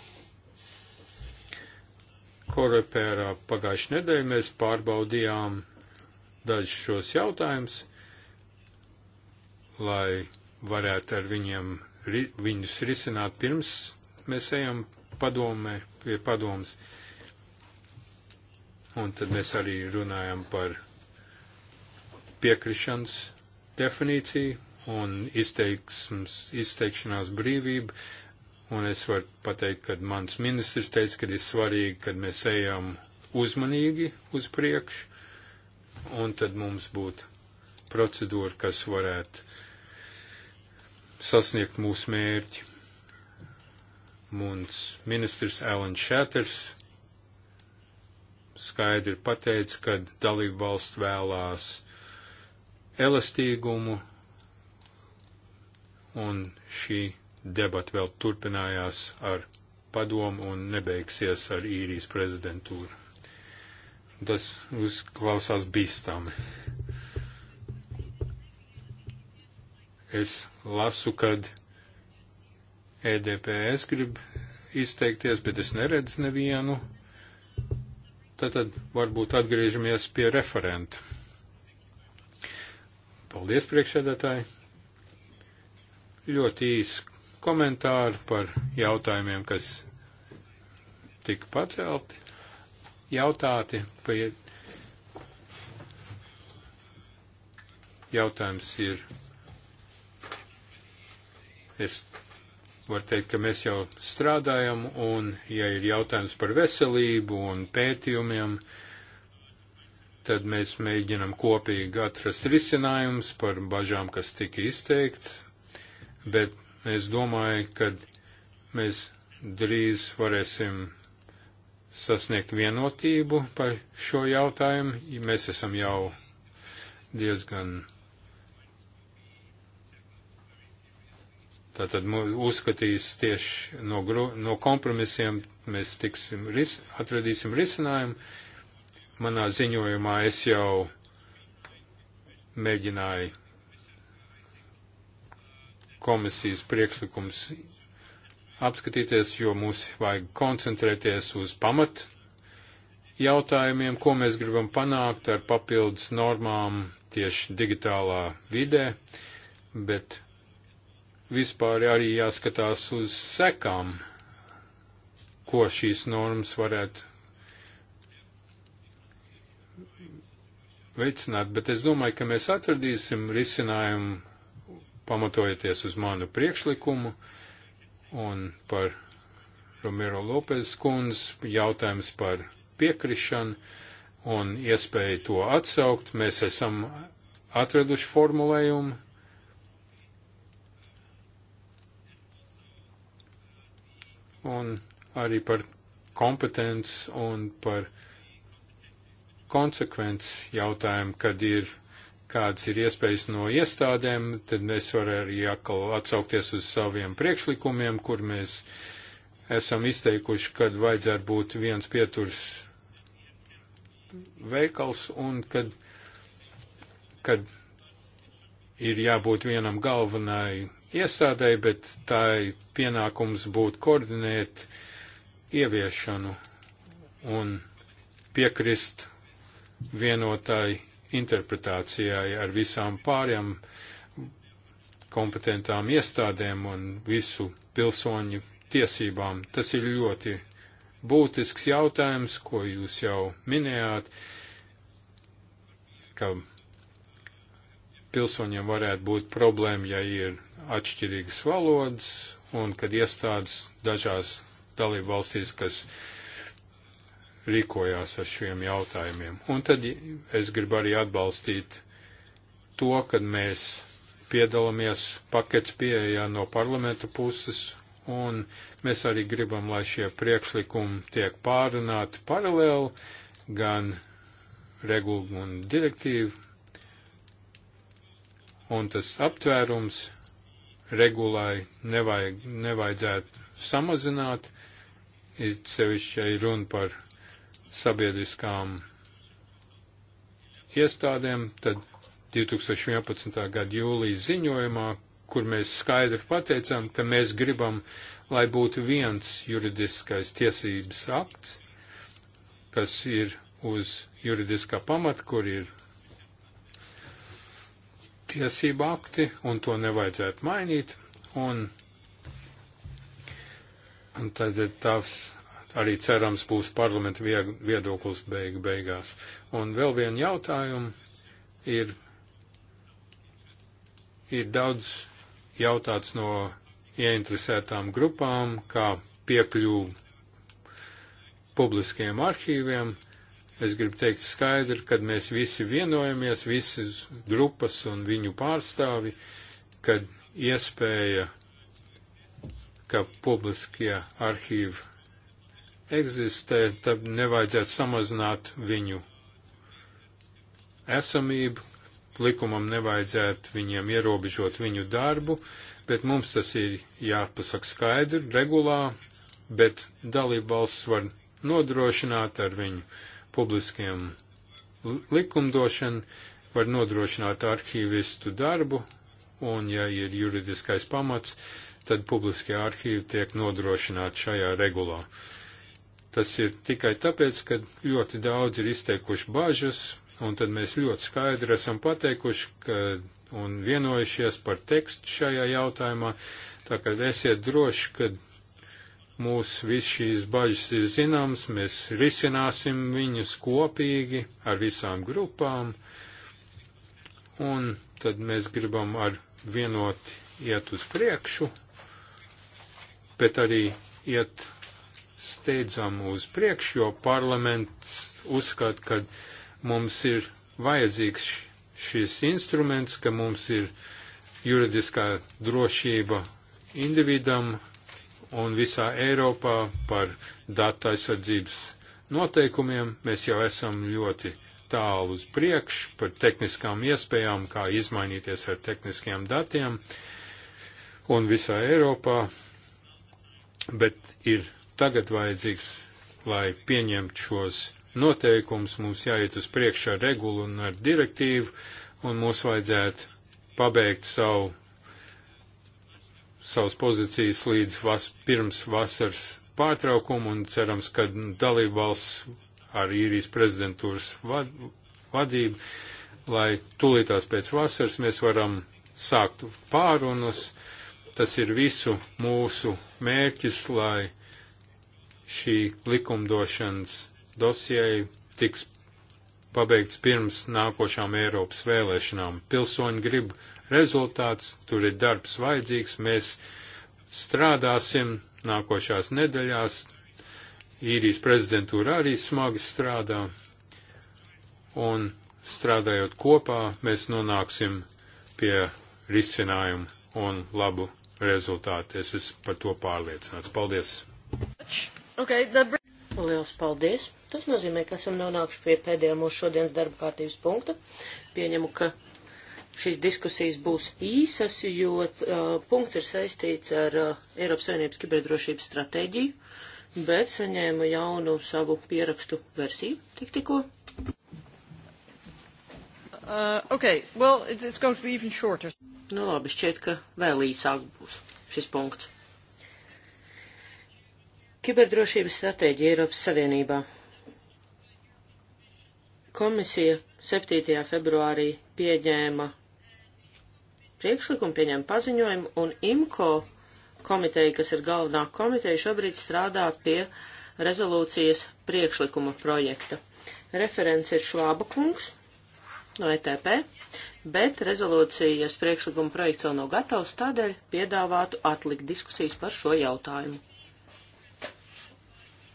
Korepērā pagājušajā nedēļā mēs pārbaudījām dažus šos jautājumus, lai varētu ar viņiem, viņus risināt pirms mēs ejam padomē pie padomas. Un tad mēs arī runājam par piekrišanas definīciju, un izteiksms, izteikšanās brīvība, un es varu pateikt, ka mans ministrs teica, ka ir svarīgi, kad mēs ejam uzmanīgi uz priekšu, un tad mums būtu procedūra, kas varētu sasniegt mūsu mērķi. Mums ministrs Alan Šeters skaidri pateica, ka dalību valsts vēlās elastīgumu un šī debata vēl turpinājās ar padomu un nebeigsies ar īrijas prezidentūru. Tas uzklausās bīstami. Es lasu, kad EDPS grib izteikties, bet es neredzu nevienu. Tātad varbūt atgriežamies pie referenta. Paldies, priekšsēdētāji! ļoti īsu komentāru par jautājumiem, kas tika pacelti, jautāti. Pie... Jautājums ir, es varu teikt, ka mēs jau strādājam, un ja ir jautājums par veselību un pētījumiem, tad mēs mēģinam kopīgi atrast risinājums par bažām, kas tika izteikts bet es domāju, ka mēs drīz varēsim sasniegt vienotību par šo jautājumu. Mēs esam jau diezgan. Tātad uzskatīs tieši no, gru, no kompromisiem, mēs tiksim, ris, atradīsim risinājumu. Manā ziņojumā es jau mēģināju komisijas priekšlikums apskatīties, jo mums vajag koncentrēties uz pamat jautājumiem, ko mēs gribam panākt ar papildus normām tieši digitālā vidē, bet vispār arī jāskatās uz sekām, ko šīs normas varētu veicināt, bet es domāju, ka mēs atradīsim risinājumu pamatojoties uz manu priekšlikumu un par Romero Lopez kundzes jautājums par piekrišanu un iespēju to atsaukt. Mēs esam atraduši formulējumu. Un arī par kompetenci un par konsekvences jautājumu, kad ir kādas ir iespējas no iestādēm, tad mēs varam arī atkal atsaukties uz saviem priekšlikumiem, kur mēs esam izteikuši, kad vajadzētu būt viens pieturs veikals un kad, kad ir jābūt vienam galvenai iestādēji, bet tā ir pienākums būt koordinēt ieviešanu un piekrist vienotai interpretācijai ar visām pārējām kompetentām iestādēm un visu pilsoņu tiesībām. Tas ir ļoti būtisks jautājums, ko jūs jau minējāt, ka pilsoņiem varētu būt problēma, ja ir atšķirīgas valodas un kad iestādes dažās dalību valstīs, kas rīkojās ar šiem jautājumiem. Un tad es gribu arī atbalstīt to, kad mēs piedalāmies pakets pieejā no parlamenta puses, un mēs arī gribam, lai šie priekšlikumi tiek pārunāti paralēli gan regulu un direktīvu, un tas aptvērums regulai nevajag, nevajadzētu samazināt, ir sevišķi runa par sabiedriskām iestādēm, tad 2011. gada jūlijas ziņojumā, kur mēs skaidri pateicām, ka mēs gribam, lai būtu viens juridiskais tiesības akts, kas ir uz juridiskā pamata, kur ir tiesība akti, un to nevajadzētu mainīt. Un, un tad tās arī cerams būs parlamenta viedoklis beigu beigās. Un vēl vienu jautājumu ir, ir daudz jautāts no ieinteresētām grupām, kā piekļuvu publiskiem arhīviem. Es gribu teikt skaidri, kad mēs visi vienojamies, visas grupas un viņu pārstāvi, kad iespēja, ka publiskie arhīvi eksistē, tad nevajadzētu samazināt viņu esamību, likumam nevajadzētu viņiem ierobežot viņu darbu, bet mums tas ir jāpasaka skaidri, regulā, bet dalība valsts var nodrošināt ar viņu publiskiem likumdošanu, var nodrošināt arhīvistu darbu, un ja ir juridiskais pamats, tad publiskie arhīvi tiek nodrošināti šajā regulā. Uh, Tas ir tikai tāpēc, ka ļoti daudz ir izteikuši bažas, un tad mēs ļoti skaidri esam pateikuši, ka un vienojušies par tekstu šajā jautājumā, tā ka esiet droši, ka mūs viss šīs bažas ir zināms, mēs risināsim viņus kopīgi ar visām grupām, un tad mēs gribam ar vienoti iet uz priekšu, bet arī iet steidzam uz priekšu, jo parlaments uzskata, ka mums ir vajadzīgs šis instruments, ka mums ir juridiskā drošība individam un visā Eiropā par datu aizsardzības noteikumiem. Mēs jau esam ļoti tālu uz priekšu par tehniskām iespējām, kā izmainīties ar tehniskiem datiem un visā Eiropā, bet ir tagad vajadzīgs, lai pieņemtu šos noteikumus, mums jāiet uz priekšu ar regulu un ar direktīvu, un mums vajadzētu pabeigt savu, savas pozīcijas līdz vas, pirms vasaras pārtraukumu, un cerams, ka dalībvalsts ar īrijas prezidentūras vad, vadību, lai tulītās pēc vasaras mēs varam sākt pārunas. Tas ir visu mūsu mērķis, lai šī likumdošanas dosijai tiks pabeigts pirms nākošām Eiropas vēlēšanām. Pilsoņi grib rezultāts, tur ir darbs vajadzīgs, mēs strādāsim nākošās nedēļās, īrijas prezidentūra arī smagi strādā, un strādājot kopā, mēs nonāksim pie risinājumu un labu rezultātu. Es esmu par to pārliecināts. Paldies! Much. Okay, the... Liels paldies! Tas nozīmē, ka esam nonākuši pie pēdējā mūsu šodienas darba kārtības punkta. Pieņemu, ka šīs diskusijas būs īsas, jo uh, punkts ir saistīts ar uh, Eiropas Savienības kiberdrošības stratēģiju, bet saņēmu jaunu savu pierakstu versiju tik tikko. Uh, okay. well, it, it's going to be even shorter. Nu labi, šķiet, ka vēl īsāk būs šis punkts. Kiberdrošības stratēģija Eiropas Savienībā. Komisija 7. februārī pieņēma priekšlikumu, pieņēma paziņojumu, un IMCO komiteja, kas ir galvenā komiteja, šobrīd strādā pie rezolūcijas priekšlikuma projekta. Referents ir Švāba kungs no ETP, bet rezolūcijas priekšlikuma projekts vēl nav gatavs, tādēļ piedāvātu atlikt diskusijas par šo jautājumu.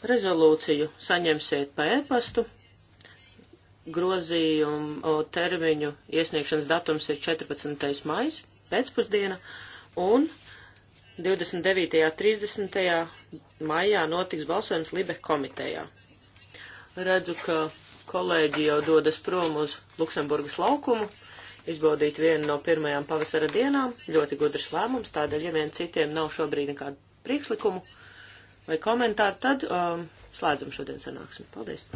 Rezolūciju saņemsiet pa e-pastu. Grozījumu termiņu iesniegšanas datums ir 14. maijas pēcpusdiena un 29. un 30. maijā notiks balsojums Libe komitejā. Redzu, ka kolēģi jau dodas prom uz Luksemburgas laukumu izbaudīt vienu no pirmajām pavasara dienām. Ļoti gudrs lēmums, tādēļ, ja vien citiem nav šobrīd nekādu priekšlikumu, vai komentāru, tad um, slēdzam šodien sanāksmi. Paldies!